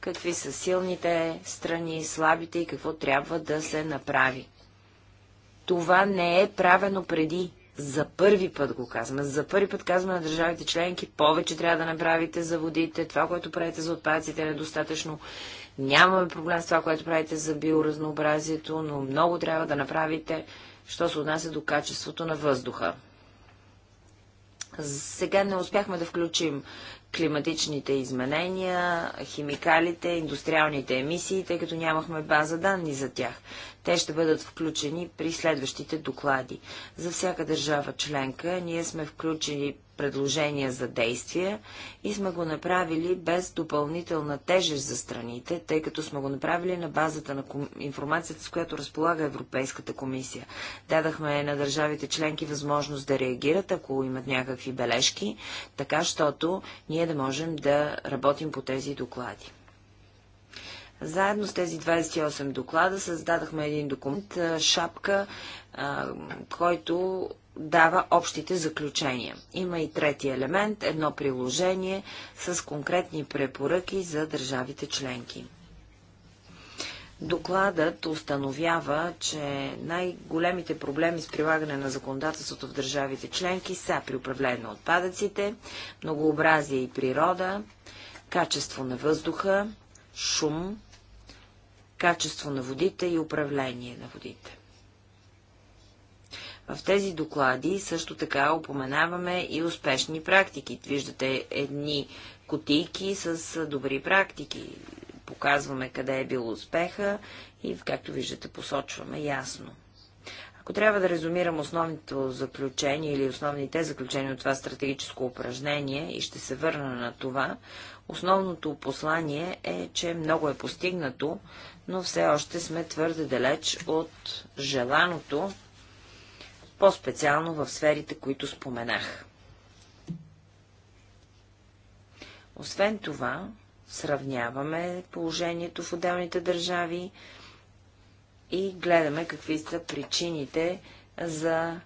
какви са силните страни, слабите и какво трябва да се направи. Това не е правено преди. За първи път го казваме. За първи път казваме на държавите членки, повече трябва да направите за водите, това, което правите за отпадците е недостатъчно. Нямаме проблем с това, което правите за биоразнообразието, но много трябва да направите що се отнася до качеството на въздуха. Сега не успяхме да включим климатичните изменения, химикалите, индустриалните емисии, тъй като нямахме база данни за тях. Те ще бъдат включени при следващите доклади. За всяка държава членка ние сме включили предложения за действия и сме го направили без допълнителна тежест за страните, тъй като сме го направили на базата на информацията, с която разполага Европейската комисия. Дадахме на държавите членки възможност да реагират, ако имат някакви бележки, така, щото ние да можем да работим по тези доклади. Заедно с тези 28 доклада създадахме един документ, шапка, който дава общите заключения. Има и трети елемент, едно приложение с конкретни препоръки за държавите членки. Докладът установява, че най-големите проблеми с прилагане на законодателството в държавите членки са при управление на отпадъците, многообразие и природа, качество на въздуха, шум, качество на водите и управление на водите. В тези доклади също така упоменаваме и успешни практики. Виждате едни кутийки с добри практики. Показваме къде е бил успеха и, както виждате, посочваме ясно. Ако трябва да резумирам основното заключение или основните заключения от това стратегическо упражнение и ще се върна на това, основното послание е, че много е постигнато, но все още сме твърде далеч от желаното, по-специално в сферите, които споменах. Освен това, сравняваме положението в отделните държави и гледаме какви са причините за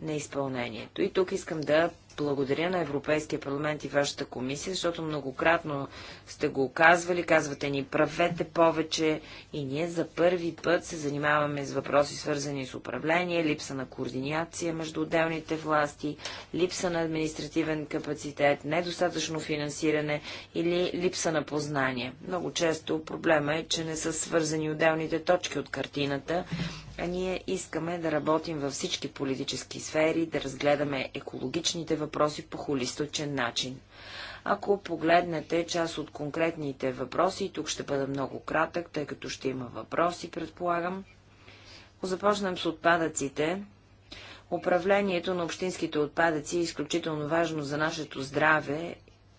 неизпълнението. И тук искам да благодаря на Европейския парламент и вашата комисия, защото многократно сте го оказвали, казвате ни правете повече и ние за първи път се занимаваме с въпроси свързани с управление, липса на координация между отделните власти, липса на административен капацитет, недостатъчно финансиране или липса на познание. Много често проблема е, че не са свързани отделните точки от картината, а ние искаме да работим във всички политически сфери, да разгледаме екологичните въпроси по холистичен начин. Ако погледнете част от конкретните въпроси, тук ще бъда много кратък, тъй като ще има въпроси, предполагам. Ако започнем с отпадъците, управлението на общинските отпадъци е изключително важно за нашето здраве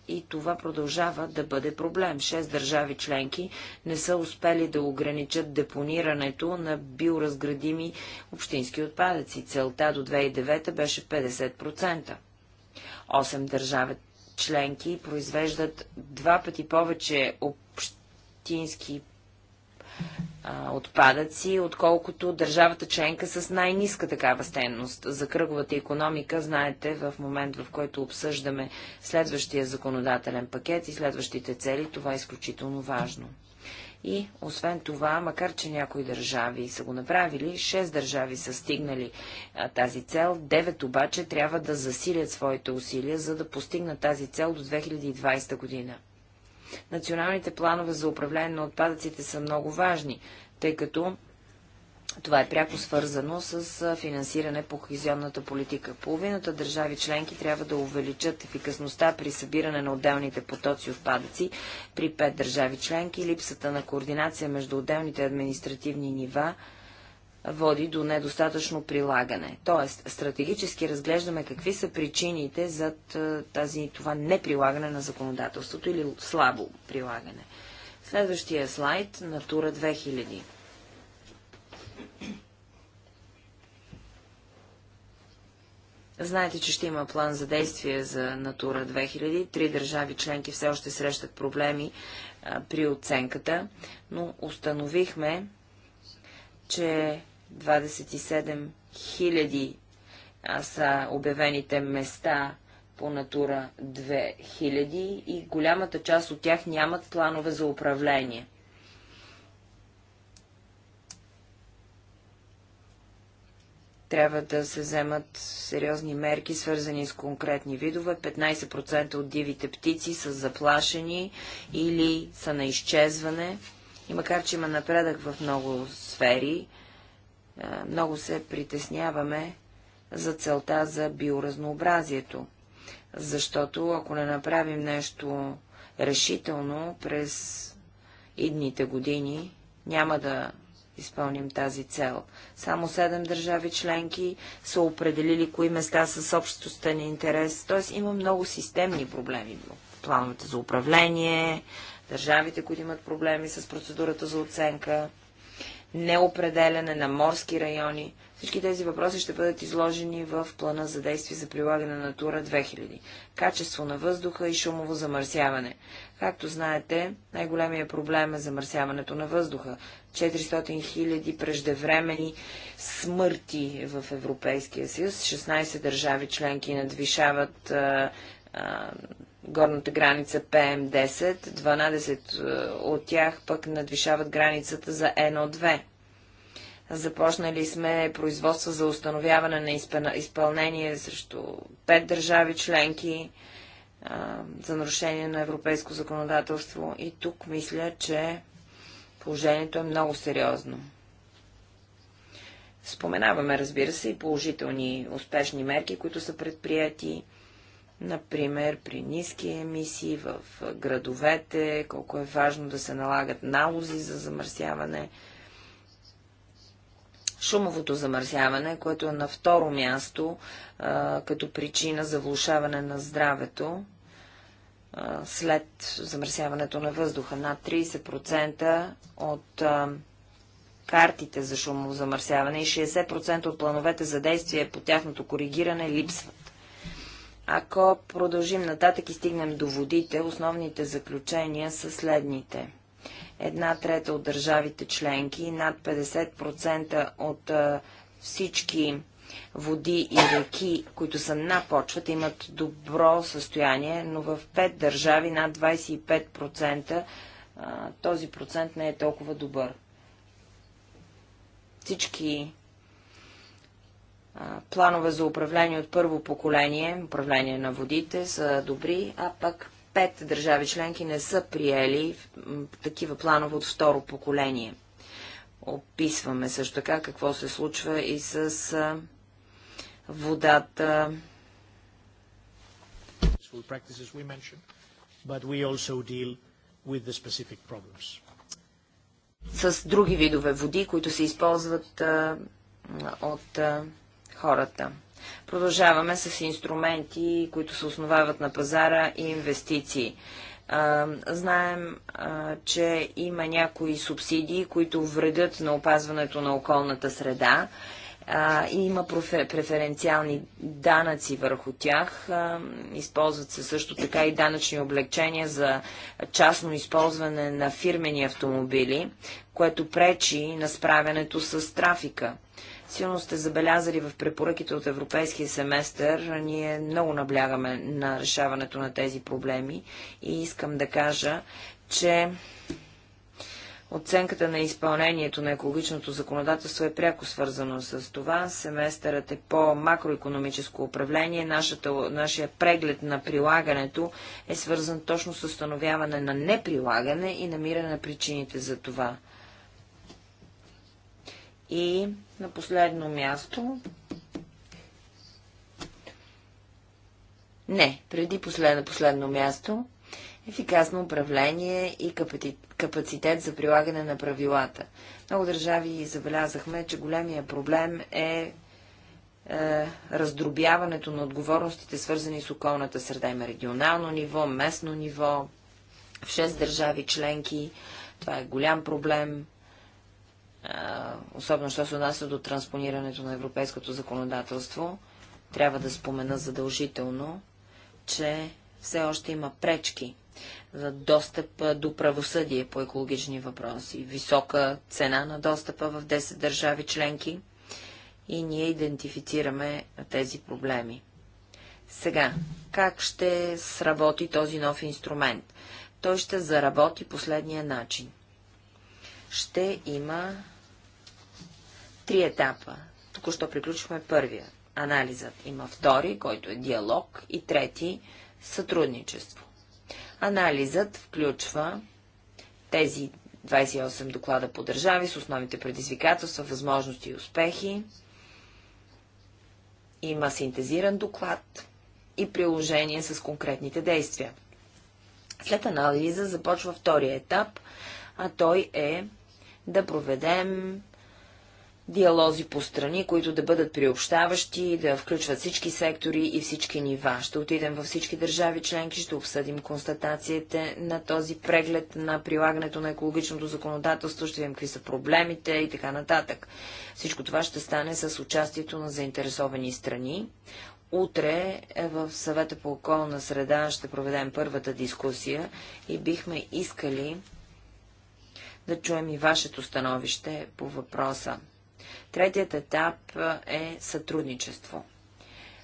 и това продължава да бъде проблем. Шест държави членки не са успели да ограничат депонирането на биоразградими общински отпадъци. Целта до 2009 беше 50%. 8 държави членки произвеждат два пъти повече общински а, отпадъци, отколкото държавата членка с най-ниска такава стенност. За кръговата економика, знаете, в момент в който обсъждаме следващия законодателен пакет и следващите цели, това е изключително важно. И освен това, макар че някои държави са го направили, 6 държави са стигнали а, тази цел, 9 обаче трябва да засилят своите усилия, за да постигнат тази цел до 2020 година. Националните планове за управление на отпадъците са много важни, тъй като това е пряко свързано с финансиране по кохезионната политика. Половината държави членки трябва да увеличат ефикасността при събиране на отделните потоци отпадъци. При пет държави членки липсата на координация между отделните административни нива води до недостатъчно прилагане. Тоест, стратегически разглеждаме какви са причините за тази, това неприлагане на законодателството или слабо прилагане. Следващия слайд – Натура 2000. Знаете, че ще има план за действие за Натура 2000. Три държави членки все още срещат проблеми а, при оценката, но установихме, че 27 000 са обявените места по Натура 2000 и голямата част от тях нямат планове за управление. Трябва да се вземат сериозни мерки, свързани с конкретни видове. 15% от дивите птици са заплашени или са на изчезване. И макар, че има напредък в много сфери, е, много се притесняваме за целта за биоразнообразието. Защото ако не направим нещо решително през идните години, няма да изпълним тази цел. Само седем държави членки са определили кои места са с общостен интерес, т.е. има много системни проблеми в плановете за управление, държавите, които имат проблеми с процедурата за оценка, неопределяне на морски райони. Всички тези въпроси ще бъдат изложени в плана за действие за прилагане на Натура 2000. Качество на въздуха и шумово замърсяване. Както знаете, най-големия проблем е замърсяването на въздуха. 400 000 преждевремени смърти в Европейския съюз. 16 държави членки надвишават а, а, горната граница ПМ-10, 12 от тях пък надвишават границата за НО2. Започнали сме производство за установяване на изпълнение срещу 5 държави членки за нарушение на европейско законодателство. И тук мисля, че Положението е много сериозно. Споменаваме, разбира се, и положителни успешни мерки, които са предприяти, например, при ниски емисии в градовете, колко е важно да се налагат налози за замърсяване, шумовото замърсяване, което е на второ място а, като причина за влушаване на здравето след замърсяването на въздуха. Над 30% от картите за шумово замърсяване и 60% от плановете за действие по тяхното коригиране липсват. Ако продължим нататък и стигнем до водите, основните заключения са следните. Една трета от държавите членки и над 50% от всички води и реки, които са на почвата, имат добро състояние, но в 5 държави над 25% този процент не е толкова добър. Всички планове за управление от първо поколение, управление на водите, са добри, а пък пет държави членки не са приели такива планове от второ поколение. Описваме също така какво се случва и с водата. С други видове води, които се използват от хората. Продължаваме с инструменти, които се основават на пазара и инвестиции. знаем, че има някои субсидии, които вредят на опазването на околната среда а, и има преференциални данъци върху тях. А, използват се също така и данъчни облегчения за частно използване на фирмени автомобили, което пречи на справянето с трафика. Силно сте забелязали в препоръките от Европейския семестър, ние много наблягаме на решаването на тези проблеми и искам да кажа, че Оценката на изпълнението на екологичното законодателство е пряко свързано с това. Семестърът е по макроекономическо управление. Нашата, нашия преглед на прилагането е свързан точно с установяване на неприлагане и намиране на причините за това. И на последно място. Не, преди последно, последно място ефикасно управление и капацитет за прилагане на правилата. Много държави забелязахме, че големия проблем е е, раздробяването на отговорностите, свързани с околната среда. Има регионално ниво, местно ниво, в 6 държави членки. Това е голям проблем, е, особено що се отнася до транспонирането на европейското законодателство. Трябва да спомена задължително, че все още има пречки за достъп до правосъдие по екологични въпроси. Висока цена на достъпа в 10 държави членки и ние идентифицираме тези проблеми. Сега, как ще сработи този нов инструмент? Той ще заработи последния начин. Ще има три етапа. Току-що приключваме първия. Анализът има втори, който е диалог и трети – сътрудничество. Анализът включва тези 28 доклада по държави с основните предизвикателства, възможности и успехи. Има синтезиран доклад и приложение с конкретните действия. След анализа започва втория етап, а той е да проведем диалози по страни, които да бъдат приобщаващи, да включват всички сектори и всички нива. Ще отидем във всички държави членки, ще обсъдим констатациите на този преглед на прилагането на екологичното законодателство, ще видим какви са проблемите и така нататък. Всичко това ще стане с участието на заинтересовани страни. Утре е в съвета по околна среда ще проведем първата дискусия и бихме искали да чуем и вашето становище по въпроса. Третият етап е сътрудничество.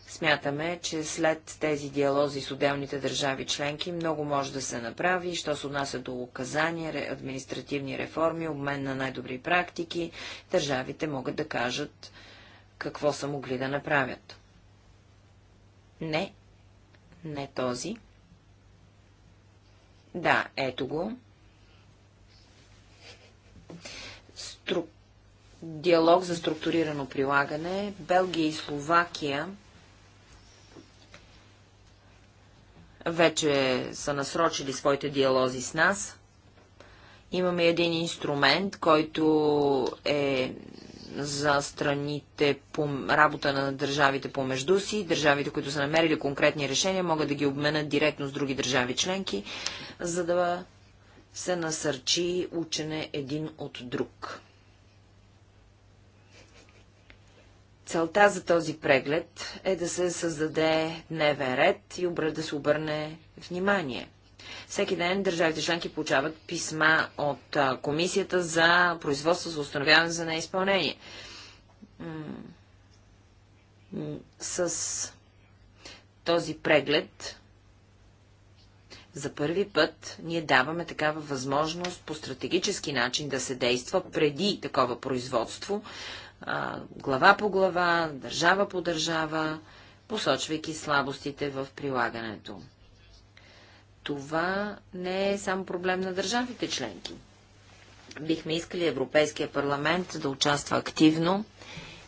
Смятаме, че след тези диалози с отделните държави членки много може да се направи, що се отнася до указания, административни реформи, обмен на най-добри практики. Държавите могат да кажат какво са могли да направят. Не, не този. Да, ето го. Струк диалог за структурирано прилагане. Белгия и Словакия вече са насрочили своите диалози с нас. Имаме един инструмент, който е за страните по работа на държавите помежду си. Държавите, които са намерили конкретни решения, могат да ги обменят директно с други държави членки, за да се насърчи учене един от друг. Целта за този преглед е да се създаде дневен ред и да се обърне внимание. Всеки ден държавите членки получават писма от Комисията за производство за установяване за неизпълнение. С този преглед за първи път ние даваме такава възможност по стратегически начин да се действа преди такова производство, глава по глава, държава по държава, посочвайки слабостите в прилагането. Това не е само проблем на държавите членки. Бихме искали Европейския парламент да участва активно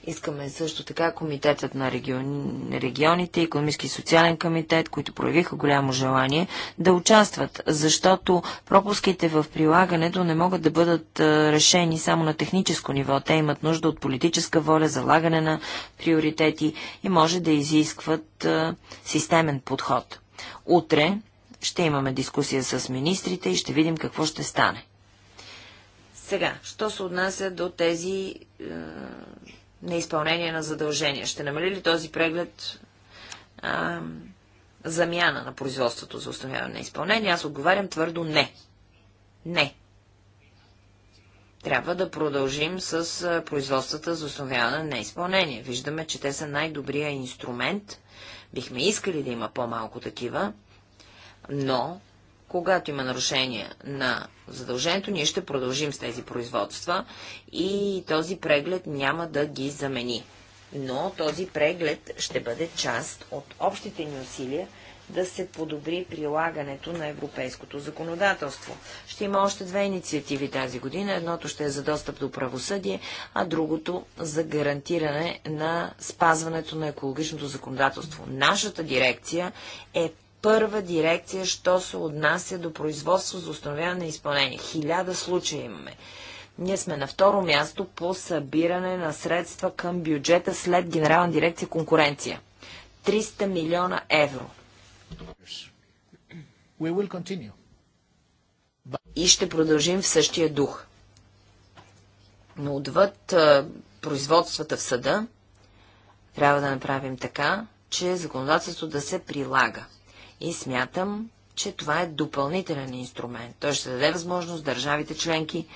Искаме също така комитетът на региони, регионите, економически и социален комитет, които проявиха голямо желание да участват, защото пропуските в прилагането не могат да бъдат решени само на техническо ниво. Те имат нужда от политическа воля, залагане на приоритети и може да изискват системен подход. Утре ще имаме дискусия с министрите и ще видим какво ще стане. Сега, що се отнася до тези е, неизпълнение на задължения. Ще намали ли този преглед а, замяна на производството за установяване на изпълнение? Аз отговарям твърдо не. Не. Трябва да продължим с производствата за установяване на изпълнение. Виждаме, че те са най-добрия инструмент. Бихме искали да има по-малко такива, но когато има нарушение на задължението, ние ще продължим с тези производства и този преглед няма да ги замени. Но този преглед ще бъде част от общите ни усилия да се подобри прилагането на европейското законодателство. Ще има още две инициативи тази година. Едното ще е за достъп до правосъдие, а другото за гарантиране на спазването на екологичното законодателство. Нашата дирекция е първа дирекция, що се отнася до производство за установяване на изпълнение. Хиляда случая имаме. Ние сме на второ място по събиране на средства към бюджета след Генерална дирекция конкуренция. 300 милиона евро. И ще продължим в същия дух. Но отвъд а, производствата в съда, трябва да направим така, че законодателството да се прилага. И смятам, че това е допълнителен инструмент. Той ще даде възможност държавите членки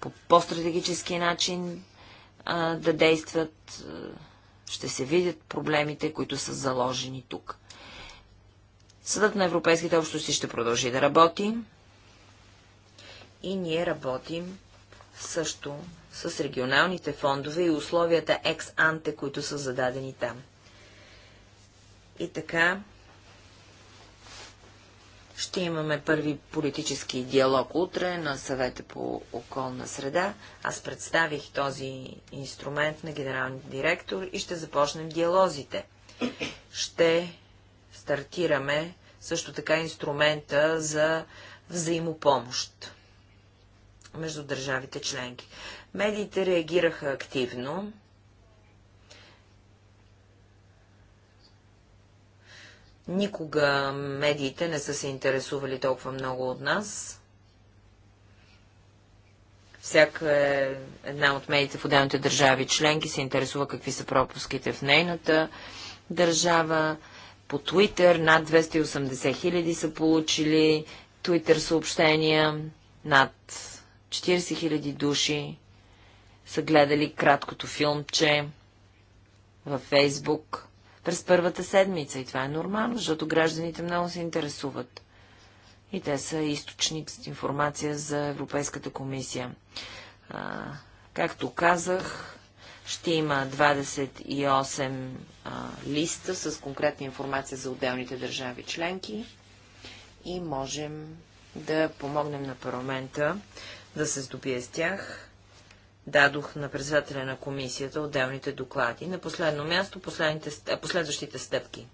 по по-стратегически начин а, да действат, ще се видят проблемите, които са заложени тук. Съдът на европейските общности ще продължи да работи и ние работим също с регионалните фондове и условията екс-анте, които са зададени там. И така, ще имаме първи политически диалог утре на съвета по околна среда. Аз представих този инструмент на генералния директор и ще започнем диалозите. Ще стартираме също така инструмента за взаимопомощ между държавите членки. Медиите реагираха активно. Никога медиите не са се интересували толкова много от нас. Всяка една от медиите в отделните държави членки се интересува какви са пропуските в нейната държава. По Твитър над 280 хиляди са получили твитър съобщения, над 40 хиляди души са гледали краткото филмче във Фейсбук през първата седмица. И това е нормално, защото гражданите много се интересуват. И те са източник с информация за Европейската комисия. А, както казах, ще има 28 а, листа с конкретна информация за отделните държави членки и можем да помогнем на парламента да се здобие с тях дадох на председателя на комисията отделните доклади. На последно място последващите стъпки.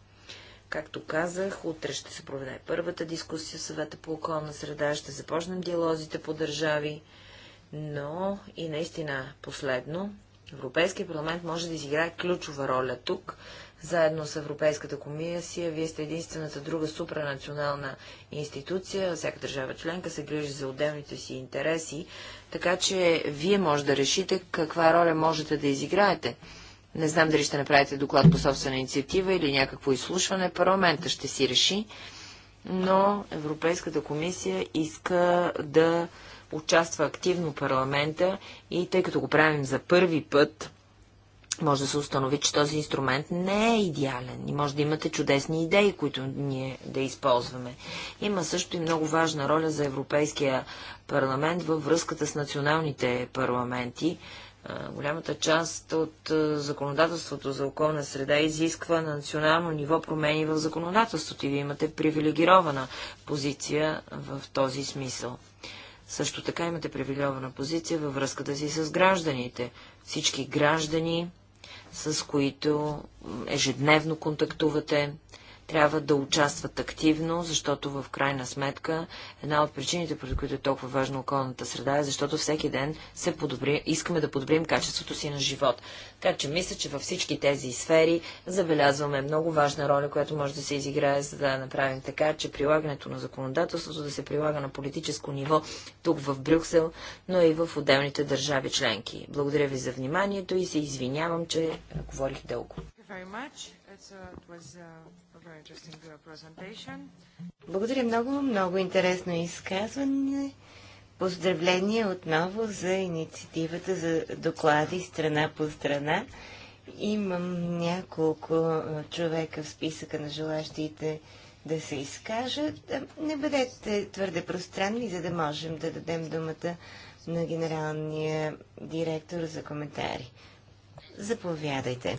Както казах, утре ще се проведе първата дискусия в съвета по околна среда, ще започнем диалозите по държави, но и наистина последно, Европейския парламент може да изиграе ключова роля тук, заедно с Европейската комисия. Вие сте единствената друга супранационална институция. Всяка държава членка се грижи за отделните си интереси, така че вие може да решите каква роля можете да изиграете. Не знам дали ще направите доклад по собствена инициатива или някакво изслушване. Парламента ще си реши, но Европейската комисия иска да участва активно парламента и тъй като го правим за първи път, може да се установи, че този инструмент не е идеален и може да имате чудесни идеи, които ние да използваме. Има също и много важна роля за Европейския парламент във връзката с националните парламенти. Голямата част от законодателството за околна среда изисква на национално ниво промени в законодателството и вие имате привилегирована позиция в този смисъл. Също така имате привилегирована позиция във връзката си с гражданите. Всички граждани с които ежедневно контактувате трябва да участват активно, защото в крайна сметка една от причините, поради които е толкова важна околната среда, е защото всеки ден се подобри, искаме да подобрим качеството си на живот. Така че мисля, че във всички тези сфери забелязваме много важна роля, която може да се изиграе, за да направим така, че прилагането на законодателството да се прилага на политическо ниво тук в Брюксел, но и в отделните държави членки. Благодаря ви за вниманието и се извинявам, че е, говорих дълго. Very much. It's, uh, it was uh, благодаря много. Много интересно изказване. Поздравления отново за инициативата за доклади страна по страна. Имам няколко човека в списъка на желащите да се изкажат. Не бъдете твърде пространни, за да можем да дадем думата на генералния директор за коментари. Заповядайте.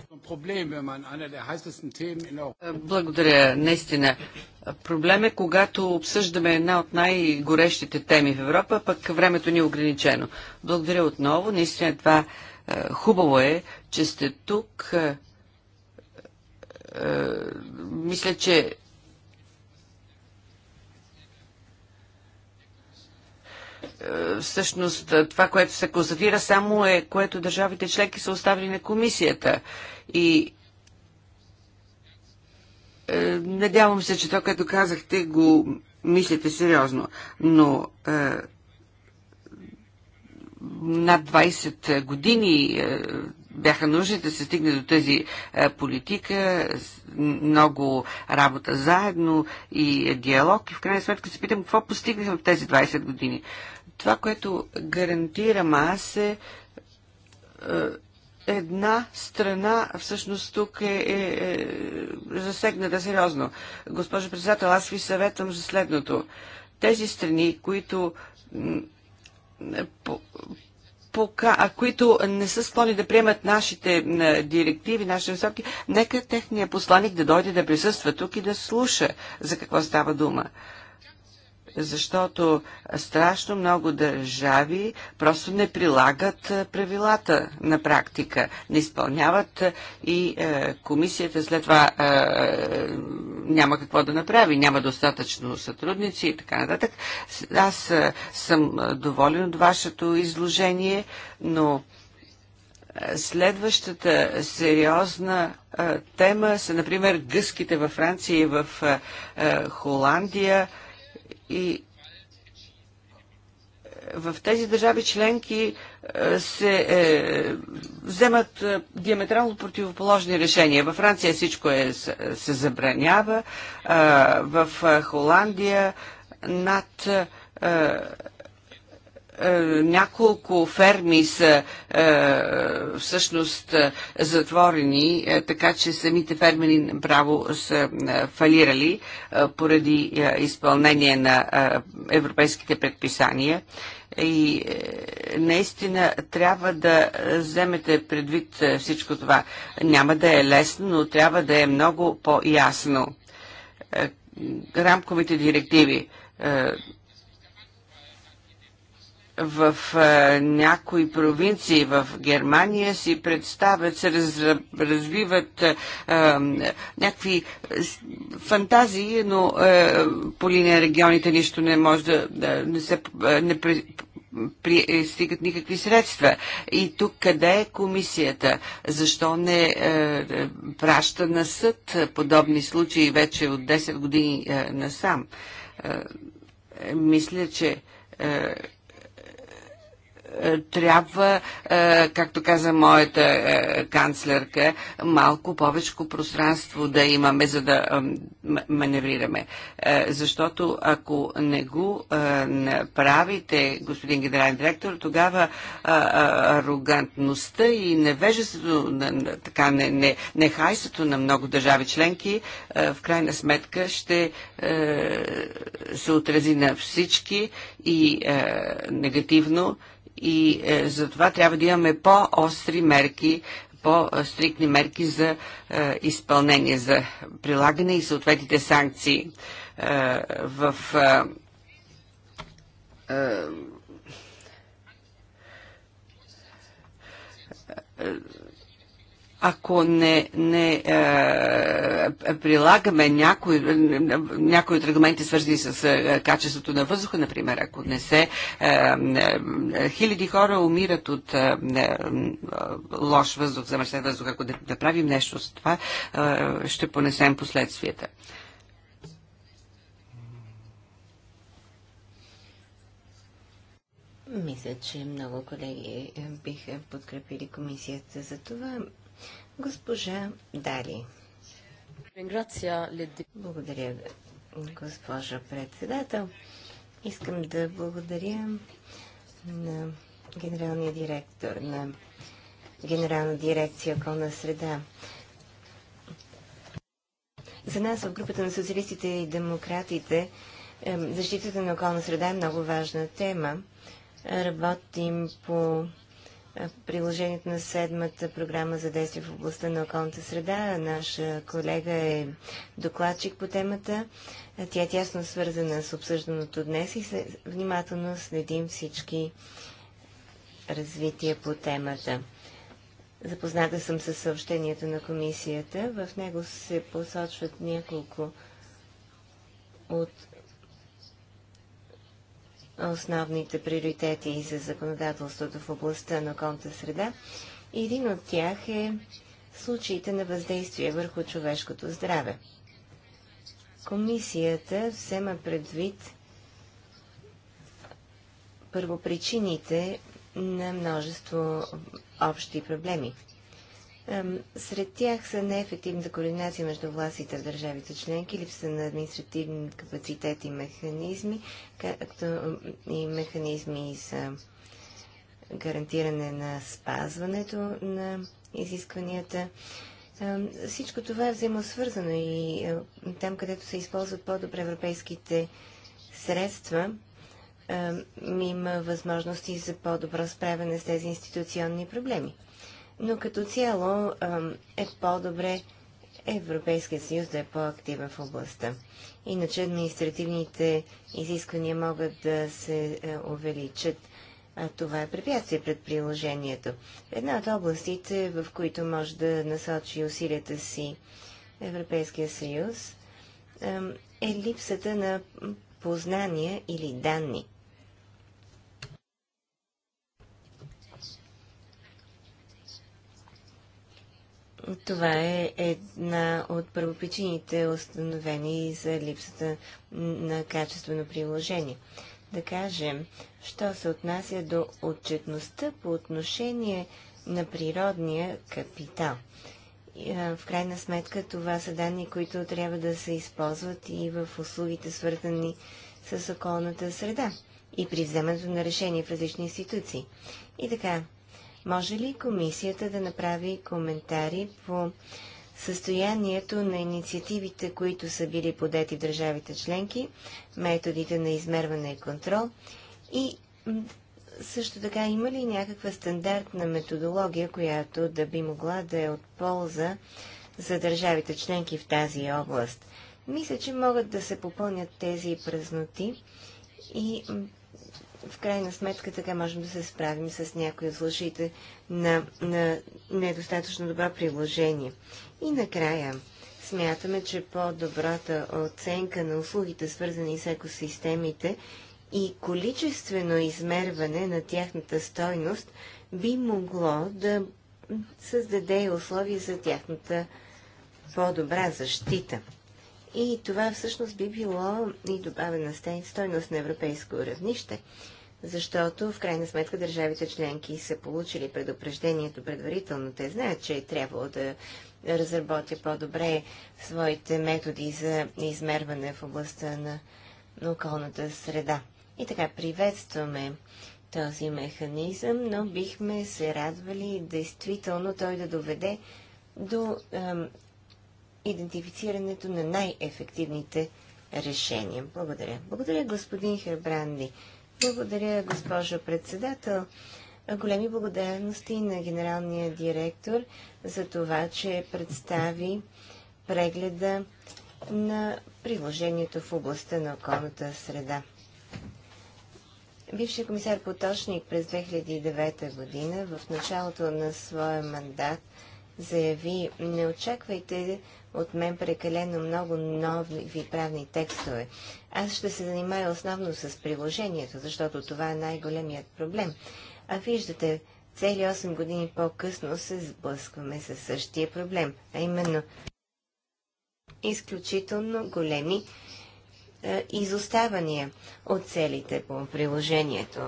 Благодаря. Наистина. Проблем е, когато обсъждаме една от най-горещите теми в Европа, пък времето ни е ограничено. Благодаря отново. Наистина това е, хубаво е, че сте тук е, е, мисля, че Е, всъщност е, това, което се констатира, само е което държавите членки са оставили на комисията. И е, надявам се, че това, което казахте, го мислите сериозно. Но е, над 20 години е, бяха нужни да се стигне до тази политика, много работа заедно и диалог. И в крайна сметка се питам какво постигнахме в тези 20 години. Това, което гарантирам аз е, е една страна всъщност тук е, е, е засегната сериозно. Госпожо председател, аз ви съветвам за следното. Тези страни, които по, пока, а които не са склонни да приемат нашите директиви, нашите насоки, нека техният посланик да дойде да присъства тук и да слуша за какво става дума защото страшно много държави просто не прилагат е, правилата на практика, не изпълняват е, и е, комисията след това е, е, няма какво да направи, няма достатъчно сътрудници и така нататък. Аз е, съм доволен от вашето изложение, но Следващата сериозна тема са, например, гъските във Франция и в Холандия. И е, в тези държави членки е, се е, вземат е, диаметрално противоположни решения. Във Франция всичко е, се забранява, в Холандия над е, няколко ферми са е, всъщност е, затворени, така че самите фермери право са фалирали поради изпълнение на европейските предписания. И наистина трябва да вземете предвид всичко това. Няма да е лесно, но трябва да е много по-ясно. Рамковите директиви в а, е, някои провинции в Германия си представят, се раз, развиват а, е, е, някакви фантазии, но а, по линия регионите нищо не може да, да не се не при, при, стигат никакви средства. И тук къде е комисията? Защо не а, праща на съд подобни случаи вече от 10 години а, насам? А, мисля, че е, трябва, е, както каза моята е, канцлерка, малко повече пространство да имаме, за да маневрираме. Защото ако не го направите, господин генерален директор, тогава арогантността и невежеството, така не, нехайството на много държави членки, в крайна сметка ще се отрази на всички и негативно и е, за това трябва да имаме по-остри мерки, по-стрикни мерки за е, изпълнение, за прилагане и съответните санкции е, в е, е, е ако не, не е, прилагаме някои, някои от регламенти, свързани с е, качеството на въздуха, например, ако не се. Е, е, е хиляди хора умират от е, е, лош въздух, замърсен въздух. Ако не направим нещо с това, е, ще понесем последствията. Мисля, че много колеги биха подкрепили комисията за това. Госпожа Дали. Благодаря, госпожа председател. Искам да благодаря на генералния директор на Генерална дирекция околна среда. За нас в групата на социалистите и демократите защитата на околна среда е много важна тема. Работим по приложението на седмата програма за действие в областта на околната среда. Наша колега е докладчик по темата. Тя е тясно свързана с обсъжданото днес и се внимателно следим всички развития по темата. Запозната съм с съобщението на комисията. В него се посочват няколко от основните приоритети за законодателството в областта на околната среда един от тях е случаите на въздействие върху човешкото здраве. Комисията взема предвид първопричините на множество общи проблеми. Сред тях са неефективната координация между властите в държавите членки, липса на административни капацитети и механизми, както и механизми за гарантиране на спазването на изискванията. Всичко това е взаимосвързано и там, където се използват по-добре европейските средства, има възможности за по-добро справяне с тези институционни проблеми но като цяло е по-добре Европейския съюз да е по-активен в областта. Иначе административните изисквания могат да се е, увеличат. А това е препятствие пред приложението. Една от областите, в които може да насочи усилията си Европейския съюз, е липсата на познания или данни. Това е една от първопричините, установени за липсата на качествено приложение. Да кажем, що се отнася до отчетността по отношение на природния капитал. В крайна сметка това са данни, които трябва да се използват и в услугите, свързани с околната среда и при вземането на решения в различни институции. И така, може ли комисията да направи коментари по състоянието на инициативите, които са били подети в държавите членки, методите на измерване и контрол и също така има ли някаква стандартна методология, която да би могла да е от полза за държавите членки в тази област? Мисля, че могат да се попълнят тези празноти и в крайна сметка така можем да се справим с някои от лъжите на, на недостатъчно добро приложение. И накрая, смятаме, че по-добрата оценка на услугите, свързани с екосистемите и количествено измерване на тяхната стойност би могло да създаде условия за тяхната по-добра защита. И това всъщност би било и добавена стойност на европейско равнище, защото в крайна сметка държавите членки са получили предупреждението предварително. Те знаят, че е трябвало да разработя по-добре своите методи за измерване в областта на, на околната среда. И така приветстваме този механизъм, но бихме се радвали действително той да доведе до идентифицирането на най-ефективните решения. Благодаря. Благодаря, господин Хербранди. Благодаря, госпожо председател. Големи благодарности на генералния директор за това, че представи прегледа на приложението в областта на околната среда. Бившият комисар Поточник през 2009 година в началото на своя мандат заяви «Не очаквайте от мен прекалено много нови правни текстове. Аз ще се занимая основно с приложението, защото това е най-големият проблем. А виждате, цели 8 години по-късно се сблъскваме със същия проблем, а именно изключително големи е, изоставания от целите по приложението.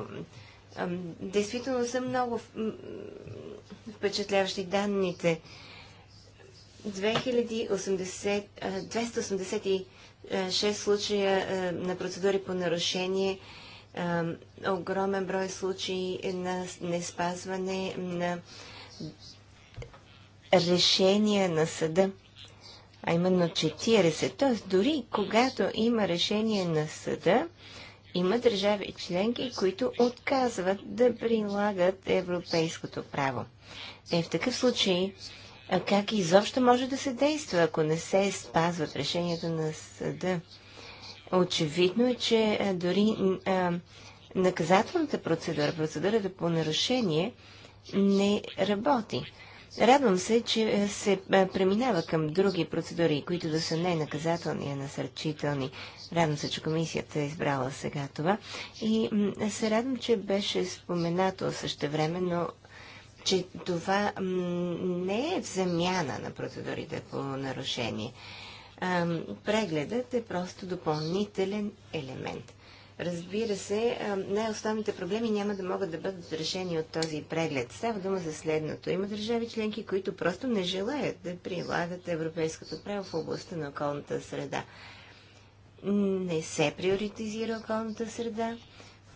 Действително са много впечатляващи данните 2080, 286 случая на процедури по нарушение, огромен брой случаи на неспазване на решения на съда, а именно 40. Т.е. дори когато има решение на съда, има държави членки, които отказват да прилагат европейското право. Е, в такъв случай как изобщо може да се действа, ако не се спазват решението на съда. Очевидно е, че дори а, наказателната процедура, процедурата по нарушение, не работи. Радвам се, че се преминава към други процедури, които да са не наказателни, а насърчителни. Радвам се, че комисията е избрала сега това. И се радвам, че беше споменато също но че това не е в замяна на процедурите по нарушение. А, прегледът е просто допълнителен елемент. Разбира се, най-основните проблеми няма да могат да бъдат решени от този преглед. Става дума за следното. Има държави членки, които просто не желаят да прилагат европейското право в областта на околната среда. Не се приоритизира околната среда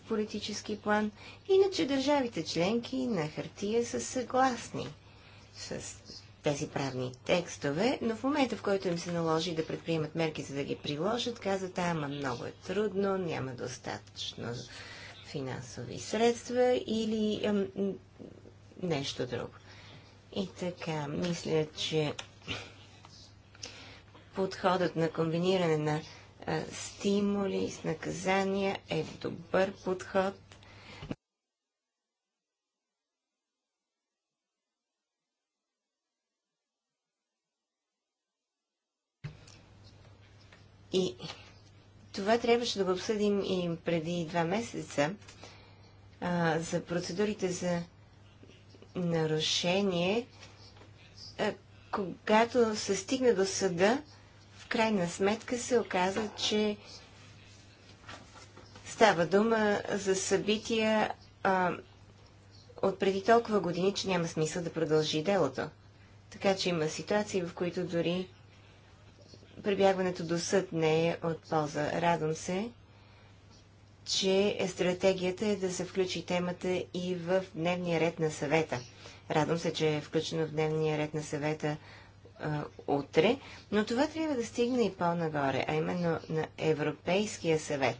политически план. Иначе държавите членки на хартия са съгласни с тези правни текстове, но в момента, в който им се наложи да предприемат мерки, за да ги приложат, казват, ама много е трудно, няма достатъчно финансови средства или ам, нещо друго. И така, мисля, че подходът на комбиниране на стимули, с наказания е добър подход. И това трябваше да го обсъдим и преди два месеца а, за процедурите за нарушение. А, когато се стигне до съда, крайна сметка се оказа, че става дума за събития а, от преди толкова години, че няма смисъл да продължи делото. Така че има ситуации, в които дори прибягването до съд не е от полза. Радвам се, че е стратегията е да се включи темата и в дневния ред на съвета. Радвам се, че е включено в дневния ред на съвета а, утре, но това трябва да стигне и по-нагоре, а именно на Европейския съвет.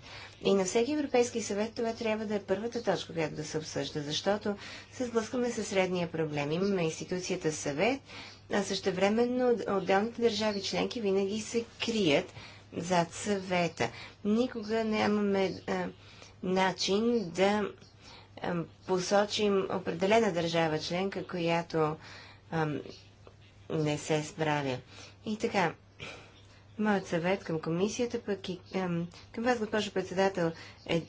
И на всеки Европейски съвет това трябва да е първата точка, която да се обсъжда, защото се сблъскваме със средния проблем. Имаме институцията съвет, а същевременно отделните държави членки винаги се крият зад съвета. Никога нямаме а, начин да а, посочим определена държава членка, която не се справя. И така, моят съвет към комисията, пък и към, към вас, госпожо председател, е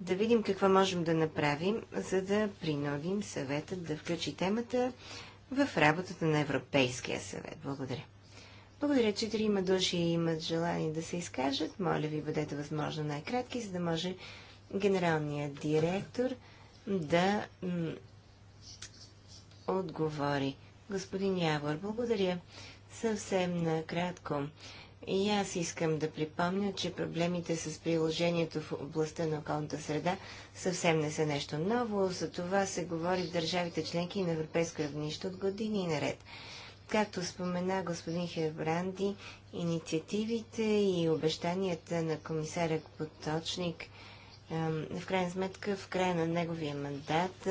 да видим какво можем да направим, за да принудим съветът да включи темата в работата на Европейския съвет. Благодаря. Благодаря, че трима души имат желание да се изкажат. Моля ви, бъдете възможно най-кратки, за да може генералният директор да отговори. Господин Явор, благодаря. Съвсем накратко. И аз искам да припомня, че проблемите с приложението в областта на околната среда съвсем не са нещо ново. За това се говори в държавите членки на европейско равнище от години наред. Както спомена господин Хербранди, инициативите и обещанията на комисаря Поточник в крайна сметка в края на неговия мандат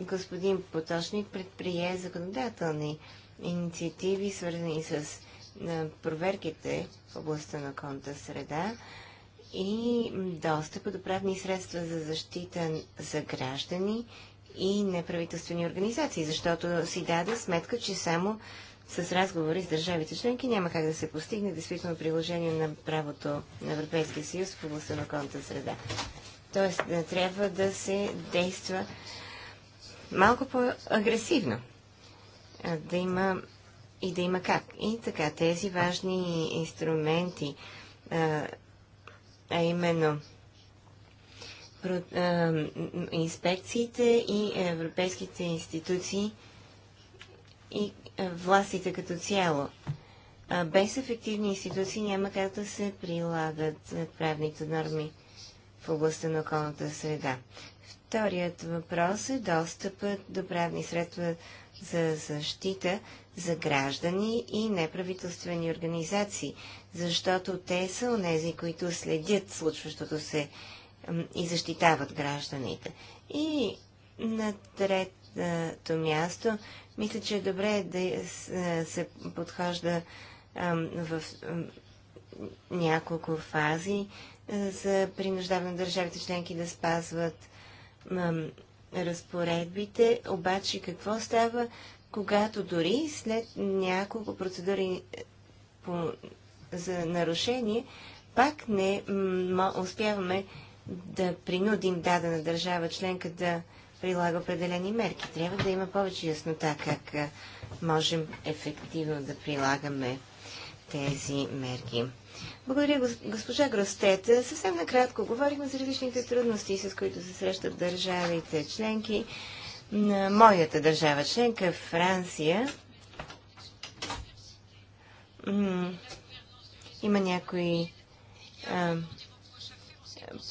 господин Поточник предприе законодателни инициативи, свързани с проверките в областта на конта среда и достъпа до правни средства за защита за граждани и неправителствени организации, защото си даде сметка, че само с разговори с държавите членки няма как да се постигне действително приложение на правото на Европейския съюз в областта на конта среда. Тоест, трябва да се действа малко по-агресивно. Да има и да има как. И така, тези важни инструменти, а, а именно инспекциите и европейските институции и властите като цяло. Без ефективни институции няма как да се прилагат правните норми в областта на околната среда. Вторият въпрос е достъпът до правни средства за защита за граждани и неправителствени организации, защото те са онези, които следят случващото се и защитават гражданите. И на третото място, мисля, че е добре да се подхожда в няколко фази за принуждаване на държавите членки да спазват разпоредбите, обаче какво става, когато дори след няколко процедури е, по, за нарушение, пак не успяваме да принудим дадена държава членка да прилага определени мерки. Трябва да има повече яснота как е, можем ефективно да прилагаме тези мерки. Благодаря, госпожа Гростета. Съвсем накратко говорихме за различните трудности, с които се срещат държавите членки. На моята държава членка, Франция, има някои а,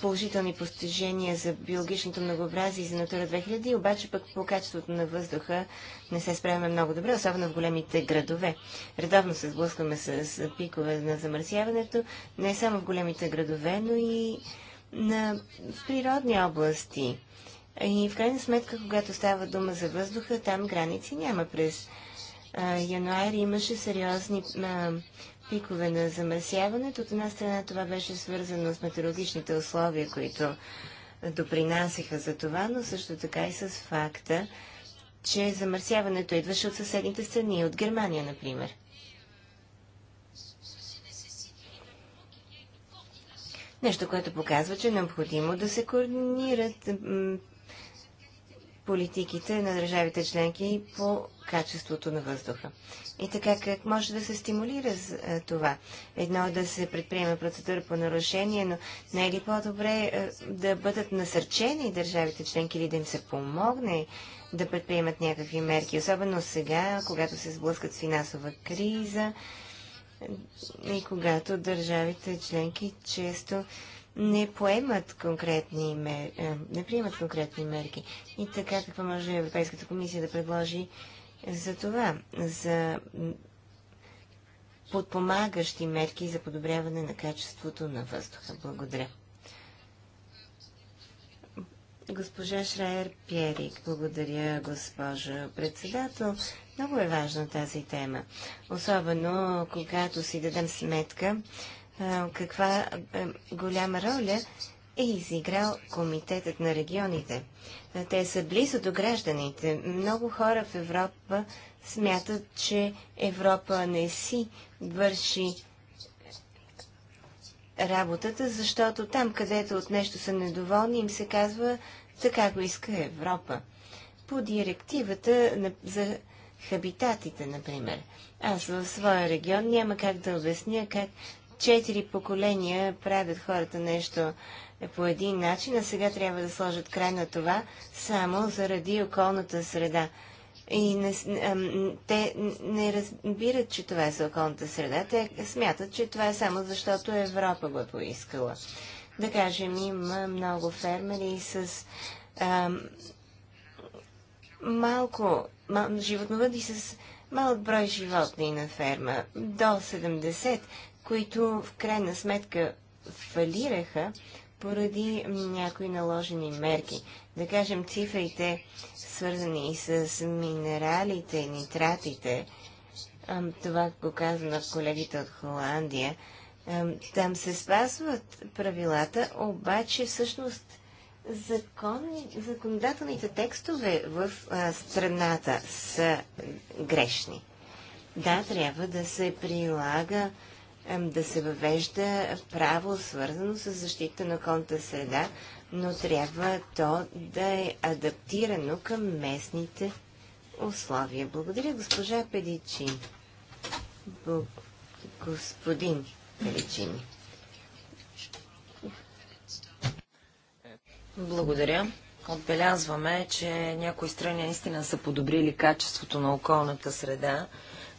положителни постижения за биологичното многообразие и за Натура 2000, обаче пък по качеството на въздуха не се справяме много добре, особено в големите градове. Редовно се сблъскваме с, пикове на замърсяването, не само в големите градове, но и на в природни области. И в крайна сметка, когато става дума за въздуха, там граници няма през януари имаше сериозни а, пикове на замърсяването. От една страна това беше свързано с метеорологичните условия, които допринасяха за това, но също така и с факта, че замърсяването идваше от съседните страни, от Германия, например. Нещо, което показва, че е необходимо да се координират политиките на държавите членки по качеството на въздуха. И така, как може да се стимулира това? Едно да се предприема процедура по нарушение, но не е ли по-добре да бъдат насърчени държавите членки или да им се помогне да предприемат някакви мерки, особено сега, когато се сблъскат с финансова криза и когато държавите членки често не поемат конкретни мер... Е, не приемат конкретни мерки. И така, какво може Европейската комисия да предложи за това, за подпомагащи мерки за подобряване на качеството на въздуха. Благодаря. Госпожа Шрайер Пьерик, благодаря, госпожа председател. Много е важна тази тема, особено когато си дадем сметка каква голяма роля е изиграл Комитетът на регионите. Те са близо до гражданите. Много хора в Европа смятат, че Европа не си върши работата, защото там, където от нещо са недоволни, им се казва така го иска Европа. По директивата за хабитатите, например. Аз в своя регион няма как да обясня как четири поколения правят хората нещо по един начин, а сега трябва да сложат край на това само заради околната среда. И не, те не разбират, че това е за околната среда. Те смятат, че това е само защото Европа го е поискала. Да кажем, има много фермери с ам, малко мал, животновъди с малък брой животни на ферма, до 70, които в крайна сметка фалираха поради някои наложени мерки. Да кажем, цифрите, свързани с минералите нитратите, това го казвам на колегите от Холандия, там се спазват правилата, обаче всъщност закони, законодателните текстове в а, страната са грешни. Да, трябва да се прилага да се въвежда право, свързано с защита на околната среда, но трябва то да е адаптирано към местните условия. Благодаря, госпожа Педичин. Господин Педичин. Благодаря. Отбелязваме, че някои страни наистина са подобрили качеството на околната среда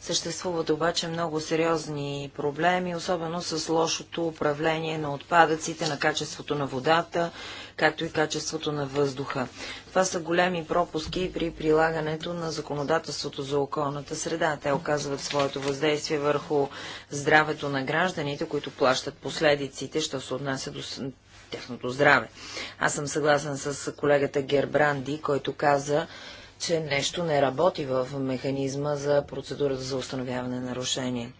Съществуват обаче много сериозни проблеми, особено с лошото управление на отпадъците, на качеството на водата, както и качеството на въздуха. Това са големи пропуски при прилагането на законодателството за околната среда. Те оказват своето въздействие върху здравето на гражданите, които плащат последиците, що се отнася до тяхното здраве. Аз съм съгласен с колегата Гербранди, който каза, че нещо не работи в механизма за процедурата за установяване на нарушение.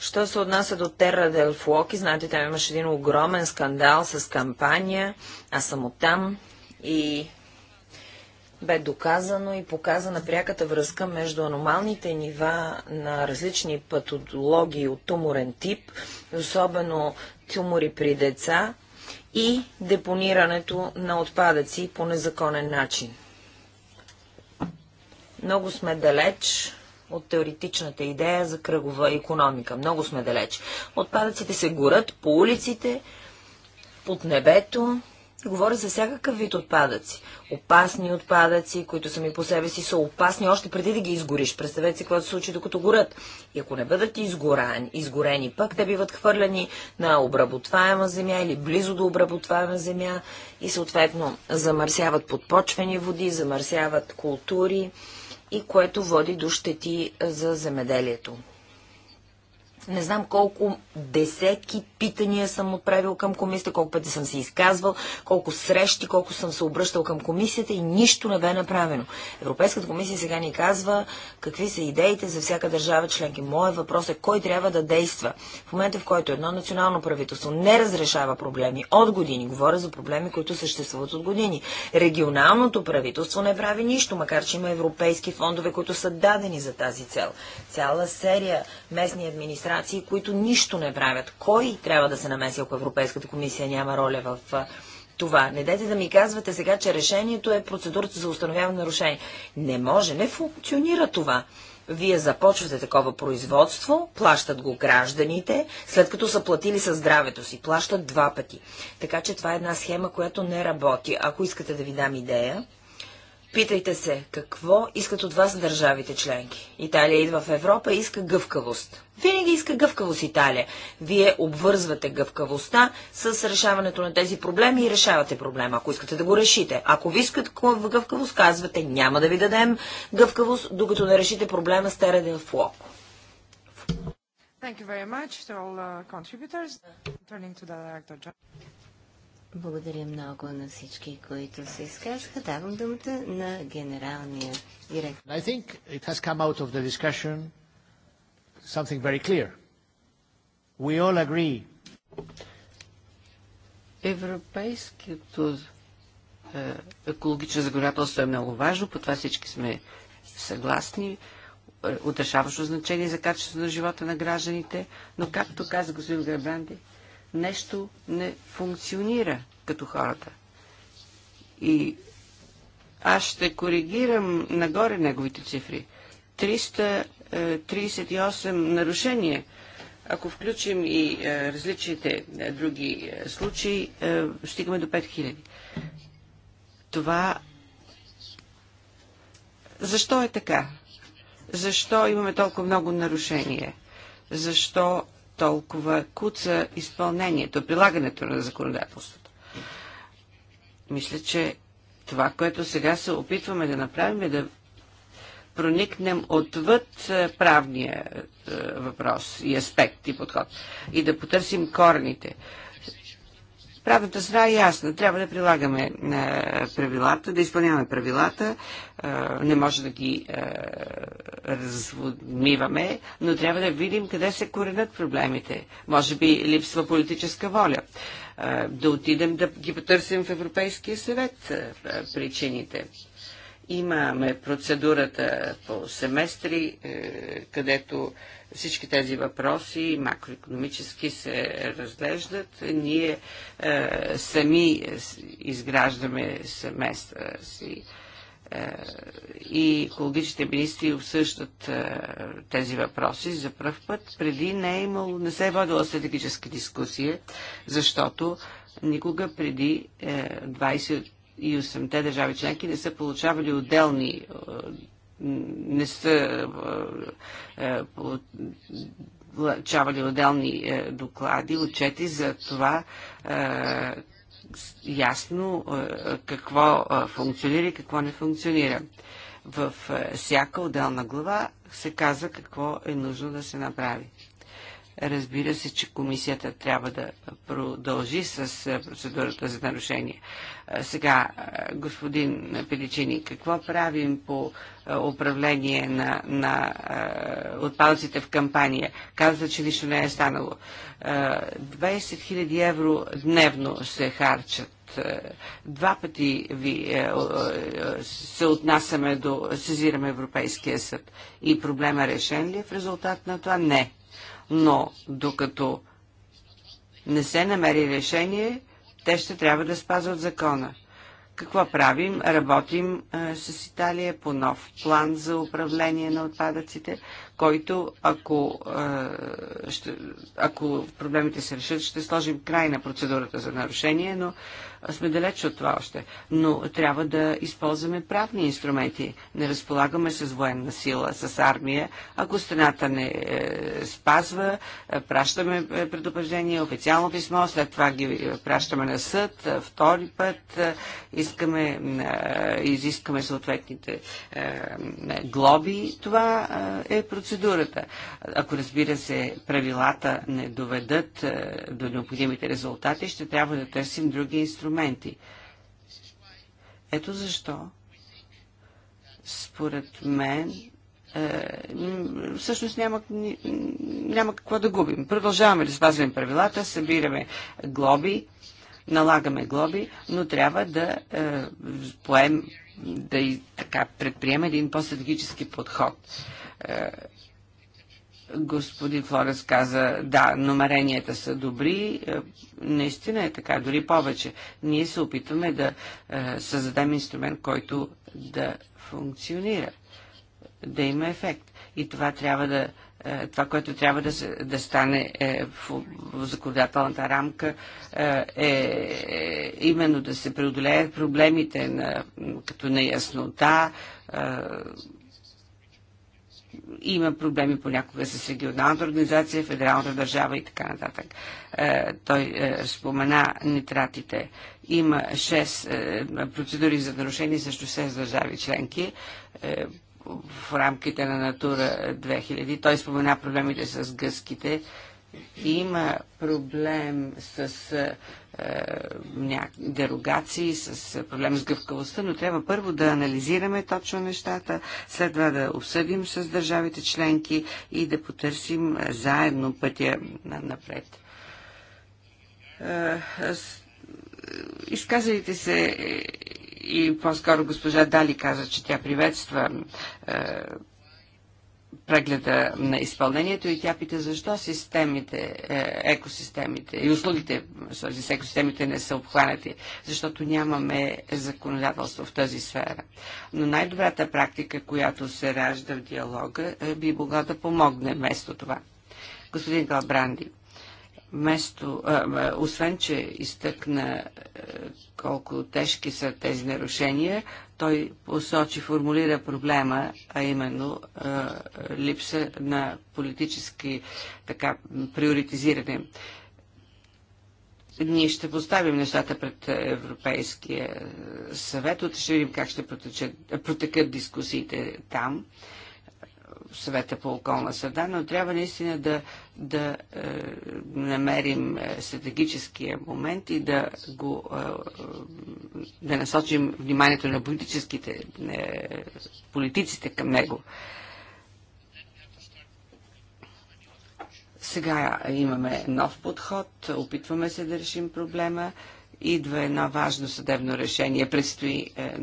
Що се отнася до Терра Дел Флоки, знаете, там имаше един огромен скандал с кампания, аз съм от там и бе доказано и показана пряката връзка между аномалните нива на различни патологии от туморен тип, особено тумори при деца и депонирането на отпадъци по незаконен начин. Много сме далеч от теоретичната идея за кръгова економика. Много сме далеч. Отпадъците се горят по улиците, под небето. говоря за всякакъв вид отпадъци. Опасни отпадъци, които сами по себе си са опасни още преди да ги изгориш. Представете си какво се случи докато горят. И ако не бъдат изгорени, изгорени, пък те биват хвърляни на обработваема земя или близо до обработваема земя и съответно замърсяват подпочвени води, замърсяват култури и което води до щети за земеделието. Не знам колко десетки питания съм отправил към комисията, колко пъти съм се изказвал, колко срещи, колко съм се обръщал към комисията и нищо не бе направено. Европейската комисия сега ни казва какви са идеите за всяка държава членки. Моят въпрос е кой трябва да действа. В момента, в който едно национално правителство не разрешава проблеми от години, говоря за проблеми, които съществуват от години. Регионалното правителство не прави нищо, макар че има европейски фондове, които са дадени за тази цел. Цяла серия местни администрации администрации, които нищо не правят. Кой трябва да се намеси, ако Европейската комисия няма роля в това. Не дайте да ми казвате сега, че решението е процедурата за установяване нарушение. Не може, не функционира това. Вие започвате такова производство, плащат го гражданите, след като са платили със здравето си. Плащат два пъти. Така че това е една схема, която не работи. Ако искате да ви дам идея, питайте се какво искат от вас държавите членки. Италия идва в Европа и иска гъвкавост. Винаги иска гъвкавост Италия. Вие обвързвате гъвкавостта с решаването на тези проблеми и решавате проблема, ако искате да го решите. Ако ви искат гъвкавост, казвате няма да ви дадем гъвкавост, докато не решите проблема с Тереден Флок. Uh, Благодаря много на всички, които се изказаха. Давам думата на генералния директор something very clear. We all agree. Европейското е, екологично законодателство е много важно, по това всички сме съгласни, е, отрешаващо значение за качеството на живота на гражданите, но както каза господин Гребранди, нещо не функционира като хората. И аз ще коригирам нагоре неговите цифри. 38 нарушения. Ако включим и е, различните е, други е, случаи, стигаме до 5000. Това... Защо е така? Защо имаме толкова много нарушения? Защо толкова куца изпълнението, прилагането на законодателството? Мисля, че това, което сега се опитваме да направим е да проникнем отвъд е, правния е, въпрос и аспект и подход и да потърсим корените. Правната страна е ясна. Трябва да прилагаме е, правилата, да изпълняваме правилата. не може да ги разводмиваме, но трябва да видим къде се коренят проблемите. Може би липсва политическа воля. да отидем да ги потърсим в Европейския съвет причините. Имаме процедурата по семестри, е, където всички тези въпроси макроекономически се разглеждат. Ние е, сами изграждаме семестра си е, и екологичните министри обсъждат тези въпроси за пръв път. Преди не е имало, не се е водила стратегическа дискусия, защото никога преди 20 и 8-те държави членки не са получавали отделни е, не са е, е, получавали отделни доклади, отчети за това ясно какво функционира и какво не функционира. В всяка отделна глава се казва какво е нужно да се направи. Разбира се, че комисията трябва да продължи с процедурата за нарушение. Сега, господин Пеличини, какво правим по управление на, на отпадъците в кампания? Каза, че нищо не е станало. 20 000 евро дневно се харчат два пъти ви е, се отнасяме до сезираме Европейския съд. И проблема е решен ли е в резултат на това? Не. Но докато не се намери решение, те ще трябва да спазват закона. Какво правим? Работим а, с Италия по нов план за управление на отпадъците, който, ако, а, ще, ако проблемите се решат, ще сложим край на процедурата за нарушение, но сме далеч от това още, но трябва да използваме правни инструменти. Не разполагаме с военна сила, с армия. Ако страната не е, спазва, е, пращаме е, предупреждение, официално писмо, след това ги е, пращаме на съд, втори път искаме, е, изискаме съответните е, глоби. Това е процедурата. Ако разбира се, правилата не доведат е, до необходимите резултати, ще трябва да търсим други инструменти инструменти. Ето защо, според мен, е, всъщност няма, няма какво да губим. Продължаваме да спазваме правилата, събираме глоби, налагаме глоби, но трябва да е, поем, да и така предприеме един по-стратегически подход. Е, Господин Флорес каза, да, намеренията са добри. Е, наистина е така, дори повече. Ние се опитваме да е, създадем инструмент, който да функционира, да има ефект. И това трябва да, е, това, което трябва да, се, да стане е, в, в законодателната рамка, е, е именно да се преодолеят проблемите на, като неяснота, е, има проблеми понякога с регионалната организация, федералната държава и така нататък. Е, той е, спомена нитратите. Има 6 е, процедури за нарушение срещу 6 държави членки в рамките на Натура 2000. Той спомена проблемите с гъските има проблем с е, дерогации, с е, проблем с гъвкавостта, но трябва първо да анализираме точно нещата, след това да обсъдим с държавите членки и да потърсим е, заедно пътя напред. Е, е, изказалите се и по-скоро госпожа Дали каза, че тя приветства е, прегледа на изпълнението и тя пита защо системите, е, екосистемите и услугите свързани с екосистемите не са обхванати, защото нямаме законодателство в тази сфера. Но най-добрата практика, която се ражда в диалога, е, би могла да помогне вместо това. Господин Галбранди, вместо, а, е, освен, че изтъкна а, колко тежки са тези нарушения, той посочи, формулира проблема, а именно а, липса на политически така, приоритизиране. Ние ще поставим нещата пред Европейския съвет. ще видим как ще протекат дискусиите там съвета по околна среда, но трябва наистина да, да е, намерим е, стратегическия момент и да, го, е, да насочим вниманието на политическите, е, политиците към него. Сега имаме нов подход, опитваме се да решим проблема. Идва едно важно съдебно решение, предстои е,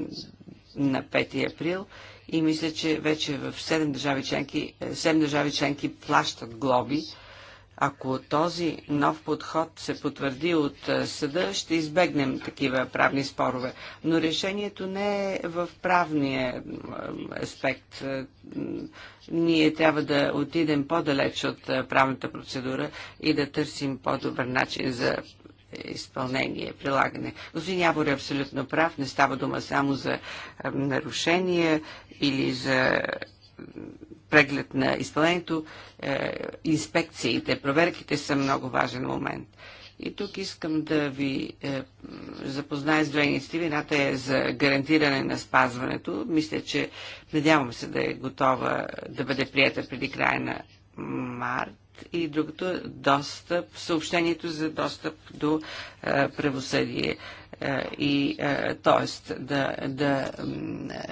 на 5 април. Е, и мисля, че вече в 7 държави членки, 7 е, държави членки плащат глоби. Ако този нов подход се потвърди от е, съда, ще избегнем такива правни спорове. Но решението не е в правния е, аспект. Ние трябва да отидем по-далеч от правната процедура и да търсим по-добър начин за изпълнение, прилагане. Господин Явор е абсолютно прав, не става дума само за нарушения или за преглед на изпълнението. Е, инспекциите, проверките са много важен момент. И тук искам да ви е, запозная с две инициативи. Едната е за гарантиране на спазването. Мисля, че надявам се да е готова да бъде прията преди края на март и другото е достъп, съобщението за достъп до е, правосъдие е, и т.е. Да, да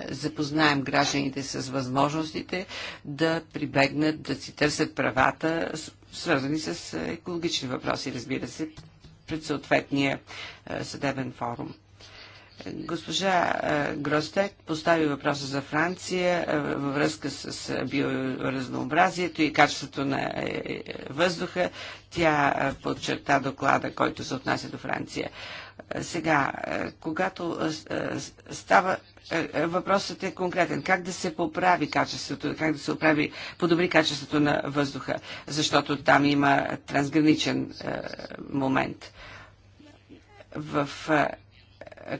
запознаем гражданите с възможностите да прибегнат, да си търсят правата, свързани с е, екологични въпроси, разбира се, пред съответния съдебен форум. Госпожа е, Гростек постави въпроса за Франция е, във връзка с биоразнообразието и качеството на е, въздуха. Тя подчерта доклада, който се отнася до Франция. Сега, когато става въпросът е конкретен. Как да се поправи качеството, как да се оправи, подобри качеството на въздуха, защото там има трансграничен момент. В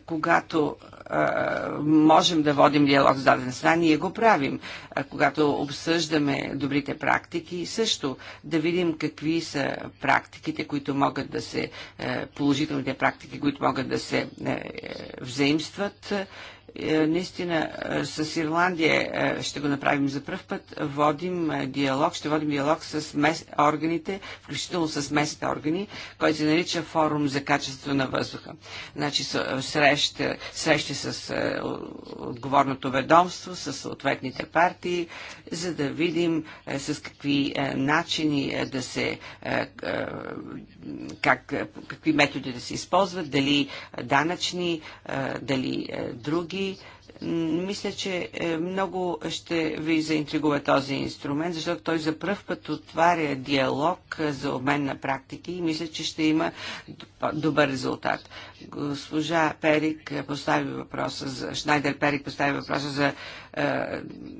когато а, можем да водим диалог с дадена страна, ние го правим. А, когато обсъждаме добрите практики, също да видим какви са практиките, които могат да се, а, положителните практики, които могат да се а, е, взаимстват е, наистина е, с Ирландия е, ще го направим за първ път. Водим диалог, ще водим диалог с органите, включително с местните органи, който се нарича форум за качество на въздуха. Значи среща, срещи с отговорното ведомство, с съответните партии, за да видим с какви начини да се как, какви методи да се използват, дали данъчни, дали други и мисля, че е, много ще ви заинтригува този инструмент, защото той за първ път отваря диалог е, за обмен на практики и мисля, че ще има добър резултат. Госпожа Перик е, постави въпроса за, Шнайдер Перик постави въпроса за е,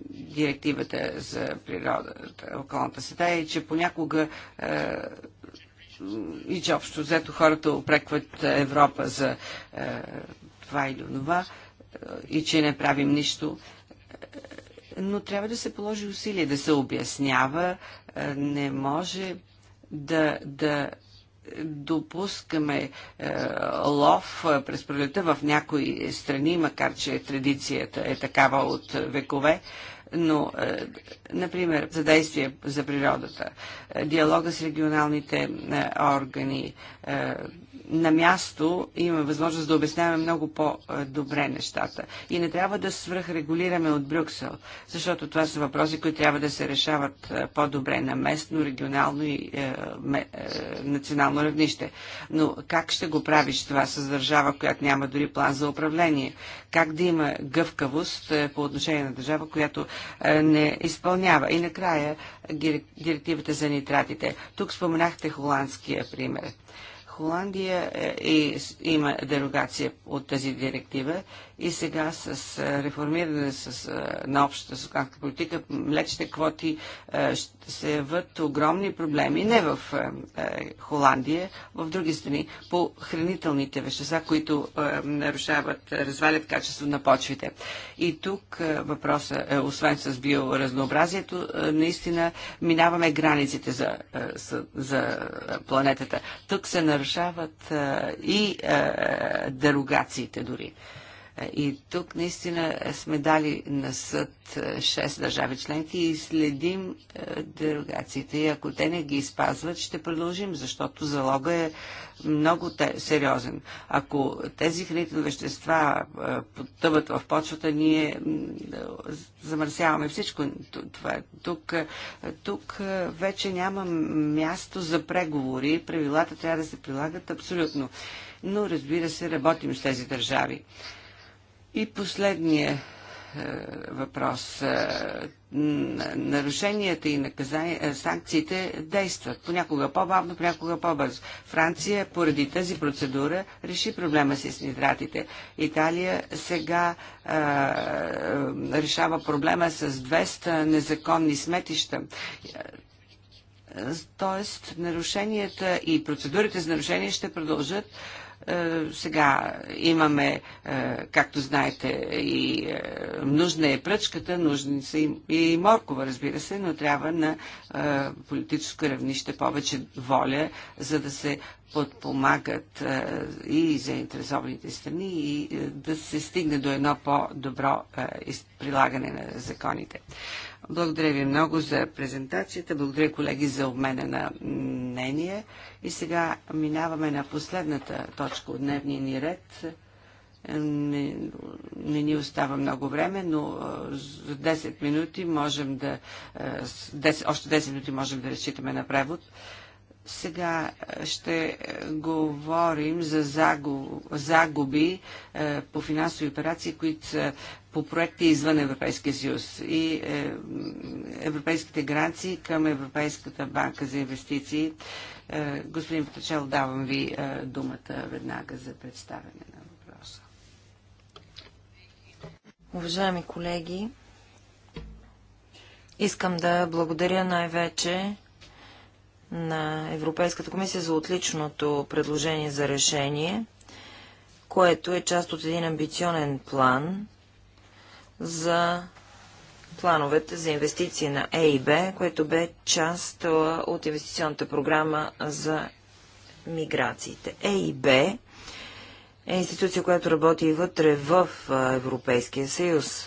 директивата за природата, околната среда и че понякога е, и че общо взето хората опрекват Европа за е, това или онова. Е, и че не правим нищо. Но трябва да се положи усилие да се обяснява. Е, не може да, да допускаме е, лов е, през пролета в някои страни, макар че традицията е такава от векове, но, например, за действие за природата, диалога с регионалните органи, на място имаме възможност да обясняваме много по-добре нещата. И не трябва да свръхрегулираме от Брюксел, защото това са въпроси, които трябва да се решават е, по-добре на местно, регионално и е, е, национално равнище. Но как ще го правиш това с държава, която няма дори план за управление? Как да има гъвкавост е, по отношение на държава, която е, не изпълнява? И накрая директивата за нитратите. Тук споменахте холандския пример. Холандия е, има дерогация от тази директива и сега с реформиране с, на общата суканска политика, млечните квоти ще се явят огромни проблеми, не в Холандия, в други страни, по хранителните вещества, които нарушават, развалят качество на почвите. И тук въпроса, е, освен с биоразнообразието, наистина минаваме границите за, за планетата. Тук се нарушават и дерогациите дори. Е, и тук наистина сме дали на съд 6 е, държави членки и следим е, дерогациите. И ако те не ги спазват, ще продължим, защото залога е много те, сериозен. Ако тези хранителни вещества потъват в почвата, ние замърсяваме всичко. Това, тук, тук вече няма място за преговори. Правилата трябва да се прилагат абсолютно. Но, разбира се, работим с тези държави. И последния е, въпрос. Е, нарушенията и наказания, е, санкциите действат. Понякога по-бавно, понякога по-бързо. Франция поради тази процедура реши проблема си с нитратите. Италия сега а, решава проблема с 200 незаконни сметища. Тоест, нарушенията и процедурите за нарушение ще продължат е, сега имаме, е, както знаете, и е, нужна е пръчката, нужни са и моркова, разбира се, но трябва на политическо равнище повече воля, за да се подпомагат и заинтересованите страни и да се стигне до едно по-добро прилагане на законите. Благодаря ви много за презентацията. Благодаря, колеги, за обмена на мнение. И сега минаваме на последната точка от дневния ни ред. Не, не ни остава много време, но за 10 минути можем да... 10, още 10 минути можем да разчитаме на превод. Сега е, ще е, говорим за загуби е, по финансови операции, които са по проекти извън Европейския съюз и европейските гранции към Европейската банка за инвестиции. Господин Петъчел, давам ви думата веднага за представяне на въпроса. Уважаеми колеги, искам да благодаря най-вече на Европейската комисия за отличното предложение за решение, което е част от един амбиционен план за плановете за инвестиции на ЕИБ, което бе част от инвестиционната програма за миграциите. ЕИБ е институция, която работи и вътре в Европейския съюз.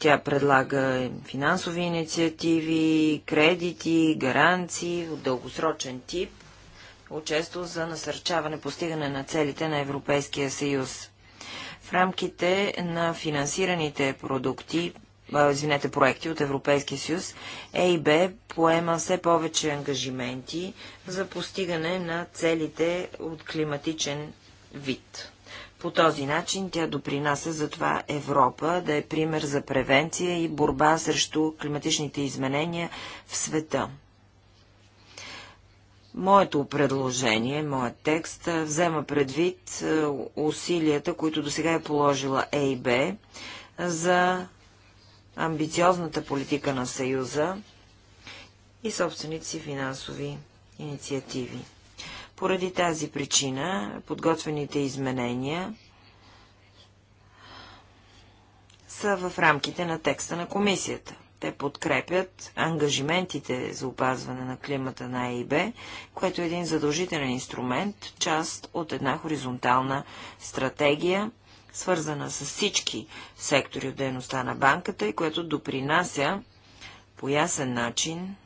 Тя предлага финансови инициативи, кредити, гаранции от дългосрочен тип, отчесто за насърчаване постигане на целите на Европейския съюз. В рамките на финансираните продукти, извинете, проекти от Европейския съюз, ЕИБ поема все повече ангажименти за постигане на целите от климатичен вид. По този начин тя допринася за това Европа да е пример за превенция и борба срещу климатичните изменения в света. Моето предложение, моят текст взема предвид усилията, които до сега е положила ЕИБ за амбициозната политика на Съюза и собствените си финансови инициативи. Поради тази причина подготвените изменения са в рамките на текста на комисията. Те подкрепят ангажиментите за опазване на климата на АИБ, което е един задължителен инструмент, част от една хоризонтална стратегия, свързана с всички сектори от дейността на банката и което допринася по ясен начин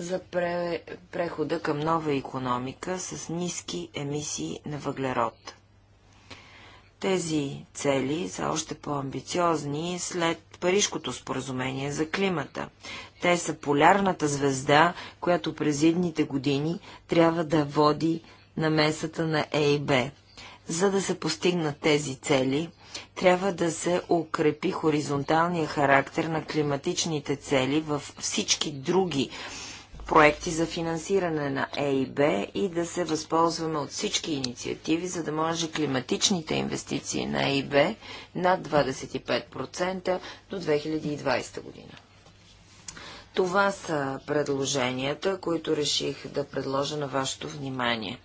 за пре, прехода към нова економика с ниски емисии на въглерод. Тези цели са още по-амбициозни след Парижкото споразумение за климата. Те са полярната звезда, която през едните години трябва да води на месата на ЕИБ. За да се постигнат тези цели, трябва да се укрепи хоризонталния характер на климатичните цели във всички други проекти за финансиране на ЕИБ и да се възползваме от всички инициативи, за да може климатичните инвестиции на ЕИБ над 25% до 2020 година. Това са предложенията, които реших да предложа на вашето внимание.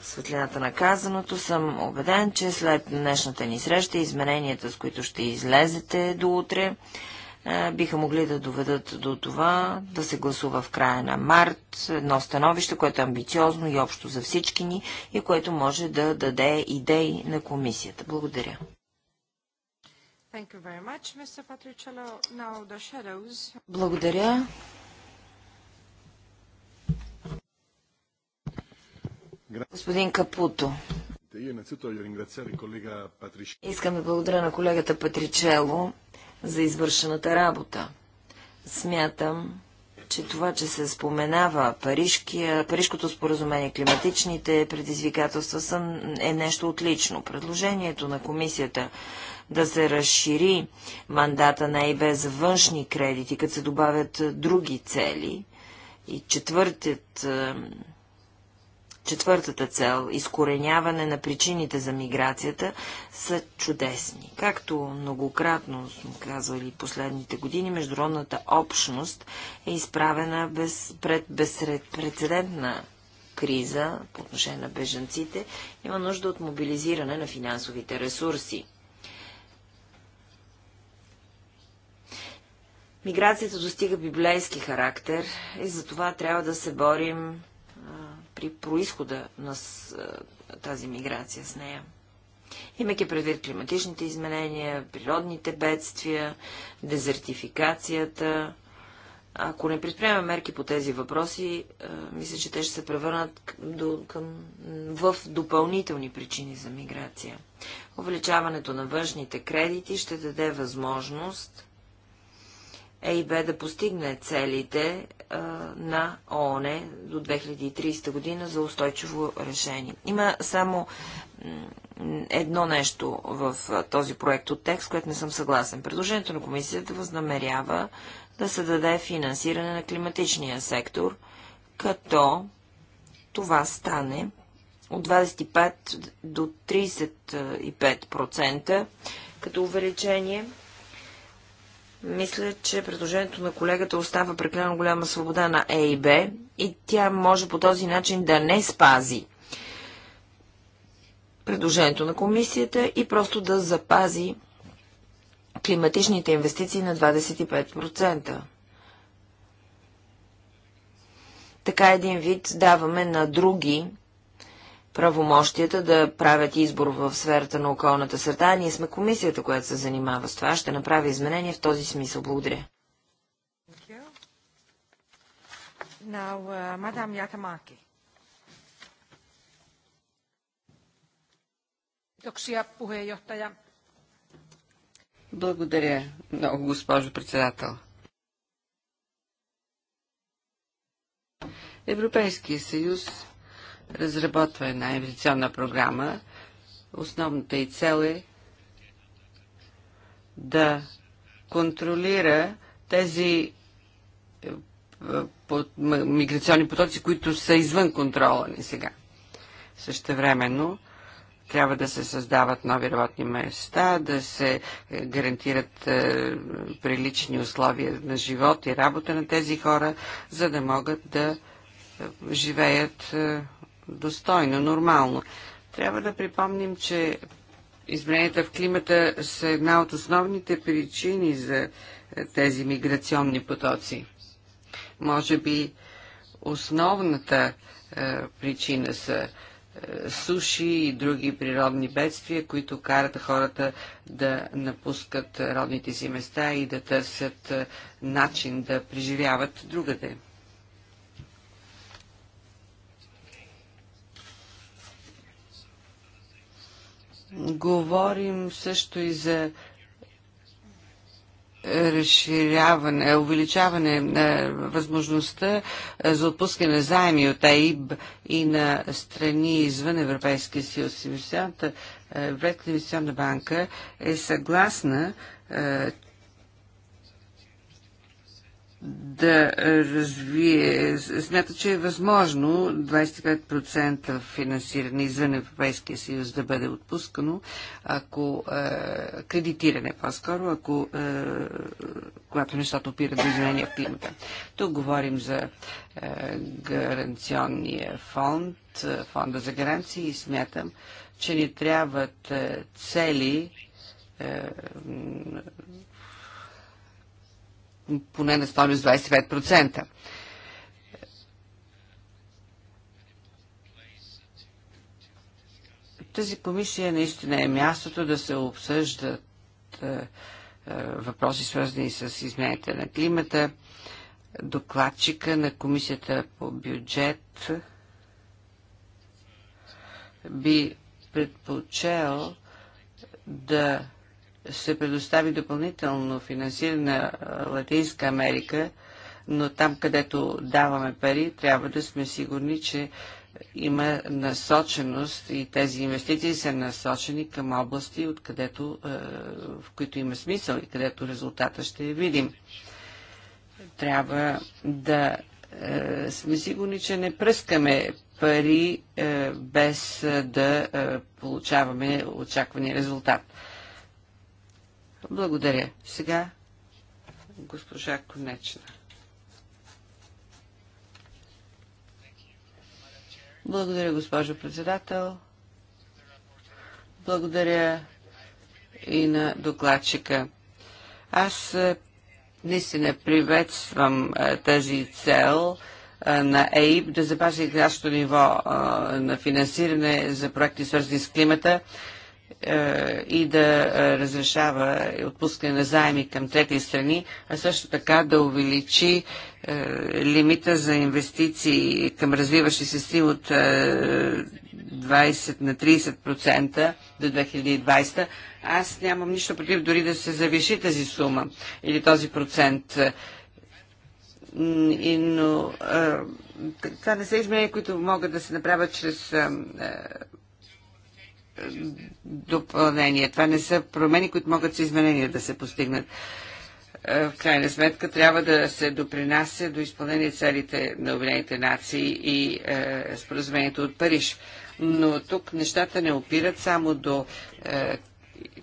В светлината на казаното съм убеден, че след днешната ни среща, измененията, с които ще излезете до утре, е, биха могли да доведат до това да се гласува в края на март едно становище, което е амбициозно и общо за всички ни и което може да даде идеи на комисията. Благодаря. Благодаря. Господин Капуто, Искам да благодаря на колегата Патричело за извършената работа. Смятам, че това, че се споменава Парижкия, Парижкото споразумение, климатичните предизвикателства са, е нещо отлично. Предложението на комисията да се разшири мандата на ЕБ за външни кредити, като се добавят други цели и четвъртият е, четвъртата цел – изкореняване на причините за миграцията, са чудесни. Както многократно сме казвали последните години, международната общност е изправена без, пред безпредседентна криза по отношение на бежанците. Има нужда от мобилизиране на финансовите ресурси. Миграцията достига библейски характер и за това трябва да се борим при происхода на тази миграция с нея. Имайки предвид климатичните изменения, природните бедствия, дезертификацията, ако не предприемем мерки по тези въпроси, мисля, че те ще се превърнат до, към, в допълнителни причини за миграция. Увеличаването на външните кредити ще даде възможност ЕИБ да постигне целите а, на ООН до 2030 година за устойчиво решение. Има само едно нещо в този проект от текст, което не съм съгласен. Предложението на комисията възнамерява да се даде финансиране на климатичния сектор, като това стане от 25 до 35% като увеличение – мисля, че предложението на колегата остава прекалено голяма свобода на Е и Б и тя може по този начин да не спази предложението на комисията и просто да запази климатичните инвестиции на 25%. Така един вид даваме на други правомощията да правят избор в сферата на околната среда. Ние сме комисията, която се занимава с това. Ще направя изменения в този смисъл. Благодаря. Uh, Благодаря много, госпожо председател. Европейския съюз разработва една инвестиционна програма. Основната и цел е да контролира тези е, миграционни потоци, които са извън контрола ни сега. Същевременно трябва да се създават нови работни места, да се е, гарантират е, прилични условия на живот и работа на тези хора, за да могат да живеят достойно, нормално. Трябва да припомним, че измененията в климата са една от основните причини за е, тези миграционни потоци. Може би основната е, причина са е, суши и други природни бедствия, които карат хората да напускат родните си места и да търсят е, начин да преживяват другаде. Говорим също и за разширяване, увеличаване на възможността е, за отпускане на заеми от АИБ и на страни извън Европейския съюз. Е, Европейската инвестиционна банка е съгласна, е, да развие. Смята, че е възможно 25% финансиране извън Европейския съюз да бъде отпускано, ако е, кредитиране по-скоро, ако е, когато нещата опират до изменения в климата. Тук говорим за е, гаранционния фонд, е, фонда за гаранции и смятам, че ни трябват е, цели е, поне на стойност 25%. Тази комисия наистина е мястото да се обсъждат е, е, въпроси, свързани с измененията на климата. Докладчика на комисията по бюджет би предпочел да се предостави допълнително финансиране на Латинска Америка, но там, където даваме пари, трябва да сме сигурни, че има насоченост и тези инвестиции са насочени към области, където, в които има смисъл и където резултата ще е видим. Трябва да сме сигурни, че не пръскаме пари без да получаваме очаквания резултат. Благодаря. Сега госпожа Конечна. Благодаря, госпожо председател. Благодаря и на докладчика. Аз е, наистина приветствам е, тази цел е, на ЕИП да запази нашето ниво на финансиране за проекти свързани с климата е, и да е, разрешава отпускане на заеми към трети страни, а също така да увеличи е, лимита за инвестиции към развиващи се си от 20 на 30% до 2020. Аз нямам нищо против дори да се завиши тази сума или този процент. И, но, това не са изменения, които могат да се направят чрез допълнения. Това не са промени, които могат с изменения да се постигнат. Е, в крайна сметка трябва да се допринася до изпълнение целите на Обединените нации и е, споразумението от Париж. Но тук нещата не опират само до е,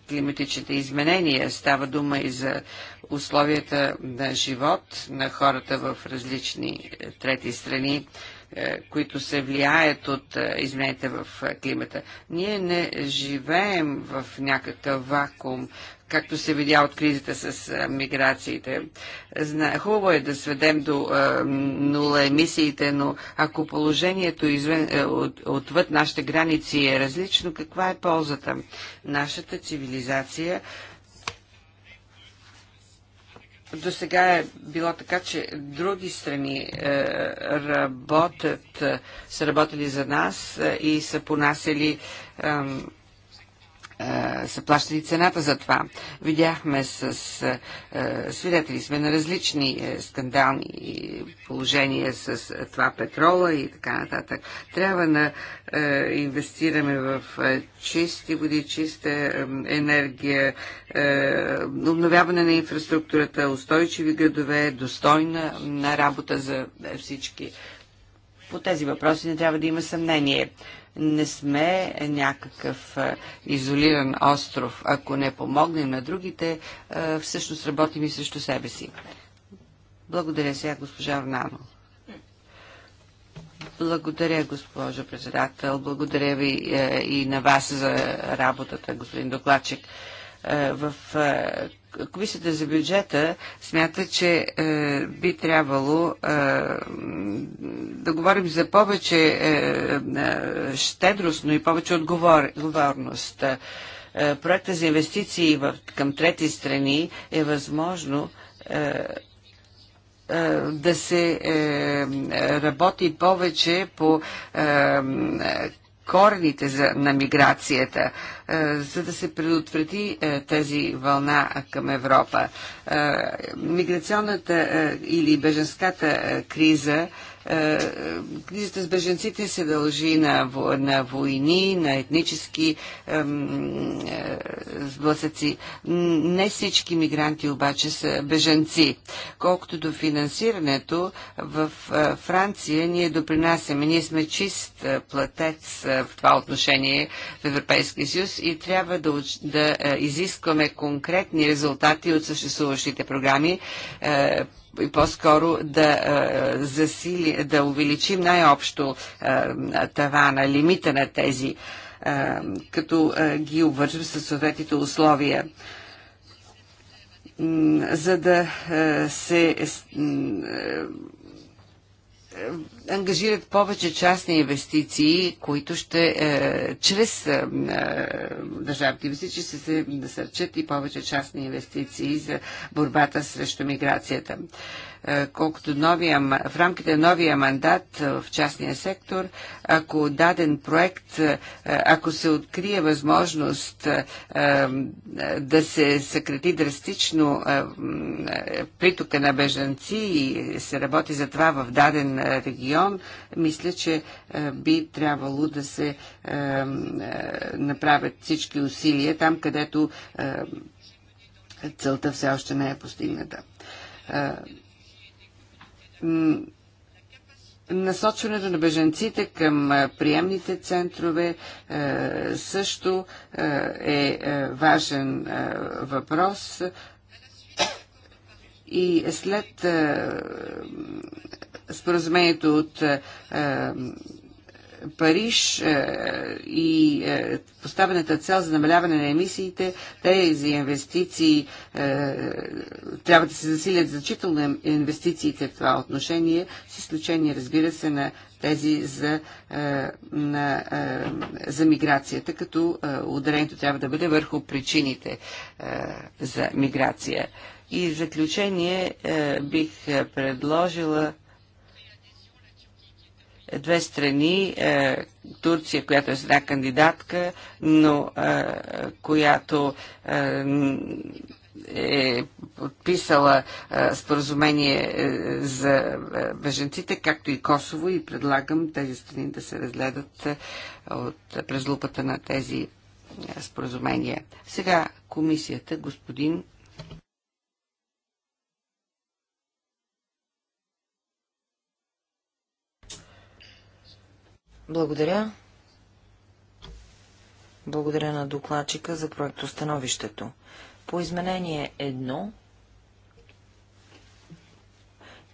климатичните изменения. Става дума и за условията на живот на хората в различни е, трети страни, е, които се влияят от е, измените в е, климата. Ние не живеем в някакъв вакуум, както се видя от кризата с миграциите. Хубаво е да сведем до нула емисиите, но ако положението извън, от, отвъд нашите граници е различно, каква е ползата? Нашата цивилизация до сега е било така, че други страни е, работят, са работили за нас е, и са понасели е, са плащали цената за това. Видяхме с, е, е, свидетели сме на различни е, скандални положения с това петрола и така нататък. Трябва да инвестираме в чисти води, чиста енергия, обновяване на инфраструктурата, устойчиви градове, достойна на работа за всички. По тези въпроси не трябва да има съмнение. Не сме някакъв изолиран остров. Ако не помогнем на другите, всъщност работим и срещу себе си. Благодаря сега, госпожа Орнано. Благодаря, госпожо председател. Благодаря ви е, и на вас за работата, господин докладчик. Е, в е, Комисията за бюджета смята, че е, би трябвало е, да говорим за повече е, е, щедрост, но и повече отговорност. Е, проекта за инвестиции в, към трети страни е възможно е, е да се е, работи повече по е, корените за, на миграцията. Е, е, за да се предотврати е, тази вълна към Европа. Е, миграционната или беженската криза кризата с беженците се дължи на, на войни, на етнически ем, е, сблъсъци. Не всички мигранти обаче са беженци. Колкото до финансирането, в е, Франция ние допринасяме, ние сме чист е, платец в това отношение в Европейския съюз и трябва да, да е, изискваме конкретни резултати от съществуващите програми е, и по-скоро да, е, засили, да увеличим най-общо тавана, лимита на тези, като ги обвържим с съответните условия за да се ангажират повече частни инвестиции, които ще, е, чрез е, е, държавните инвестиции, ще се насърчат и повече частни инвестиции за борбата срещу миграцията. Е, е, колкото новия, в рамките на новия мандат е, в частния сектор, ако даден проект, е, ако се открие възможност да се съкрати драстично притока на бежанци и се работи за това в даден регион, мисля, че би трябвало да се направят всички усилия там, където целта все още не е постигната. Насочването на беженците към приемните центрове е, също е, е, е важен въпрос. И след споразумението от Париж е, и е, поставената цел за намаляване на емисиите, тези инвестиции е, трябва да се засилят значително инвестициите в това отношение, с изключение, разбира се, на тези за, на, за миграцията, като ударението трябва да бъде върху причините за миграция. И в заключение бих предложила две страни, е, Турция, която е страна кандидатка, но е, която е, е подписала споразумение за а, беженците, както и Косово, и предлагам тези страни да се разгледат от, презлупата на тези споразумения. Сега комисията, господин Благодаря. Благодаря на докладчика за проектостановището. По изменение едно,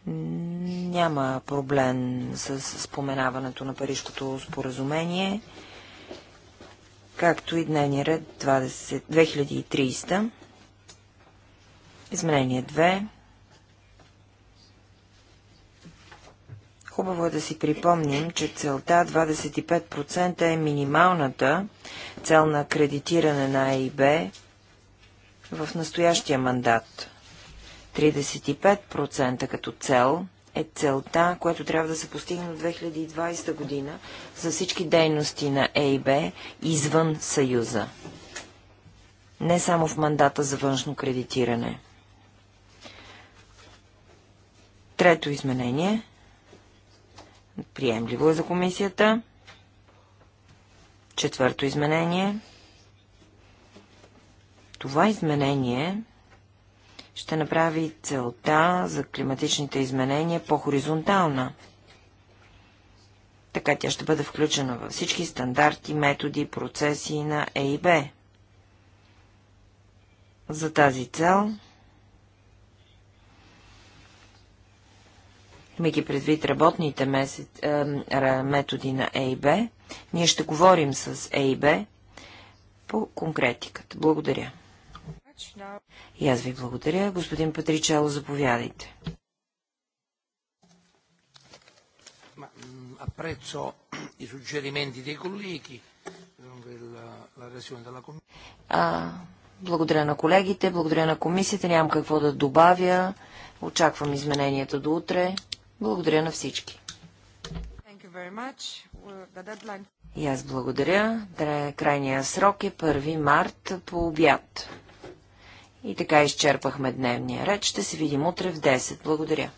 няма проблем с споменаването на Парижкото споразумение, както и дневния ред 20, Изменение 2 Хубаво е да си припомним, че целта 25% е минималната цел на кредитиране на АИБ в настоящия мандат. 35% като цел е целта, която трябва да се постигне в 2020 година за всички дейности на ЕИБ извън Съюза. Не само в мандата за външно кредитиране. Трето изменение Приемливо е за комисията. Четвърто изменение. Това изменение ще направи целта за климатичните изменения по-хоризонтална. Така тя ще бъде включена във всички стандарти, методи и процеси на ЕИБ. За тази цел имайки предвид работните е, методи на ЕИБ, ние ще говорим с ЕИБ по конкретиката. Благодаря. И аз ви благодаря. Господин Патричало, заповядайте. Apprezzo i suggerimenti dei colleghi, la Благодаря на колегите, благодаря на комисията. Нямам какво да добавя. Очаквам измененията до утре. Благодаря на всички. И аз благодаря. Крайния срок е 1 март по обяд. И така изчерпахме дневния ред. Ще се видим утре в 10. Благодаря.